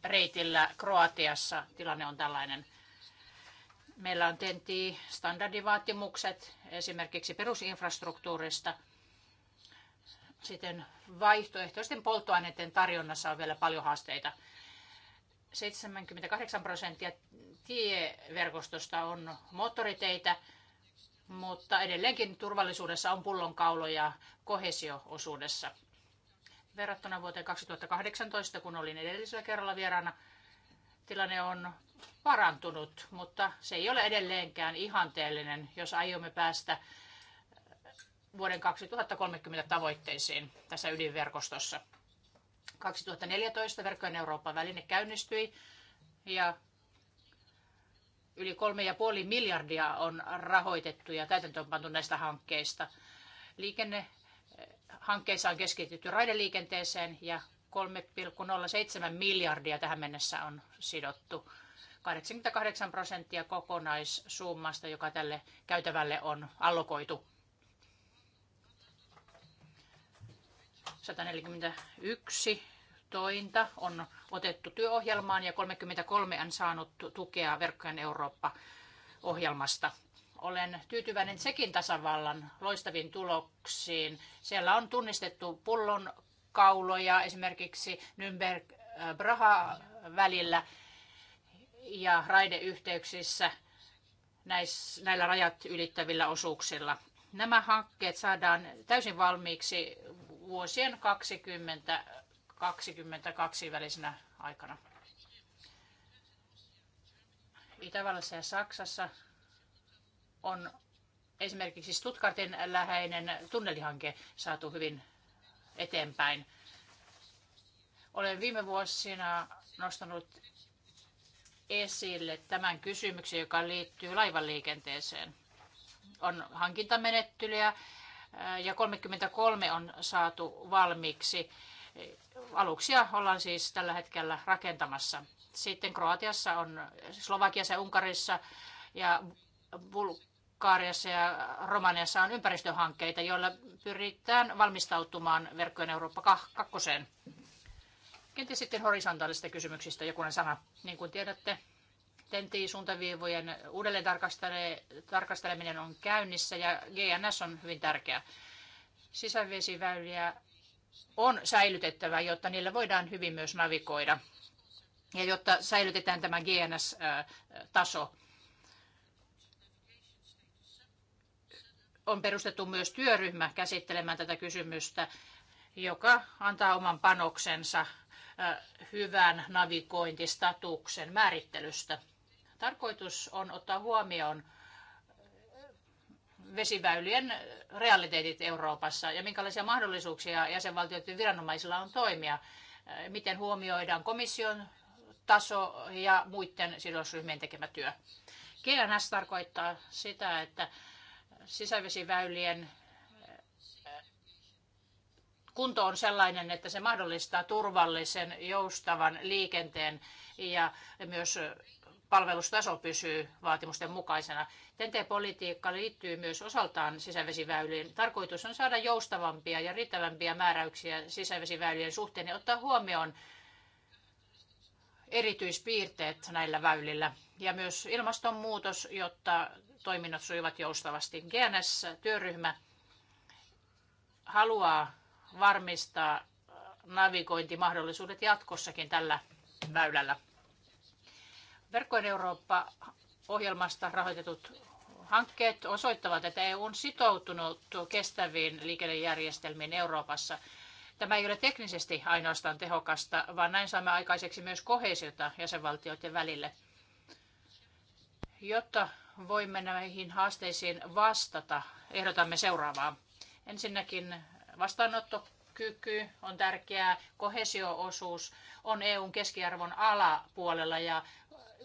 A: reitillä Kroatiassa tilanne on tällainen. Meillä on TENTI standardivaatimukset esimerkiksi perusinfrastruktuurista – sitten vaihtoehtoisten polttoaineiden tarjonnassa on vielä paljon haasteita. 78 prosenttia tieverkostosta on moottoriteitä, mutta edelleenkin turvallisuudessa on pullonkauloja kohesio-osuudessa. Verrattuna vuoteen 2018, kun olin edellisellä kerralla vieraana, tilanne on parantunut, mutta se ei ole edelleenkään ihanteellinen, jos aiomme päästä vuoden 2030 tavoitteisiin tässä ydinverkostossa. 2014 Verkkojen Euroopan väline käynnistyi ja yli 3,5 miljardia on rahoitettu ja täytäntöönpantu näistä hankkeista. Liikennehankkeissa on keskitytty raideliikenteeseen ja 3,07 miljardia tähän mennessä on sidottu. 88 prosenttia kokonaissummasta, joka tälle käytävälle on allokoitu. 141 tointa on otettu työohjelmaan ja 33 on saanut tukea Verkkojen Eurooppa-ohjelmasta. Olen tyytyväinen sekin tasavallan loistaviin tuloksiin. Siellä on tunnistettu pullon kauloja esimerkiksi Nürnberg-Braha-välillä ja raideyhteyksissä näillä rajat ylittävillä osuuksilla. Nämä hankkeet saadaan täysin valmiiksi vuosien 2020 22 välisenä aikana. Itävallassa ja Saksassa on esimerkiksi Stuttgartin läheinen tunnelihanke saatu hyvin eteenpäin. Olen viime vuosina nostanut esille tämän kysymyksen, joka liittyy laivaliikenteeseen. On hankintamenettelyjä, ja 33 on saatu valmiiksi. Aluksia ollaan siis tällä hetkellä rakentamassa. Sitten Kroatiassa on Slovakiassa ja Unkarissa ja Bulgaariassa ja Romaniassa on ympäristöhankkeita, joilla pyritään valmistautumaan verkkojen Eurooppa kakkoseen. Kenties sitten horisontaalisista kysymyksistä jokunen sana. Niin kuin tiedätte, TENTI-suuntaviivojen uudelleen tarkasteleminen on käynnissä ja GNS on hyvin tärkeä. Sisävesiväyliä on säilytettävä, jotta niillä voidaan hyvin myös navigoida ja jotta säilytetään tämä GNS-taso. On perustettu myös työryhmä käsittelemään tätä kysymystä, joka antaa oman panoksensa hyvän navigointistatuksen määrittelystä. Tarkoitus on ottaa huomioon vesiväylien realiteetit Euroopassa ja minkälaisia mahdollisuuksia jäsenvaltioiden viranomaisilla on toimia, miten huomioidaan komission taso ja muiden sidosryhmien tekemä työ. GNS tarkoittaa sitä, että sisävesiväylien kunto on sellainen, että se mahdollistaa turvallisen, joustavan liikenteen ja myös palvelustaso pysyy vaatimusten mukaisena. TNT-politiikka liittyy myös osaltaan sisävesiväyliin. Tarkoitus on saada joustavampia ja riittävämpiä määräyksiä sisävesiväylien suhteen ja ottaa huomioon erityispiirteet näillä väylillä ja myös ilmastonmuutos, jotta toiminnot sujuvat joustavasti. GNS-työryhmä haluaa varmistaa navigointimahdollisuudet jatkossakin tällä väylällä. Verkkojen Eurooppa-ohjelmasta rahoitetut hankkeet osoittavat, että EU on sitoutunut kestäviin liikennejärjestelmiin Euroopassa. Tämä ei ole teknisesti ainoastaan tehokasta, vaan näin saamme aikaiseksi myös kohesiota jäsenvaltioiden välille. Jotta voimme näihin haasteisiin vastata, ehdotamme seuraavaa. Ensinnäkin vastaanottokyky on tärkeää, kohesioosuus on EUn keskiarvon alapuolella ja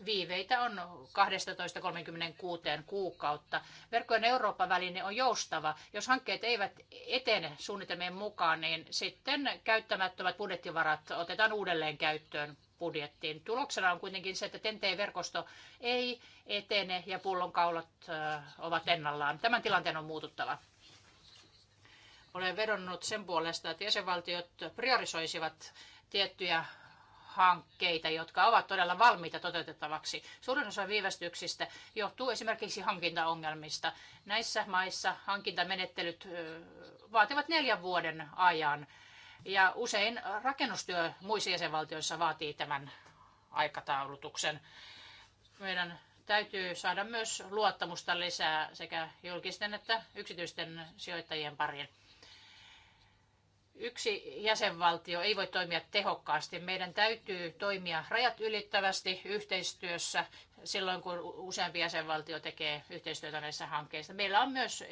A: viiveitä on 12-36 kuukautta. Verkkojen Eurooppa-väline on joustava. Jos hankkeet eivät etene suunnitelmien mukaan, niin sitten käyttämättömät budjettivarat otetaan uudelleen käyttöön budjettiin. Tuloksena on kuitenkin se, että TNT-verkosto ei etene ja pullonkaulat ovat ennallaan. Tämän tilanteen on muututtava. Olen vedonnut sen puolesta, että jäsenvaltiot priorisoisivat tiettyjä hankkeita, jotka ovat todella valmiita toteutettavaksi. Suurin osa viivästyksistä johtuu esimerkiksi hankintaongelmista. Näissä maissa hankintamenettelyt vaativat neljän vuoden ajan ja usein rakennustyö muissa jäsenvaltioissa vaatii tämän aikataulutuksen. Meidän täytyy saada myös luottamusta lisää sekä julkisten että yksityisten sijoittajien pariin yksi jäsenvaltio ei voi toimia tehokkaasti. Meidän täytyy toimia rajat ylittävästi yhteistyössä silloin, kun useampi jäsenvaltio tekee yhteistyötä näissä hankkeissa. Meillä on myös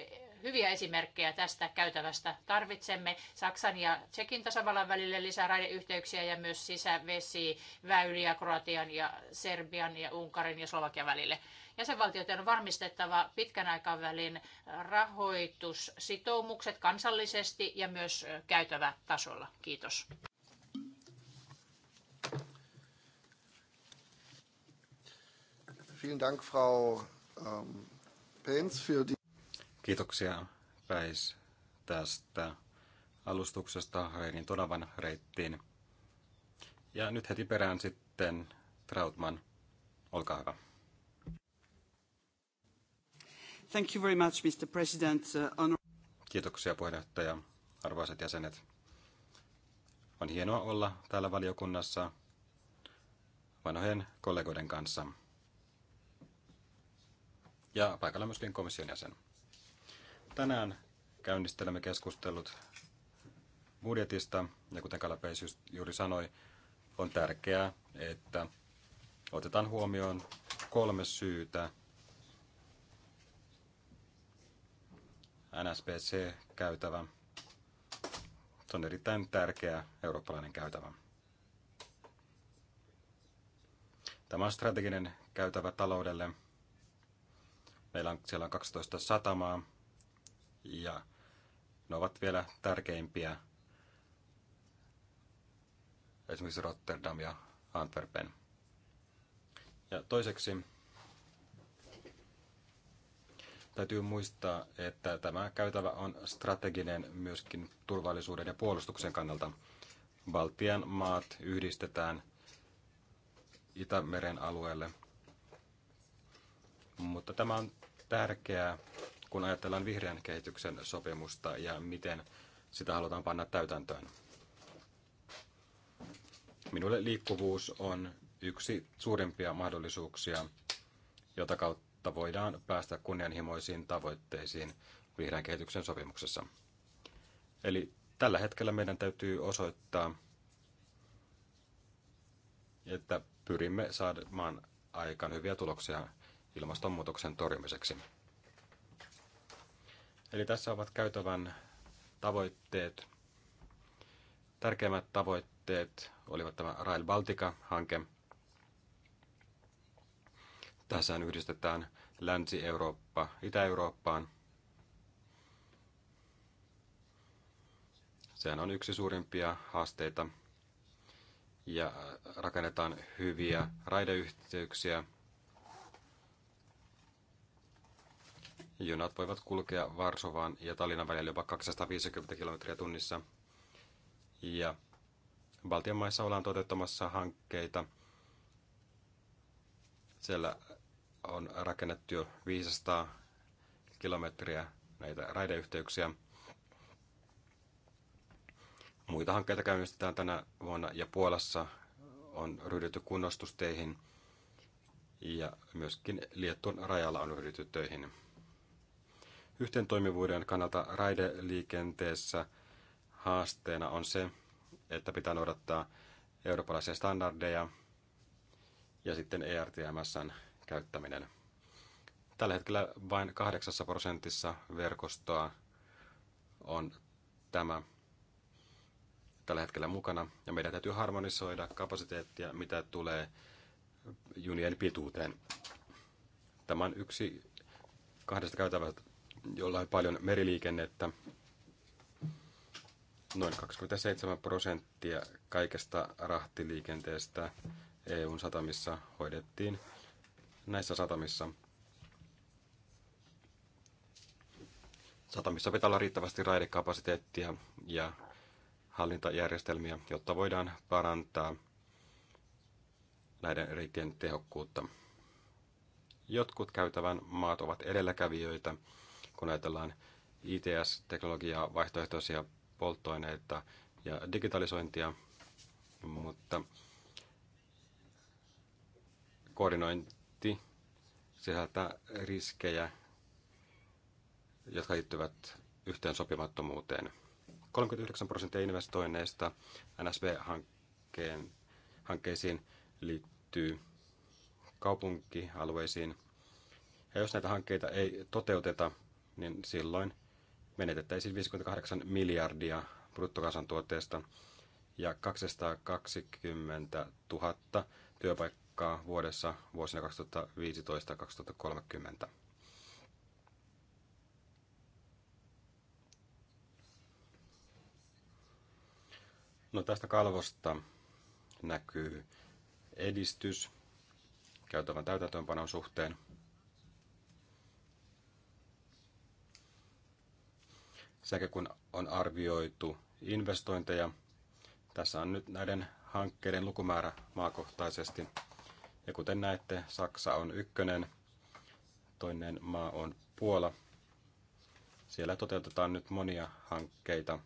A: hyviä esimerkkejä tästä käytävästä. Tarvitsemme Saksan ja Tsekin tasavallan välille lisää raideyhteyksiä ja myös sisävesiväyliä Kroatian ja Serbian ja Unkarin ja Slovakian välille. Jäsenvaltioiden on varmistettava pitkän aikavälin rahoitussitoumukset kansallisesti ja myös käytävä tasolla. Kiitos.
B: Vielen Dank, Frau ähm, Pence, für die...
D: Kiitoksia, Päis, tästä alustuksesta Hairin Tonavan reittiin. Ja nyt heti perään sitten Trautman, olkaa hyvä.
A: Thank you very much, Mr. President. Uh, honor...
D: Kiitoksia puheenjohtaja, arvoisat jäsenet. On hienoa olla täällä valiokunnassa vanhojen kollegoiden kanssa – ja paikalla myöskin komission jäsen. Tänään käynnistelemme keskustelut budjetista, ja kuten Kalapeis juuri sanoi, on tärkeää, että otetaan huomioon kolme syytä. NSPC-käytävä. Se on erittäin tärkeä eurooppalainen käytävä. Tämä on strateginen käytävä taloudelle – Meillä on siellä on 12 satamaa ja ne ovat vielä tärkeimpiä esimerkiksi Rotterdam ja Antwerpen. Ja toiseksi täytyy muistaa, että tämä käytävä on strateginen myöskin turvallisuuden ja puolustuksen kannalta. Baltian maat yhdistetään Itämeren alueelle – mutta tämä on tärkeää, kun ajatellaan vihreän kehityksen sopimusta ja miten sitä halutaan panna täytäntöön. Minulle liikkuvuus on yksi suurimpia mahdollisuuksia, jota kautta voidaan päästä kunnianhimoisiin tavoitteisiin vihreän kehityksen sopimuksessa. Eli tällä hetkellä meidän täytyy osoittaa, että pyrimme saamaan aikaan hyviä tuloksia ilmastonmuutoksen torjumiseksi. Eli tässä ovat käytävän tavoitteet. Tärkeimmät tavoitteet olivat tämä Rail Baltica-hanke. Tässä yhdistetään Länsi-Eurooppa Itä-Eurooppaan. Sehän on yksi suurimpia haasteita. Ja rakennetaan hyviä raideyhteyksiä Junat voivat kulkea Varsovaan ja Tallinnan välillä jopa 250 kilometriä tunnissa. Ja Baltian maissa ollaan toteuttamassa hankkeita. Siellä on rakennettu jo 500 kilometriä näitä raideyhteyksiä. Muita hankkeita käynnistetään tänä vuonna ja Puolassa on ryhdytty kunnostusteihin ja myöskin Liettuan rajalla on ryhdytty töihin. Yhteentoimivuuden kannalta raideliikenteessä haasteena on se, että pitää noudattaa eurooppalaisia standardeja ja sitten ERTMSn käyttäminen. Tällä hetkellä vain 8 prosentissa verkostoa on tämä tällä hetkellä mukana, ja meidän täytyy harmonisoida kapasiteettia, mitä tulee junien pituuteen. Tämä on yksi kahdesta käytävästä jolla on paljon meriliikennettä. Noin 27 prosenttia kaikesta rahtiliikenteestä EUn satamissa hoidettiin näissä satamissa. Satamissa pitää olla riittävästi raidekapasiteettia ja hallintajärjestelmiä, jotta voidaan parantaa näiden reittien tehokkuutta. Jotkut käytävän maat ovat edelläkävijöitä kun ajatellaan ITS-teknologiaa, vaihtoehtoisia polttoaineita ja digitalisointia, mutta koordinointi sisältää riskejä, jotka liittyvät yhteen sopimattomuuteen. 39 prosenttia investoinneista NSV-hankkeisiin liittyy kaupunkialueisiin. Ja jos näitä hankkeita ei toteuteta, niin silloin menetettäisiin 58 miljardia bruttokansantuotteesta ja 220 000 työpaikkaa vuodessa vuosina 2015-2030. No tästä kalvosta näkyy edistys käytävän täytäntöönpanon suhteen – sekä kun on arvioitu investointeja. Tässä on nyt näiden hankkeiden lukumäärä maakohtaisesti. Ja kuten näette, Saksa on ykkönen, toinen maa on Puola. Siellä toteutetaan nyt monia hankkeita.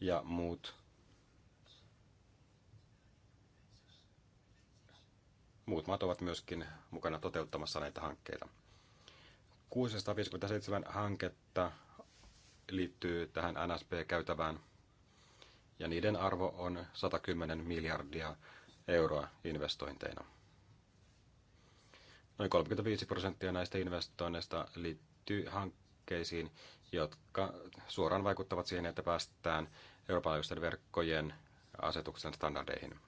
D: Ja muut muut maat ovat myöskin mukana toteuttamassa näitä hankkeita. 657 hanketta liittyy tähän NSP-käytävään ja niiden arvo on 110 miljardia euroa investointeina. Noin 35 prosenttia näistä investoinneista liittyy hankkeisiin, jotka suoraan vaikuttavat siihen, että päästään Euroopan laajuisten verkkojen asetuksen standardeihin.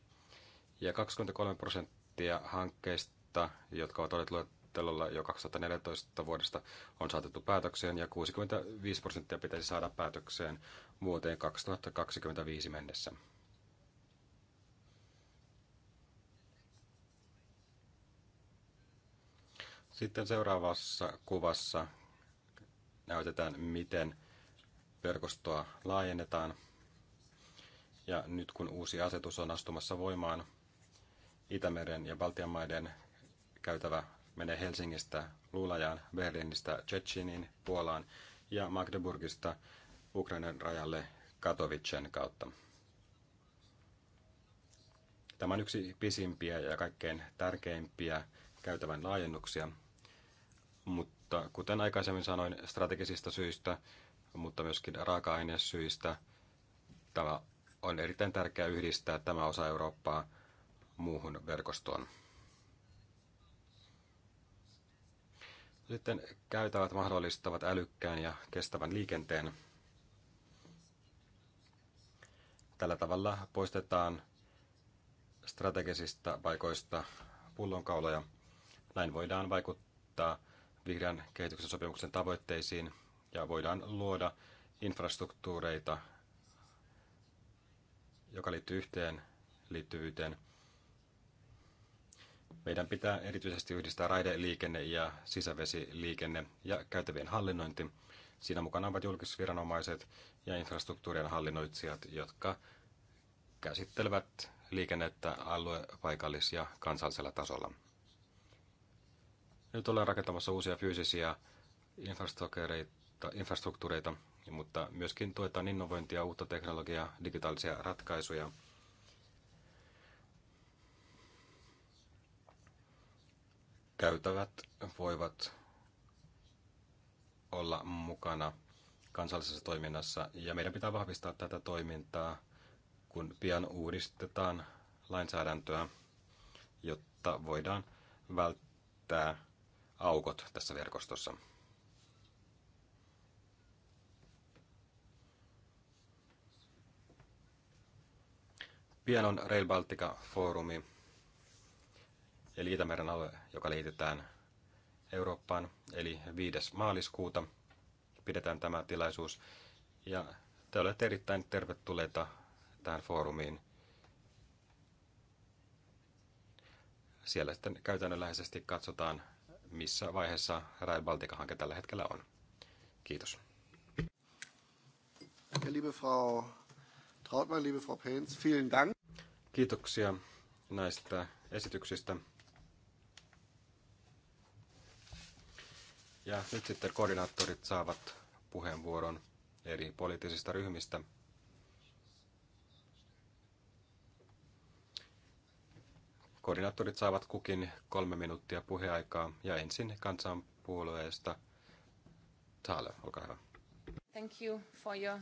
D: Ja 23 prosenttia hankkeista, jotka ovat olleet suunnittelulla jo 2014 vuodesta on saatettu päätökseen ja 65 prosenttia pitäisi saada päätökseen vuoteen 2025 mennessä. Sitten seuraavassa kuvassa näytetään, miten verkostoa laajennetaan. Ja nyt kun uusi asetus on astumassa voimaan, Itämeren ja Baltian maiden käytävä menee Helsingistä Luulajaan, Berliinistä Tsetsiniin, Puolaan ja Magdeburgista Ukrainan rajalle Katowicen kautta. Tämä on yksi pisimpiä ja kaikkein tärkeimpiä käytävän laajennuksia, mutta kuten aikaisemmin sanoin, strategisista syistä, mutta myöskin raaka-ainesyistä, tämä on erittäin tärkeää yhdistää tämä osa Eurooppaa muuhun verkostoon. Sitten käytävät mahdollistavat älykkään ja kestävän liikenteen. Tällä tavalla poistetaan strategisista paikoista pullonkauloja. Näin voidaan vaikuttaa vihreän kehityksen sopimuksen tavoitteisiin ja voidaan luoda infrastruktuureita, joka liittyy yhteen liittyvyyteen – meidän pitää erityisesti yhdistää raideliikenne ja sisävesiliikenne ja käytävien hallinnointi. Siinä mukana ovat julkisviranomaiset ja infrastruktuurien hallinnoitsijat, jotka käsittelevät liikennettä alue-, paikallis- ja kansallisella tasolla. Nyt ollaan rakentamassa uusia fyysisiä infrastruktuureita, mutta myöskin tuetaan innovointia, uutta teknologiaa, digitaalisia ratkaisuja – käytävät voivat olla mukana kansallisessa toiminnassa ja meidän pitää vahvistaa tätä toimintaa, kun pian uudistetaan lainsäädäntöä, jotta voidaan välttää aukot tässä verkostossa. Pian on Rail Baltica-foorumi eli Itämeren alue, joka liitetään Eurooppaan, eli 5. maaliskuuta pidetään tämä tilaisuus. Ja te olette erittäin tervetulleita tähän foorumiin. Siellä sitten käytännönläheisesti katsotaan, missä vaiheessa Rail Baltica-hanke tällä hetkellä on. Kiitos.
B: Ja, liebe Frau Trautmann, liebe Frau Penz, vielen Dank.
D: Kiitoksia näistä esityksistä. Ja nyt sitten koordinaattorit saavat puheenvuoron eri poliittisista ryhmistä. Koordinaattorit saavat kukin kolme minuuttia puheaikaa ja ensin kansanpuolueesta Taale, olkaa hyvä.
A: Thank you for your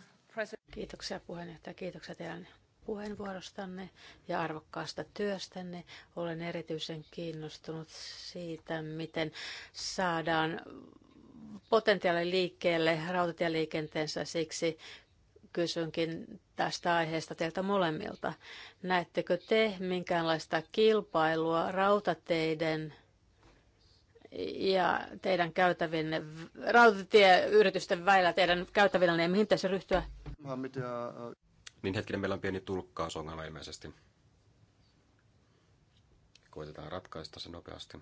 C: Kiitoksia puheenjohtaja, kiitoksia teidän puheenvuorostanne ja arvokkaasta työstänne. Olen erityisen kiinnostunut siitä, miten saadaan potentiaali liikkeelle rautatieliikenteensä. Siksi kysynkin tästä aiheesta teiltä molemmilta. Näettekö te minkäänlaista kilpailua rautateiden ja teidän käytävinne, rautatieyritysten väillä teidän käytävillä, niin mihin tässä ryhtyä?
D: Niin hetkinen, meillä on pieni tulkkausongelma ilmeisesti. Koitetaan ratkaista se nopeasti.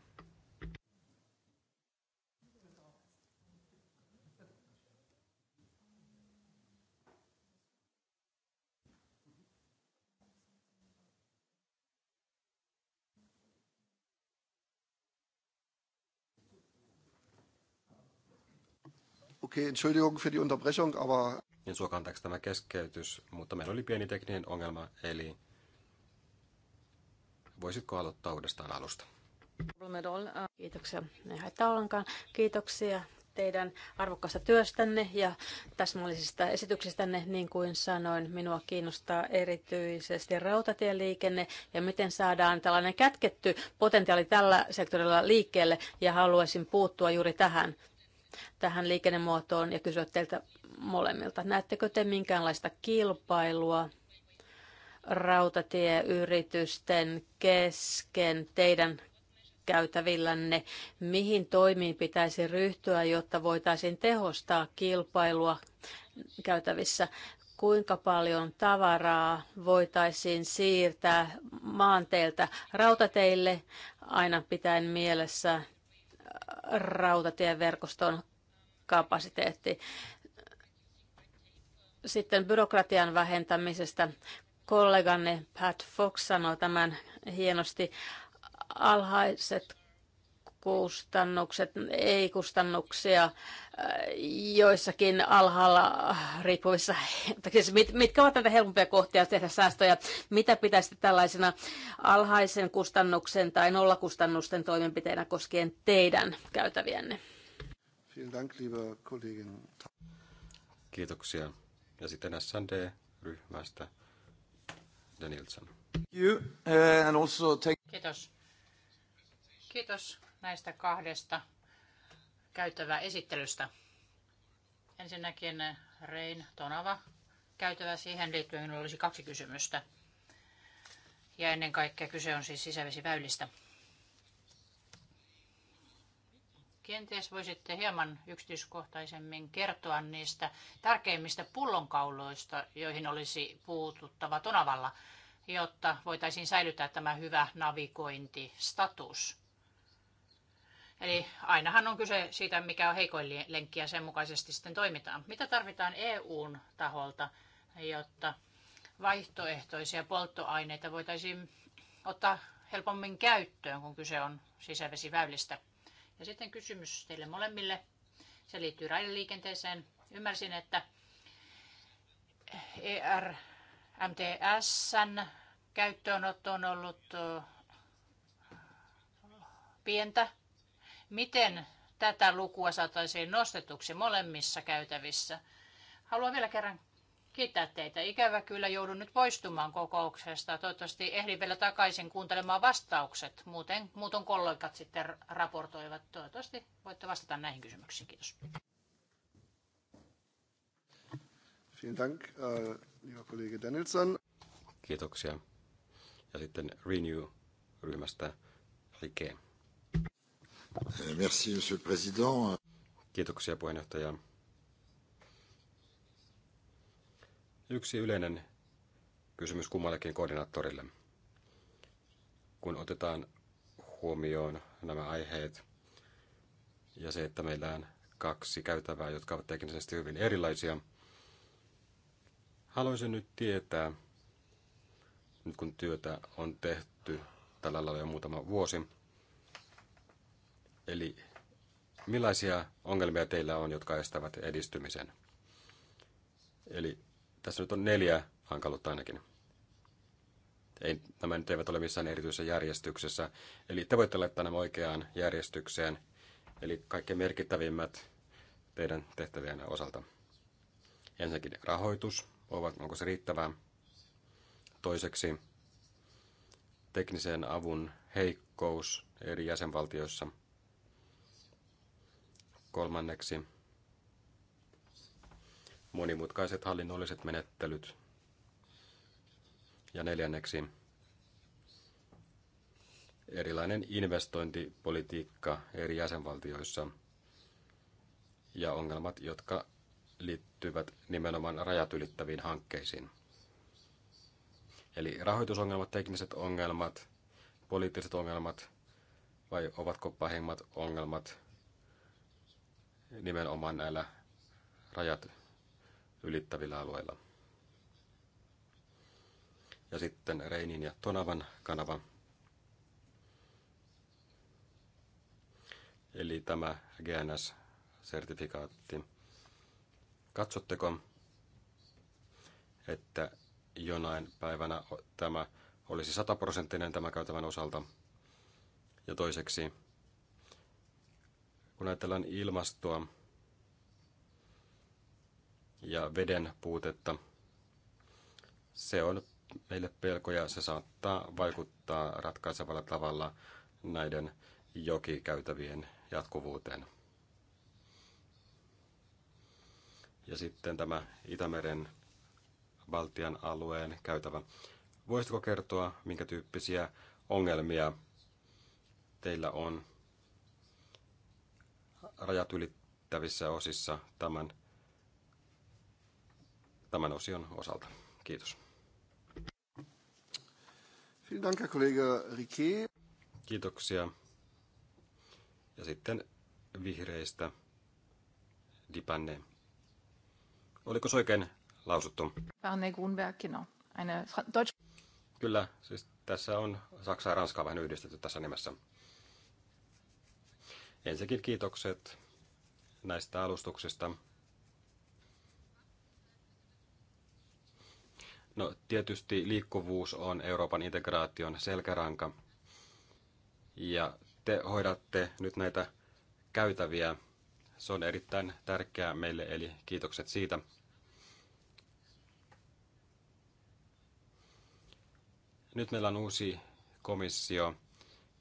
B: Okay, Entschuldigung für die Unterbrechung, aber
D: niin suokaan tämä keskeytys, mutta meillä oli pieni tekninen ongelma, eli voisitko aloittaa uudestaan alusta?
C: Kiitoksia. Ei haittaa ollenkaan. Kiitoksia teidän arvokkaasta työstänne ja täsmällisistä esityksistänne. Niin kuin sanoin, minua kiinnostaa erityisesti rautatieliikenne ja miten saadaan tällainen kätketty potentiaali tällä sektorilla liikkeelle ja haluaisin puuttua juuri tähän tähän liikennemuotoon ja kysyä teiltä molemmilta. Näettekö te minkäänlaista kilpailua rautatieyritysten kesken teidän käytävillänne, mihin toimiin pitäisi ryhtyä, jotta voitaisiin tehostaa kilpailua käytävissä, kuinka paljon tavaraa voitaisiin siirtää maanteiltä rautateille, aina pitäen mielessä rautatieverkoston kapasiteetti. Sitten byrokratian vähentämisestä. Kolleganne Pat Fox sanoi tämän hienosti. Alhaiset kustannukset, ei-kustannuksia äh, joissakin alhaalla riippuvissa, siis mit, mitkä ovat näitä helpompia kohtia tehdä säästöjä, mitä pitäisi tällaisena alhaisen kustannuksen tai nollakustannusten toimenpiteenä koskien teidän käytävienne?
D: Kiitoksia ja sitten SND-ryhmästä Danielson. Uh,
A: Kiitos. Kiitos näistä kahdesta käytävää esittelystä. Ensinnäkin eh, Rein Tonava käytävä siihen liittyen olisi kaksi kysymystä. Ja ennen kaikkea kyse on siis sisävesiväylistä. Kenties voisitte hieman yksityiskohtaisemmin kertoa niistä tärkeimmistä pullonkauloista, joihin olisi puututtava Tonavalla, jotta voitaisiin säilyttää tämä hyvä navigointistatus. Eli ainahan on kyse siitä, mikä on heikoin lenkki ja sen mukaisesti sitten toimitaan. Mitä tarvitaan EUn taholta, jotta vaihtoehtoisia polttoaineita voitaisiin ottaa helpommin käyttöön, kun kyse on sisävesiväylistä? Ja sitten kysymys teille molemmille. Se liittyy raideliikenteeseen. Ymmärsin, että ERMTSn käyttöönotto on ollut pientä. Miten tätä lukua saataisiin nostetuksi molemmissa käytävissä? Haluan vielä kerran kiittää teitä. Ikävä kyllä joudun nyt poistumaan kokouksesta. Toivottavasti ehdin vielä takaisin kuuntelemaan vastaukset. Muuten muuton kollegat sitten raportoivat. Toivottavasti voitte vastata näihin kysymyksiin.
B: Kiitos. Dank, äh,
D: Kiitoksia. Ja sitten Renew-ryhmästä Rike. Merci, monsieur le président. Kiitoksia puheenjohtaja. Yksi yleinen kysymys kummallekin koordinaattorille. Kun otetaan huomioon nämä aiheet ja se, että meillä on kaksi käytävää, jotka ovat teknisesti hyvin erilaisia, haluaisin nyt tietää, nyt kun työtä on tehty tällä lailla jo muutama vuosi, eli millaisia ongelmia teillä on, jotka estävät edistymisen? Eli tässä nyt on neljä hankaluutta ainakin. Ei, nämä nyt eivät ole missään erityisessä järjestyksessä. Eli te voitte laittaa nämä oikeaan järjestykseen, eli kaikkein merkittävimmät teidän tehtävien osalta. Ensinnäkin rahoitus, onko se riittävää. Toiseksi teknisen avun heikkous eri jäsenvaltioissa. Kolmanneksi monimutkaiset hallinnolliset menettelyt. Ja neljänneksi erilainen investointipolitiikka eri jäsenvaltioissa ja ongelmat, jotka liittyvät nimenomaan rajat ylittäviin hankkeisiin. Eli rahoitusongelmat, tekniset ongelmat, poliittiset ongelmat vai ovatko pahimmat ongelmat nimenomaan näillä rajat ylittävillä alueilla. Ja sitten Reinin ja Tonavan kanava. Eli tämä GNS-sertifikaatti. Katsotteko, että jonain päivänä tämä olisi sataprosenttinen tämä käytävän osalta? Ja toiseksi, kun ajatellaan ilmastoa, ja veden puutetta. Se on meille pelko ja se saattaa vaikuttaa ratkaisevalla tavalla näiden jokikäytävien jatkuvuuteen. Ja sitten tämä Itämeren Baltian alueen käytävä. Voisitko kertoa, minkä tyyppisiä ongelmia teillä on rajat ylittävissä osissa tämän tämän osion osalta. Kiitos. Kiitoksia. Ja sitten vihreistä Dipanne. Oliko se oikein lausuttu? Grunberg, Kyllä, siis tässä on Saksa ja Ranska vähän yhdistetty tässä nimessä. Ensinnäkin kiitokset näistä alustuksista. No tietysti liikkuvuus on Euroopan integraation selkäranka. Ja te hoidatte nyt näitä käytäviä. Se on erittäin tärkeää meille, eli kiitokset siitä. Nyt meillä on uusi komissio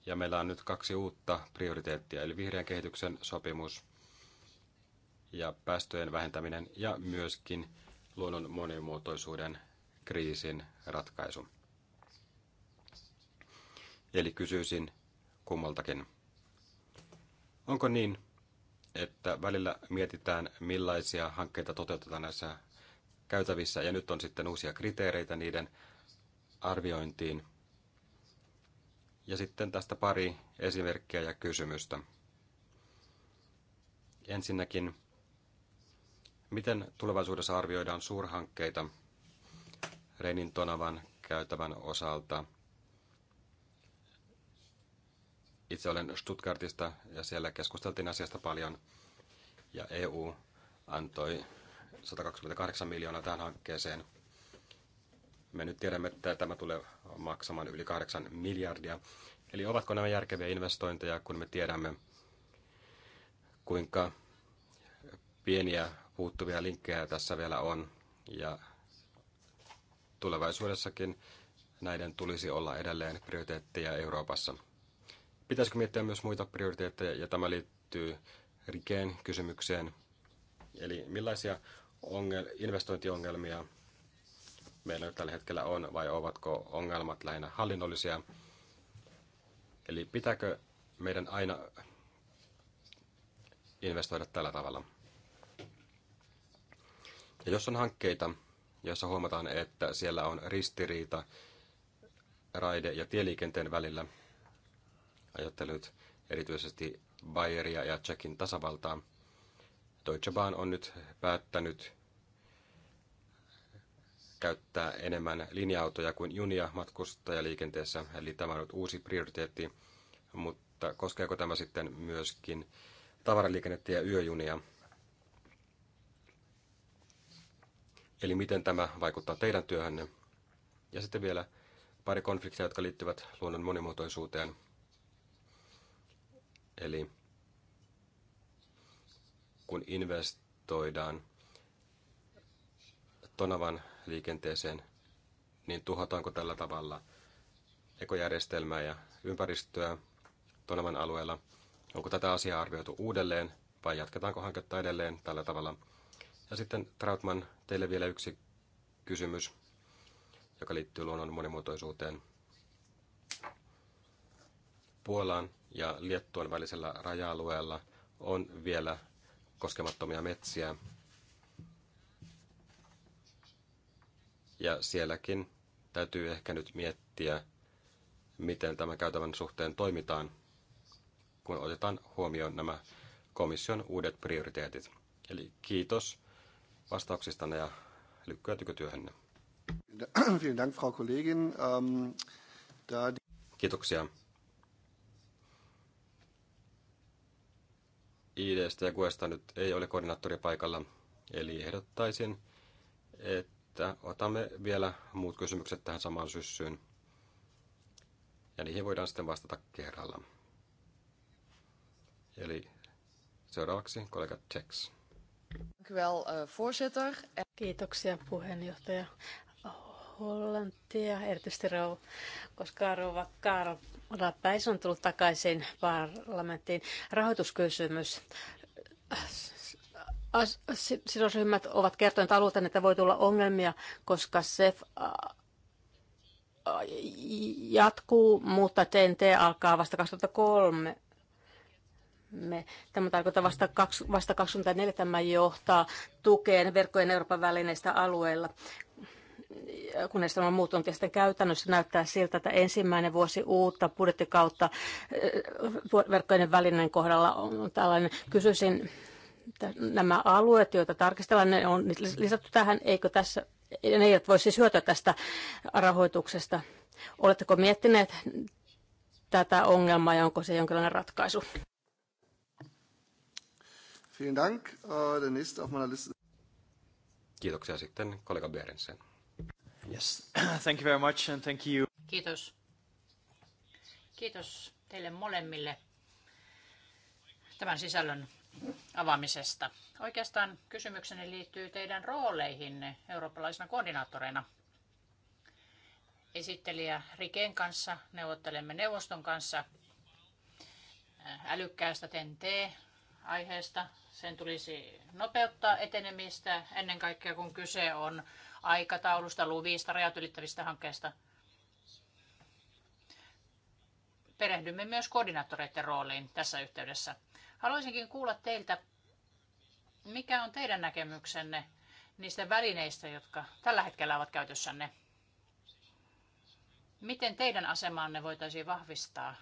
D: ja meillä on nyt kaksi uutta prioriteettia, eli vihreän kehityksen sopimus ja päästöjen vähentäminen ja myöskin luonnon monimuotoisuuden kriisin ratkaisu. Eli kysyisin kummaltakin. Onko niin, että välillä mietitään, millaisia hankkeita toteutetaan näissä käytävissä, ja nyt on sitten uusia kriteereitä niiden arviointiin. Ja sitten tästä pari esimerkkiä ja kysymystä. Ensinnäkin, miten tulevaisuudessa arvioidaan suurhankkeita – Renin Tonavan käytävän osalta. Itse olen Stuttgartista ja siellä keskusteltiin asiasta paljon ja EU antoi 128 miljoonaa tähän hankkeeseen. Me nyt tiedämme, että tämä tulee maksamaan yli 8 miljardia. Eli ovatko nämä järkeviä investointeja, kun me tiedämme, kuinka pieniä puuttuvia linkkejä tässä vielä on ja tulevaisuudessakin näiden tulisi olla edelleen prioriteetteja Euroopassa. Pitäisikö miettiä myös muita prioriteetteja, ja tämä liittyy Rikeen kysymykseen. Eli millaisia ongel- investointiongelmia meillä nyt tällä hetkellä on, vai ovatko ongelmat lähinnä hallinnollisia? Eli pitääkö meidän aina investoida tällä tavalla? Ja jos on hankkeita, jossa huomataan, että siellä on ristiriita raide- ja tieliikenteen välillä. Ajattelut erityisesti Bayeria ja Tsekin tasavaltaa. Deutsche Bahn on nyt päättänyt käyttää enemmän linja-autoja kuin junia matkustajaliikenteessä, eli tämä on nyt uusi prioriteetti, mutta koskeeko tämä sitten myöskin tavaraliikennettä ja yöjunia? Eli miten tämä vaikuttaa teidän työhönne? Ja sitten vielä pari konfliktia, jotka liittyvät luonnon monimuotoisuuteen. Eli kun investoidaan tonavan liikenteeseen, niin tuhotaanko tällä tavalla ekojärjestelmää ja ympäristöä Tonavan alueella? Onko tätä asiaa arvioitu uudelleen vai jatketaanko hanketta edelleen tällä tavalla? Ja sitten Trautman, teille vielä yksi kysymys, joka liittyy luonnon monimuotoisuuteen. Puolan ja Liettuan välisellä raja-alueella on vielä koskemattomia metsiä. Ja sielläkin täytyy ehkä nyt miettiä, miten tämän käytävän suhteen toimitaan, kun otetaan huomioon nämä komission uudet prioriteetit. Eli kiitos vastauksistanne ja lykkäytykö työhönne? Ähm, Kiitoksia. IDstä ja Guesta nyt ei ole koordinaattori paikalla, eli ehdottaisin, että otamme vielä muut kysymykset tähän samaan syssyyn. Ja niihin voidaan sitten vastata kerralla. Eli seuraavaksi kollega Tex.
C: Eh, Kiitoksia puheenjohtaja. Hollantia, erityisesti koska Rova Karl Rappäis on tullut takaisin parlamenttiin. Rahoituskysymys. Sidosryhmät ovat kertoneet alueelta, että voi tulla ongelmia, koska SEF äh, äh, jatkuu, mutta TNT alkaa vasta 2003 me, tämä tarkoittaa vasta, kaksi, vasta 24 tämä johtaa tukeen verkkojen Euroopan välineistä alueilla. Kun näistä on muuttunut käytännössä näyttää siltä, että ensimmäinen vuosi uutta budjettikautta eh, verkkojen välinen kohdalla on tällainen. Kysyisin, nämä alueet, joita tarkistellaan, ne on lisätty tähän, eikö tässä, ne eivät voi siis hyötyä tästä rahoituksesta. Oletteko miettineet tätä ongelmaa ja onko se jonkinlainen ratkaisu?
D: Vielen
B: Dank. Äh, der nächste auf meiner Liste.
D: Kiitoksia sitten kollega Berensen. Yes. Thank you very much and thank you.
A: Kiitos. Kiitos teille molemmille tämän sisällön avaamisesta. Oikeastaan kysymykseni liittyy teidän rooleihin eurooppalaisena koordinaattoreina. Esittelijä Riken kanssa neuvottelemme neuvoston kanssa älykkäästä tnt aiheesta sen tulisi nopeuttaa etenemistä ennen kaikkea, kun kyse on aikataulusta, luvista, rajat ylittävistä hankkeista. Perehdymme myös koordinaattoreiden rooliin tässä yhteydessä. Haluaisinkin kuulla teiltä, mikä on teidän näkemyksenne niistä välineistä, jotka tällä hetkellä ovat käytössänne? Miten teidän asemaanne voitaisiin vahvistaa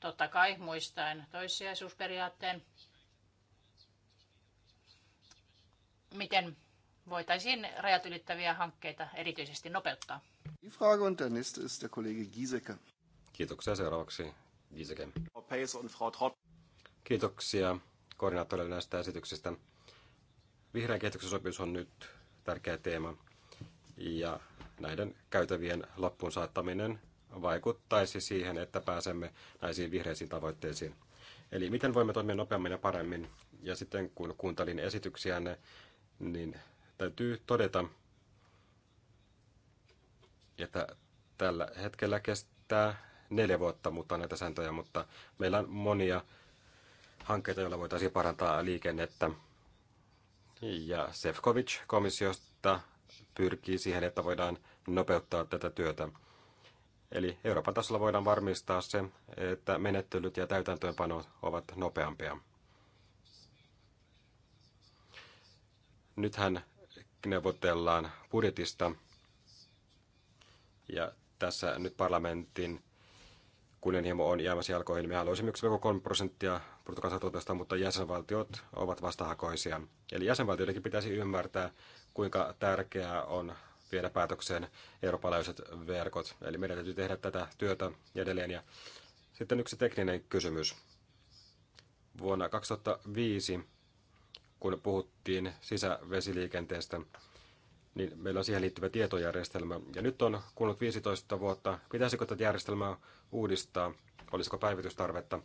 A: totta kai muistaen toissijaisuusperiaatteen. Miten voitaisiin rajat ylittäviä hankkeita erityisesti nopeuttaa?
D: Kiitoksia seuraavaksi Giseke. Kiitoksia koordinaattorille näistä esityksistä. Vihreän kehityksen sopimus on nyt tärkeä teema ja näiden käytävien loppuun saattaminen vaikuttaisi siihen, että pääsemme näisiin vihreisiin tavoitteisiin. Eli miten voimme toimia nopeammin ja paremmin. Ja sitten kun kuuntelin esityksiänne, niin täytyy todeta, että tällä hetkellä kestää neljä vuotta muuttaa näitä sääntöjä, mutta meillä on monia hankkeita, joilla voitaisiin parantaa liikennettä. Ja Sefcovic komissiosta pyrkii siihen, että voidaan nopeuttaa tätä työtä. Eli Euroopan tasolla voidaan varmistaa se, että menettelyt ja täytäntöönpano ovat nopeampia. Nythän neuvotellaan budjetista ja tässä nyt parlamentin kunnianhimo on jäämässä jalkoihin. Me haluaisimme 1,3 prosenttia bruttokansantuotteesta, mutta jäsenvaltiot ovat vastahakoisia. Eli jäsenvaltioidenkin pitäisi ymmärtää, kuinka tärkeää on viedä päätökseen eurooppalaiset verkot. Eli meidän täytyy tehdä tätä työtä edelleen. Ja sitten yksi tekninen kysymys. Vuonna 2005, kun puhuttiin sisävesiliikenteestä, niin meillä on siihen liittyvä tietojärjestelmä. Ja nyt on kulunut 15 vuotta. Pitäisikö tätä järjestelmää uudistaa? Olisiko päivitystarvetta?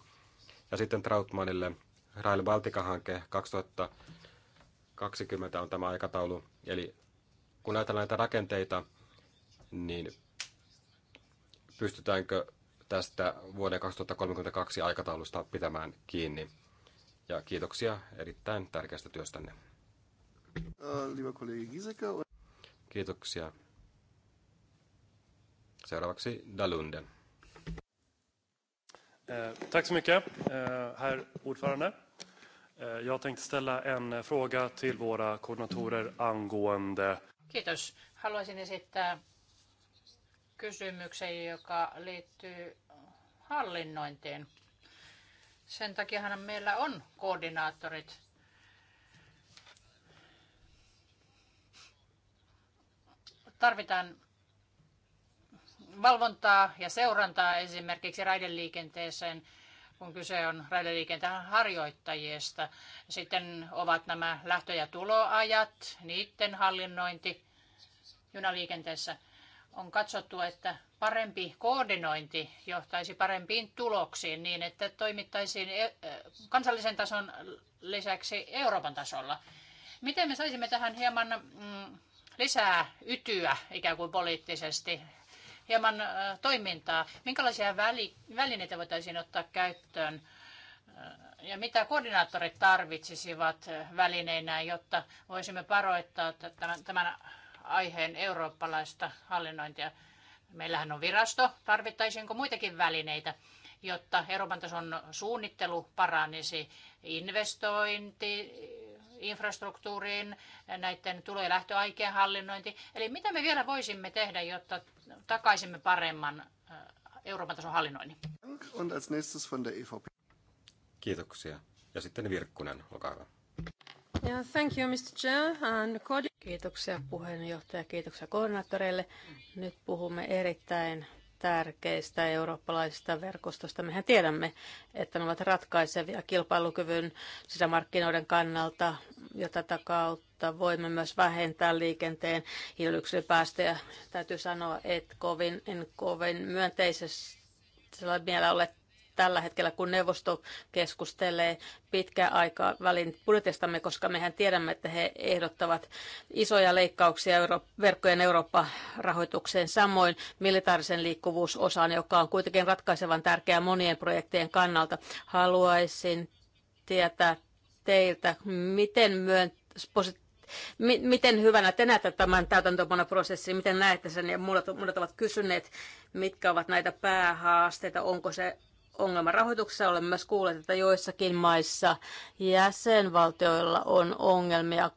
D: Ja sitten Trautmanille Rail Baltica-hanke 2020 on tämä aikataulu. Eli kun ajatellaan näitä rakenteita, niin pystytäänkö tästä vuoden 2032 aikataulusta pitämään kiinni? Ja kiitoksia erittäin tärkeästä työstänne. Kiitoksia. Seuraavaksi Dalunde. Eh, tack så mycket, eh, herr ordförande. Eh, jag tänkte ställa en fråga till våra koordinatorer angående
A: Kiitos. Haluaisin esittää kysymyksen, joka liittyy hallinnointiin. Sen takiahan meillä on koordinaattorit. Tarvitaan valvontaa ja seurantaa esimerkiksi raideliikenteeseen kun kyse on raideliikenteen harjoittajista. Sitten ovat nämä lähtö- ja tuloajat, niiden hallinnointi junaliikenteessä. On katsottu, että parempi koordinointi johtaisi parempiin tuloksiin niin, että toimittaisiin e, e, kansallisen tason lisäksi Euroopan tasolla. Miten me saisimme tähän hieman mm, lisää ytyä ikään kuin poliittisesti hieman toimintaa. Minkälaisia välineitä voitaisiin ottaa käyttöön ja mitä koordinaattorit tarvitsisivat välineinä, jotta voisimme paroittaa tämän aiheen eurooppalaista hallinnointia? Meillähän on virasto. Tarvittaisiinko muitakin välineitä, jotta Euroopan tason suunnittelu paranisi investointi, infrastruktuuriin, näiden tulo- ja lähtöaikeen hallinnointi. Eli mitä me vielä voisimme tehdä, jotta takaisimme paremman äh, Euroopan tason
D: hallinnoinnin. als nächstes von der EVP. Kiitoksia. Ja sitten Virkkunen, olkaa hyvä.
C: Yeah, thank you, Mr. Chair. And Kiitoksia puheenjohtaja, kiitoksia koordinaattoreille. Nyt puhumme erittäin tärkeistä eurooppalaisista verkostosta. Mehän tiedämme, että ne ovat ratkaisevia kilpailukyvyn sisämarkkinoiden kannalta ja tätä kautta voimme myös vähentää liikenteen hiilidioksidipäästöjä. Täytyy sanoa, että kovin, en kovin myönteisesti mielellä ole tällä hetkellä, kun neuvosto keskustelee pitkän aikaa välin budjetistamme, koska mehän tiedämme, että he ehdottavat isoja leikkauksia Euro- verkkojen Eurooppa-rahoitukseen, samoin militaarisen liikkuvuusosaan, joka on kuitenkin ratkaisevan tärkeä monien projektien kannalta. Haluaisin tietää teiltä, miten myönt- miten hyvänä te näette tämän täytäntöpanoprosessin, miten näette sen ja monet, monet ovat kysyneet, mitkä ovat näitä päähaasteita, onko se ongelma rahoituksessa. Olemme myös kuulleet, että joissakin maissa jäsenvaltioilla on ongelmia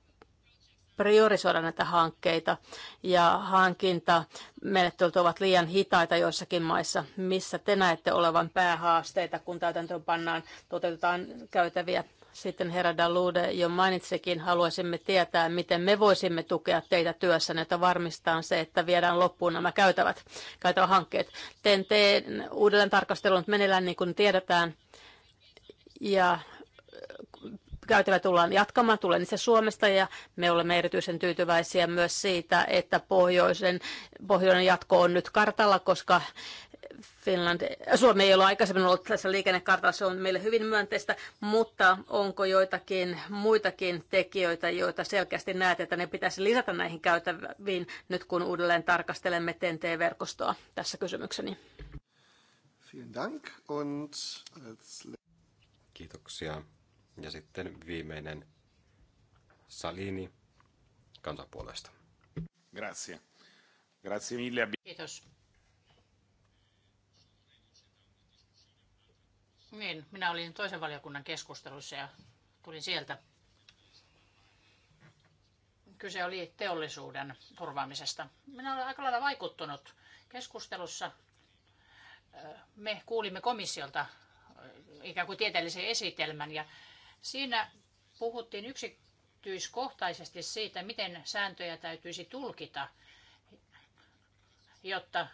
C: priorisoida näitä hankkeita ja hankintamenettelyt ovat liian hitaita joissakin maissa. Missä te näette olevan päähaasteita, kun täytäntöön pannaan, toteutetaan käytäviä sitten herra Dalude jo mainitsikin, haluaisimme tietää, miten me voisimme tukea teitä työssä, että varmistaan se, että viedään loppuun nämä käytävät, käytävät hankkeet. Teen, teen uudelleen tarkastelun menellään niin kuin tiedetään, ja äh, käytävä tullaan jatkamaan, tulen itse Suomesta ja me olemme erityisen tyytyväisiä myös siitä, että pohjoisen, pohjoinen jatko on nyt kartalla, koska Finland, Suomi ei ole aikaisemmin ollut tässä liikennekartalla, se on meille hyvin myönteistä, mutta onko joitakin muitakin tekijöitä, joita selkeästi näet, että ne pitäisi lisätä näihin käytäviin nyt kun uudelleen tarkastelemme TNT-verkostoa? Tässä kysymykseni.
D: Äh, Kiitoksia. Ja sitten viimeinen Salini kansanpuolesta. Grazie. Grazie mille.
B: Kiitos
A: Niin, minä olin toisen valiokunnan keskustelussa ja tulin sieltä. Kyse oli teollisuuden turvaamisesta. Minä olen aika lailla vaikuttunut keskustelussa. Me kuulimme komissiolta eh, ikään kuin tieteellisen esitelmän ja siinä puhuttiin yksityiskohtaisesti siitä, miten sääntöjä täytyisi tulkita, jotta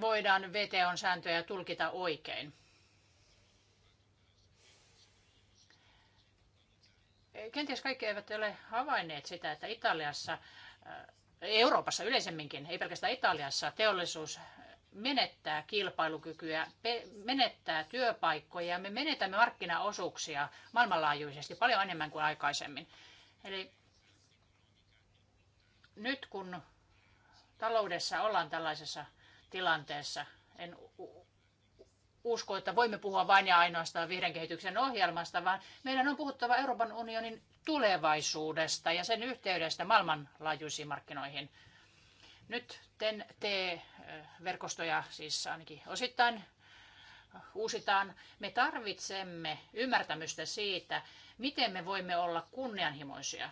A: voidaan VTOn sääntöjä tulkita oikein. Kenties kaikki eivät ole havainneet sitä, että Italiassa, äh, Euroopassa yleisemminkin, ei pelkästään Italiassa, teollisuus menettää kilpailukykyä, menettää työpaikkoja ja me menetämme markkinaosuuksia maailmanlaajuisesti paljon enemmän kuin aikaisemmin. Eli nyt kun taloudessa ollaan tällaisessa tilanteessa. En usko, että voimme puhua vain ja ainoastaan vihreän kehityksen ohjelmasta, vaan meidän on puhuttava Euroopan unionin tulevaisuudesta ja sen yhteydestä maailmanlaajuisiin markkinoihin. Nyt TEN-T-verkostoja siis ainakin osittain uusitaan. Me tarvitsemme ymmärtämystä siitä, miten me voimme olla kunnianhimoisia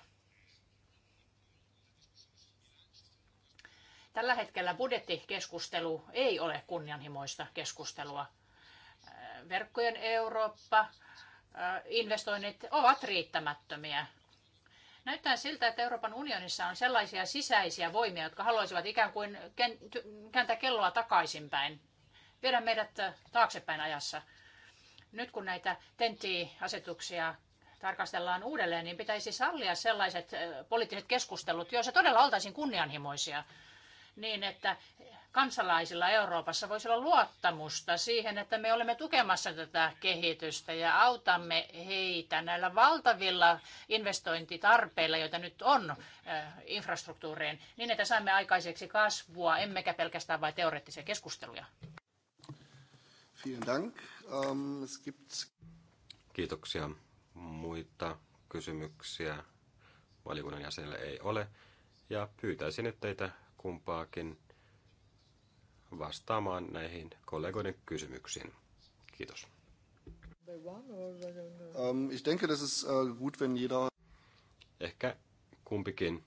A: Tällä hetkellä budjettikeskustelu ei ole kunnianhimoista keskustelua. Verkkojen Eurooppa, investoinnit ovat riittämättömiä. Näyttää siltä, että Euroopan unionissa on sellaisia sisäisiä voimia, jotka haluaisivat ikään kuin kääntää kelloa takaisinpäin, viedä meidät taaksepäin ajassa. Nyt kun näitä TENTI-asetuksia tarkastellaan uudelleen, niin pitäisi sallia sellaiset eh, poliittiset keskustelut, joissa todella oltaisiin kunnianhimoisia – niin, että kansalaisilla Euroopassa voisi olla luottamusta siihen, että me olemme tukemassa tätä kehitystä ja autamme heitä näillä valtavilla investointitarpeilla, joita nyt on infrastruktuuriin, niin että saamme aikaiseksi kasvua, emmekä pelkästään vain teoreettisia keskusteluja.
D: Ähm, Kiitoksia. Muita kysymyksiä valiokunnan jäsenille ei ole. Ja pyytäisin nyt teitä kumpaakin vastaamaan näihin kollegoiden kysymyksiin. Kiitos.
B: Um, ich denke, das ist uh, gut, wenn jeder... Ehkä
D: kumpikin.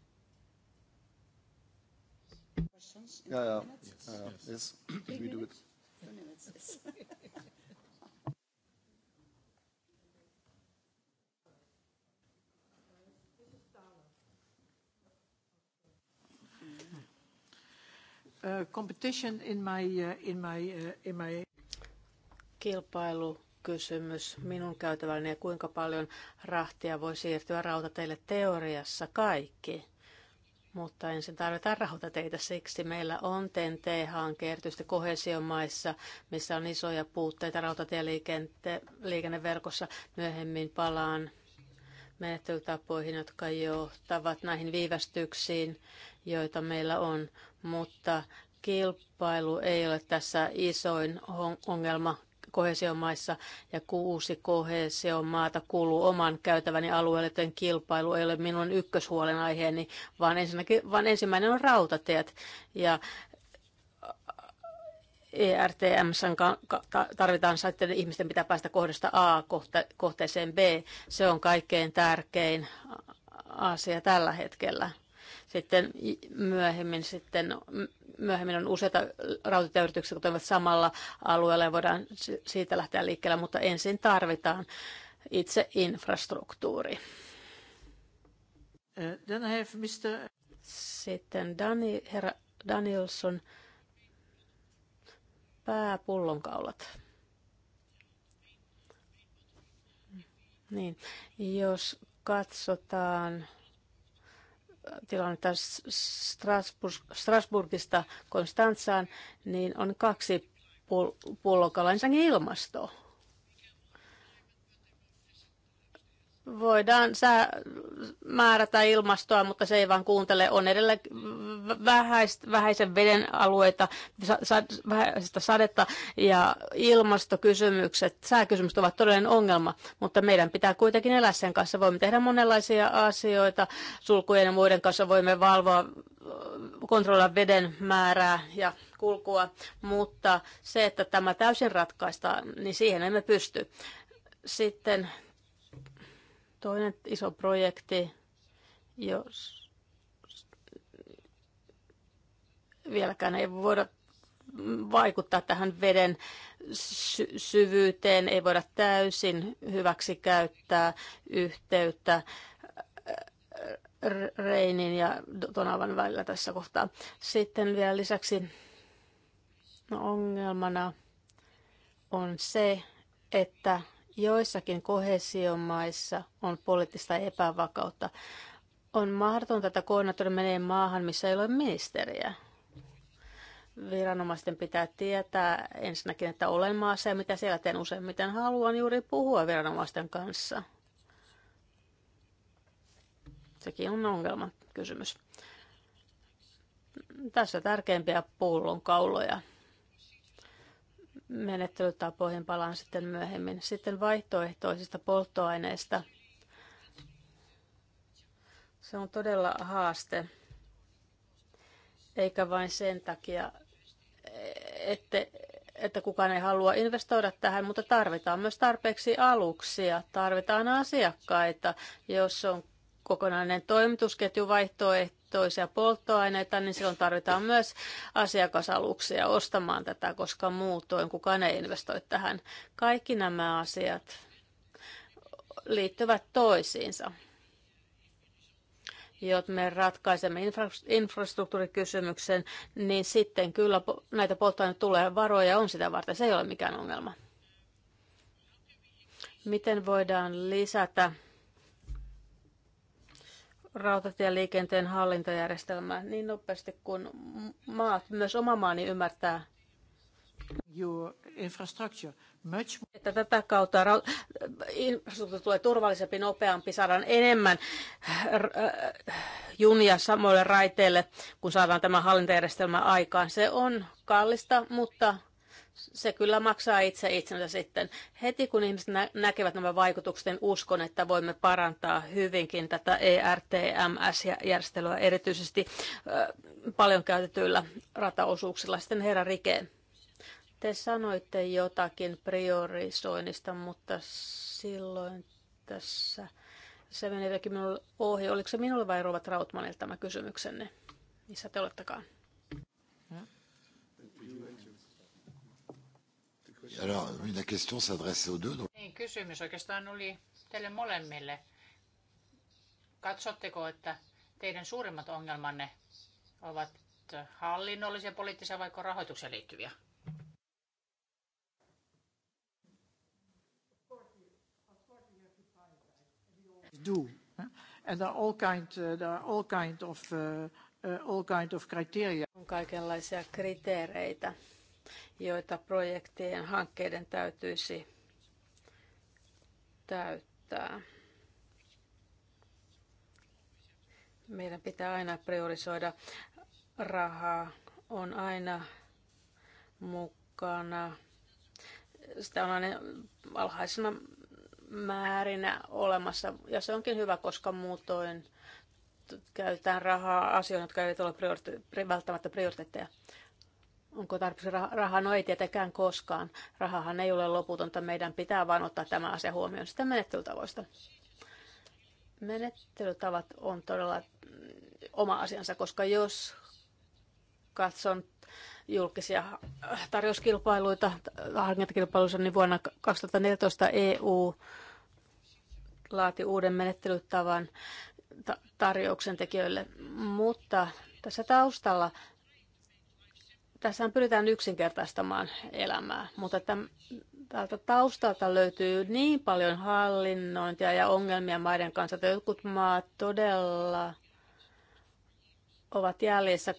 D: Ja, ja. ja, ja. Yes. We do it.
A: Uh, competition
C: in my, uh, in my, uh, in my... Kilpailukysymys minun käytävälläni ja kuinka paljon rahtia voi siirtyä rautateille teoriassa kaikki. Mutta ensin tarvitaan rahoitateitä, siksi meillä on TNT-hanke erityisesti kohesiomaissa, missä on isoja puutteita rautatieliikenneverkossa. Myöhemmin palaan menettelytapoihin, jotka johtavat näihin viivästyksiin, joita meillä on mutta kilpailu ei ole tässä isoin ongelma kohesiomaissa ja kuusi kohesiomaata kuuluu oman käytäväni alueelle, joten kilpailu ei ole minun ykköshuolen aiheeni vaan, vaan ensimmäinen on rautateet Ja ERTM tarvitaan sitten ihmisten pitää päästä kohdasta A kohteeseen B. Se on kaikkein tärkein asia tällä hetkellä. Sitten myöhemmin, sitten, myöhemmin on useita rautatieyrityksiä, jotka toimivat samalla alueella ja voidaan siitä lähteä liikkeelle, mutta ensin tarvitaan itse infrastruktuuri. Äh, sitten Dani, herra Danielson, pääpullonkaulat. Niin, jos katsotaan tilannetta Strasbourgista Konstantsaan, niin on kaksi pullokalla. Ensinnäkin ilmasto. voidaan sää, määrätä ilmastoa, mutta se ei vaan kuuntele. On edelleen vähäist, vähäisen veden alueita, sa, sa, vähäistä sadetta ja ilmastokysymykset, sääkysymykset ovat todellinen ongelma, mutta meidän pitää kuitenkin elää sen kanssa. Voimme tehdä monenlaisia asioita. Sulkujen ja muiden kanssa voimme valvoa, kontrolloida veden määrää ja kulkua, mutta se, että tämä täysin ratkaistaan, niin siihen emme pysty. Sitten Toinen iso projekti, jos vieläkään ei voida vaikuttaa tähän veden sy- syvyyteen, ei voida täysin hyväksi käyttää yhteyttä äh, äh, Reinin ja Donavan välillä tässä kohtaa. Sitten vielä lisäksi no ongelmana on se, että Joissakin kohesiomaissa on poliittista epävakautta. On mahdotonta, että koordinaattori menee maahan, missä ei ole ministeriä. Viranomaisten pitää tietää ensinnäkin, että olen maassa ja mitä siellä teen useimmiten. Haluan juuri puhua viranomaisten kanssa. Sekin on ongelma kysymys. Tässä tärkeimpiä pullonkauloja menettelytapoihin palaan sitten myöhemmin. Sitten vaihtoehtoisista polttoaineista. Se on todella haaste, eikä vain sen takia, että, että kukaan ei halua investoida tähän, mutta tarvitaan myös tarpeeksi aluksia, tarvitaan asiakkaita. Jos on kokonainen toimitusketju vaihtoehtoisia polttoaineita, niin silloin tarvitaan myös asiakasaluksia ostamaan tätä, koska muutoin kukaan ei investoi tähän. Kaikki nämä asiat liittyvät toisiinsa. Jot me ratkaisemme infra- infrastruktuurikysymyksen, niin sitten kyllä näitä polttoaineita tulee varoja on sitä varten. Se ei ole mikään ongelma. Miten voidaan lisätä rautatieliikenteen hallintojärjestelmää niin nopeasti kuin maat, myös oma maani ymmärtää, Your infrastructure. Much... että tätä kautta infrastruktuuri tulee turvallisempi, nopeampi, saadaan enemmän äh, junia samoille raiteille, kun saadaan tämä hallintajärjestelmä aikaan. Se on kallista, mutta se kyllä maksaa itse itsensä sitten. Heti kun ihmiset nä- näkevät nämä vaikutukset, niin uskon, että voimme parantaa hyvinkin tätä ERTMS-järjestelyä erityisesti äh, paljon käytetyillä rataosuuksilla. Sitten herra Rike, te sanoitte jotakin priorisoinnista, mutta silloin tässä se meni jotenkin minulle ohi. Oliko se minulle vai Rovat Rautmanilta tämä kysymyksenne? Missä te olettekaan?
B: Alors,
D: la question s'adressait aux deux. Donc...
B: Niin,
A: kysymys oikeastaan oli teille molemmille. Katsotteko, että teidän suurimmat ongelmanne ovat hallinnollisia, poliittisia vai rahoitukseen liittyviä?
C: do. And there are all kind, uh, there are all kind of, uh, uh, all kind of criteria. On kaikenlaisia kriteereitä joita projektien hankkeiden täytyisi täyttää. Meidän pitää aina priorisoida rahaa. On aina mukana. Sitä on aina alhaisena määrinä olemassa, ja se onkin hyvä, koska muutoin käytetään rahaa asioihin, jotka eivät ole priorite- välttämättä prioriteetteja onko tarpeeksi rahaa? No ei tietenkään koskaan. Rahahan ei ole loputonta. Meidän pitää vain ottaa tämä asia huomioon. Sitä menettelytavoista. Menettelytavat on todella mm, oma asiansa, koska jos katson julkisia tarjouskilpailuita, hankintakilpailuissa, niin vuonna 2014 EU laati uuden menettelytavan tarjouksen tekijöille, mutta tässä taustalla tässä pyritään yksinkertaistamaan elämää, mutta tämän, täältä taustalta löytyy niin paljon hallinnointia ja ongelmia maiden kanssa, että jotkut maat todella ovat jäljessä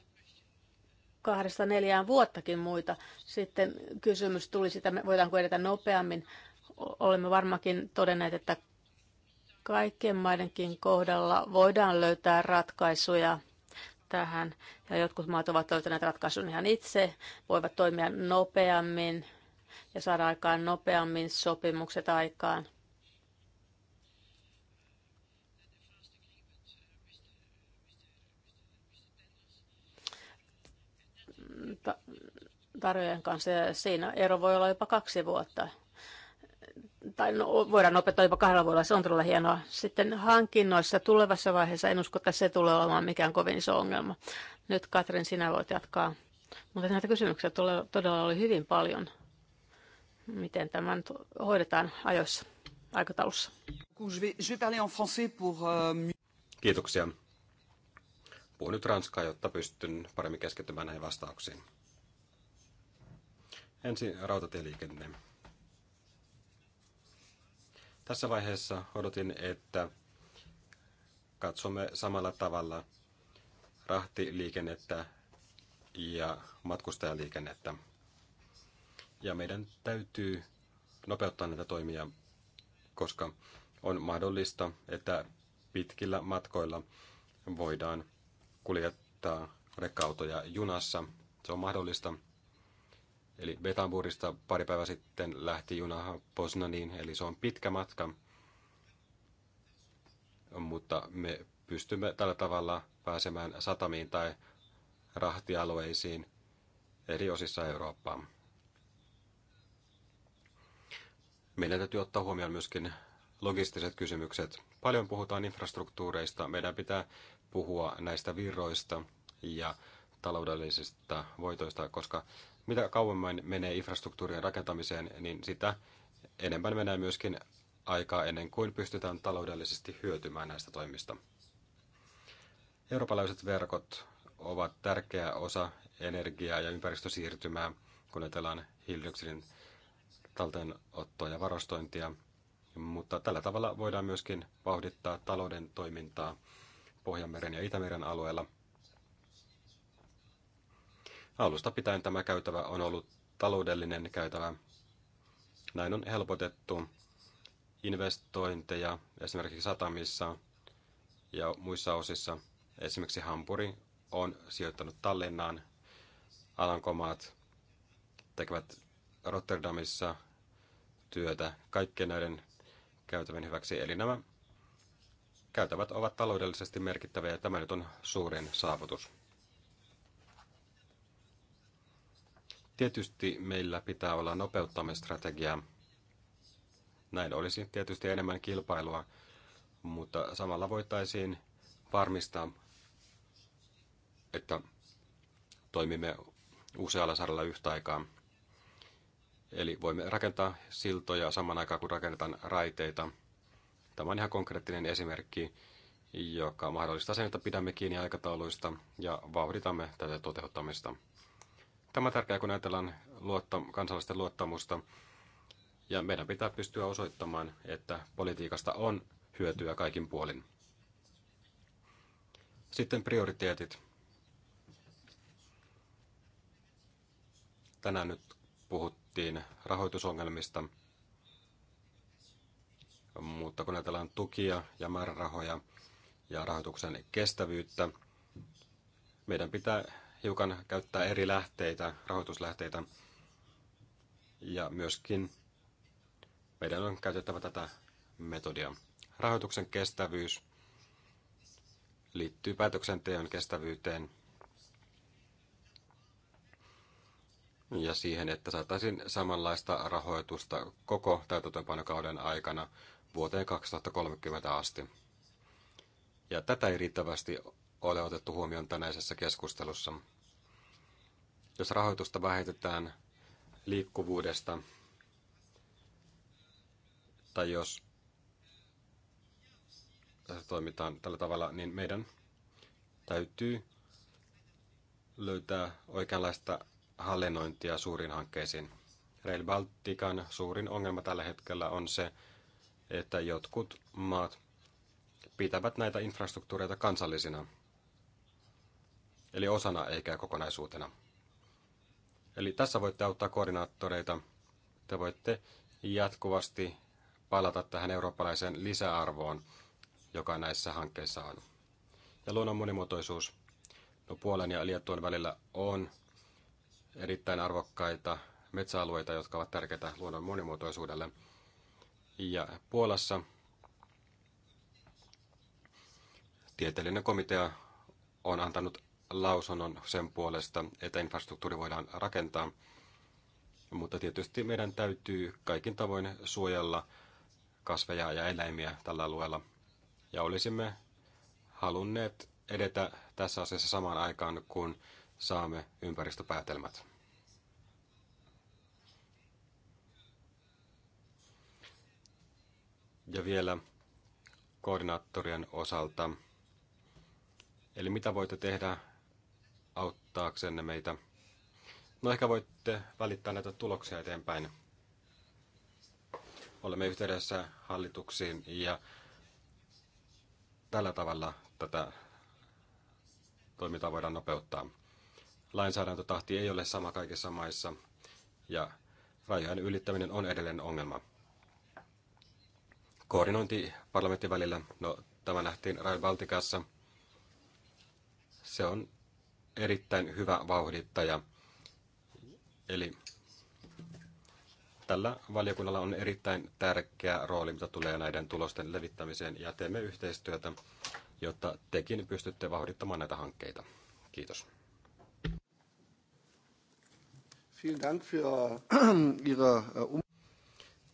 C: kahdesta neljään vuottakin muita. Sitten kysymys tuli sitä, voidaanko edetä nopeammin. Olemme varmakin todenneet, että kaikkien maidenkin kohdalla voidaan löytää ratkaisuja – tähän. Ja jotkut maat ovat löytäneet ratkaisun ihan itse, voivat toimia nopeammin ja saada aikaan nopeammin sopimukset aikaan. Ta- kanssa. Ja siinä ero voi olla jopa kaksi vuotta tai no, voidaan opettaa jopa kahdella vuodella, se on todella hienoa. Sitten hankinnoissa tulevassa vaiheessa en usko, että se tulee olemaan mikään kovin iso ongelma. Nyt Katrin, sinä voit jatkaa. Mutta näitä kysymyksiä todella oli hyvin paljon. Miten tämän hoidetaan ajoissa, aikataulussa?
D: Euh, Kiitoksia. Puhun nyt ranskaa, jotta pystyn paremmin keskittymään näihin vastauksiin. Ensin rautatieliikenne. Tässä vaiheessa odotin, että katsomme samalla tavalla rahtiliikennettä ja matkustajaliikennettä. Ja meidän täytyy nopeuttaa näitä toimia, koska on mahdollista, että pitkillä matkoilla voidaan kuljettaa rekkautoja junassa. Se on mahdollista. Eli Betamburista pari päivää sitten lähti juna Poznaniin, eli se on pitkä matka. Mutta me pystymme tällä tavalla pääsemään satamiin tai rahtialueisiin eri osissa Eurooppaa. Meidän täytyy ottaa huomioon myöskin logistiset kysymykset. Paljon puhutaan infrastruktuureista. Meidän pitää puhua näistä virroista ja taloudellisista voitoista, koska mitä kauemmin menee infrastruktuurien rakentamiseen, niin sitä enemmän menee myöskin aikaa ennen kuin pystytään taloudellisesti hyötymään näistä toimista. Eurooppalaiset verkot ovat tärkeä osa energiaa ja ympäristösiirtymää, kun ajatellaan hiilidioksidin talteenottoa ja varastointia, mutta tällä tavalla voidaan myöskin vauhdittaa talouden toimintaa Pohjanmeren ja Itämeren alueella – Alusta pitäen tämä käytävä on ollut taloudellinen käytävä. Näin on helpotettu investointeja esimerkiksi satamissa ja muissa osissa. Esimerkiksi Hampuri on sijoittanut Tallinnaan, Alankomaat tekevät Rotterdamissa työtä kaikkien näiden käytävien hyväksi. Eli nämä käytävät ovat taloudellisesti merkittäviä ja tämä nyt on suurin saavutus. Tietysti meillä pitää olla strategia. Näin olisi tietysti enemmän kilpailua, mutta samalla voitaisiin varmistaa, että toimimme usealla saralla yhtä aikaa. Eli voimme rakentaa siltoja saman aikaan, kun rakennetaan raiteita. Tämä on ihan konkreettinen esimerkki, joka mahdollistaa sen, että pidämme kiinni aikatauluista ja vauhditamme tätä toteuttamista. Tämä on tärkeää, kun ajatellaan luotta, kansalaisten luottamusta. Ja meidän pitää pystyä osoittamaan, että politiikasta on hyötyä kaikin puolin. Sitten prioriteetit. Tänään nyt puhuttiin rahoitusongelmista, mutta kun ajatellaan tukia ja määrärahoja ja rahoituksen kestävyyttä, meidän pitää hiukan käyttää eri lähteitä, rahoituslähteitä. Ja myöskin meidän on käytettävä tätä metodia. Rahoituksen kestävyys liittyy päätöksenteon kestävyyteen ja siihen, että saataisiin samanlaista rahoitusta koko täytäntöönpanokauden aikana vuoteen 2030 asti. Ja tätä ei riittävästi ole otettu huomioon tänäisessä keskustelussa. Jos rahoitusta vähetetään liikkuvuudesta, tai jos toimitaan tällä tavalla, niin meidän täytyy löytää oikeanlaista hallinnointia suuriin hankkeisiin. Rail Baltican suurin ongelma tällä hetkellä on se, että jotkut maat pitävät näitä infrastruktuureita kansallisina – eli osana eikä kokonaisuutena. Eli tässä voitte auttaa koordinaattoreita. Te voitte jatkuvasti palata tähän eurooppalaiseen lisäarvoon, joka näissä hankkeissa on. Ja luonnon monimuotoisuus. No Puolen ja Liettuan välillä on erittäin arvokkaita metsäalueita, jotka ovat tärkeitä luonnon monimuotoisuudelle. Ja Puolassa tieteellinen komitea on antanut lausunnon sen puolesta, että infrastruktuuri voidaan rakentaa. Mutta tietysti meidän täytyy kaikin tavoin suojella kasveja ja eläimiä tällä alueella. Ja olisimme halunneet edetä tässä asiassa samaan aikaan, kun saamme ympäristöpäätelmät. Ja vielä koordinaattorien osalta. Eli mitä voitte tehdä auttaaksenne meitä. No ehkä voitte välittää näitä tuloksia eteenpäin. Olemme yhteydessä hallituksiin ja tällä tavalla tätä toimintaa voidaan nopeuttaa. Lainsäädäntötahti ei ole sama kaikissa maissa ja rajojen ylittäminen on edelleen ongelma. Koordinointi parlamentin välillä, no tämä nähtiin Rail Baltikassa. Se on erittäin hyvä vauhdittaja. Eli tällä valiokunnalla on erittäin tärkeä rooli, mitä tulee näiden tulosten levittämiseen, ja teemme yhteistyötä, jotta tekin pystytte vauhdittamaan näitä hankkeita. Kiitos.
B: Äh,
D: äh, um-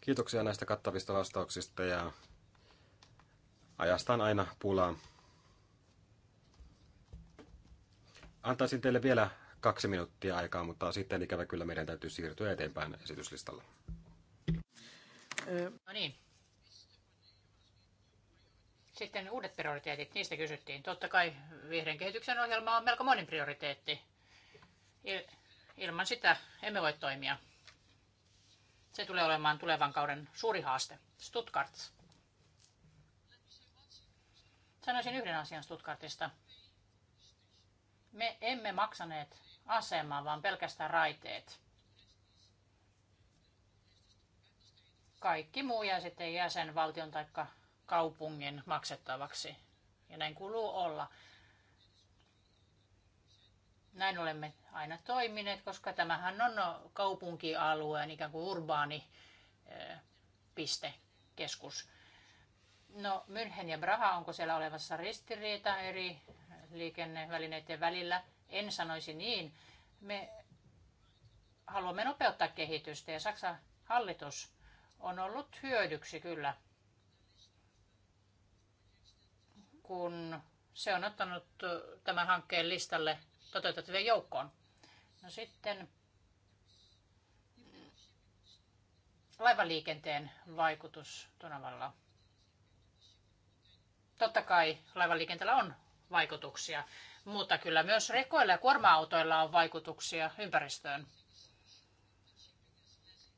D: Kiitoksia näistä kattavista vastauksista ja ajasta aina pulaa. Antaisin teille vielä kaksi minuuttia aikaa, mutta sitten ikävä kyllä meidän täytyy siirtyä eteenpäin esityslistalla.
A: No niin. Sitten uudet prioriteetit, niistä kysyttiin. Totta kai vihreän kehityksen ohjelma on melko monin prioriteetti. Ilman sitä emme voi toimia. Se tulee olemaan tulevan kauden suuri haaste. Stuttgart. Sanoisin yhden asian Stuttgartista. Me emme maksaneet asemaa, vaan pelkästään raiteet. Kaikki muu jää sitten jäsenvaltion tai kaupungin maksettavaksi. Ja näin kuuluu olla. Näin olemme aina toimineet, koska tämähän on kaupunkialueen ikään kuin urbaani piste, keskus. No München ja Braha, onko siellä olevassa ristiriita eri liikennevälineiden välillä. En sanoisi niin. Me haluamme nopeuttaa kehitystä ja Saksan hallitus on ollut hyödyksi kyllä, kun se on ottanut tämän hankkeen listalle toteutettavien joukkoon. No sitten laivaliikenteen vaikutus Tonavalla. Totta kai laivaliikenteellä on vaikutuksia, mutta kyllä myös rekoilla ja kuorma-autoilla on vaikutuksia ympäristöön.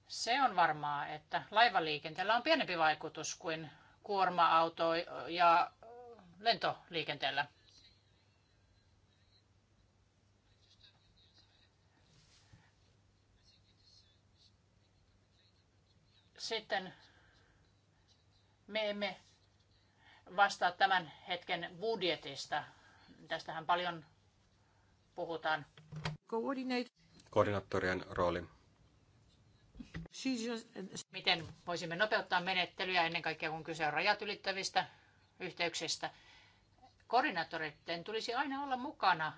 A: Se on varmaa, että laivaliikenteellä on pienempi vaikutus kuin kuorma-auto ja lentoliikenteellä. Sitten me emme vastaa tämän hetken budjetista. Tästähän paljon puhutaan.
D: Koordinaattorien rooli.
A: Miten voisimme nopeuttaa menettelyä ennen kaikkea, kun kyse on rajat ylittävistä yhteyksistä? Koordinaattoreiden tulisi aina olla mukana.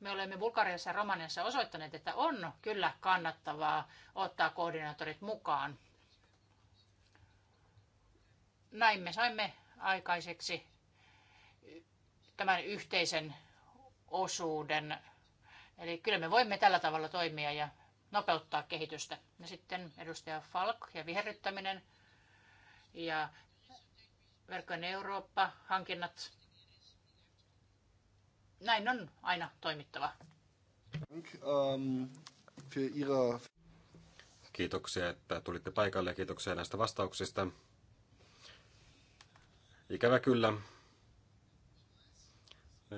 A: Me olemme Bulgariassa ja Romaniassa osoittaneet, että on kyllä kannattavaa ottaa koordinaattorit mukaan näin me saimme aikaiseksi tämän yhteisen osuuden. Eli kyllä me voimme tällä tavalla toimia ja nopeuttaa kehitystä. Ja sitten edustaja Falk ja viherryttäminen ja verkkojen Eurooppa-hankinnat. Näin on aina toimittava.
B: Ähm,
D: kiitoksia, että tulitte paikalle ja kiitoksia näistä vastauksista. Ikävä kyllä.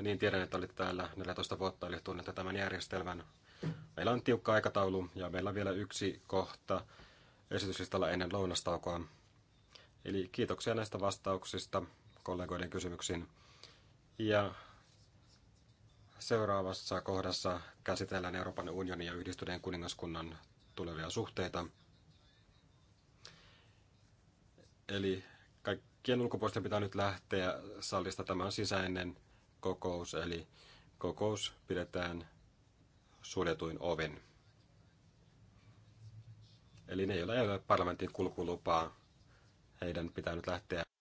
D: Niin tiedän, että olit täällä 14 vuotta, eli tunnette tämän järjestelmän. Meillä on tiukka aikataulu ja meillä on vielä yksi kohta esityslistalla ennen lounastaukoa. Eli kiitoksia näistä vastauksista kollegoiden kysymyksiin. Ja seuraavassa kohdassa käsitellään Euroopan unionin ja yhdistyneen kuningaskunnan tulevia suhteita. Eli kaikki kaikkien ulkopuolisten pitää nyt lähteä salista. Tämä on sisäinen kokous, eli kokous pidetään suljetuin ovin. Eli ne, joilla ei ole parlamentin kulkulupaa, heidän pitää nyt lähteä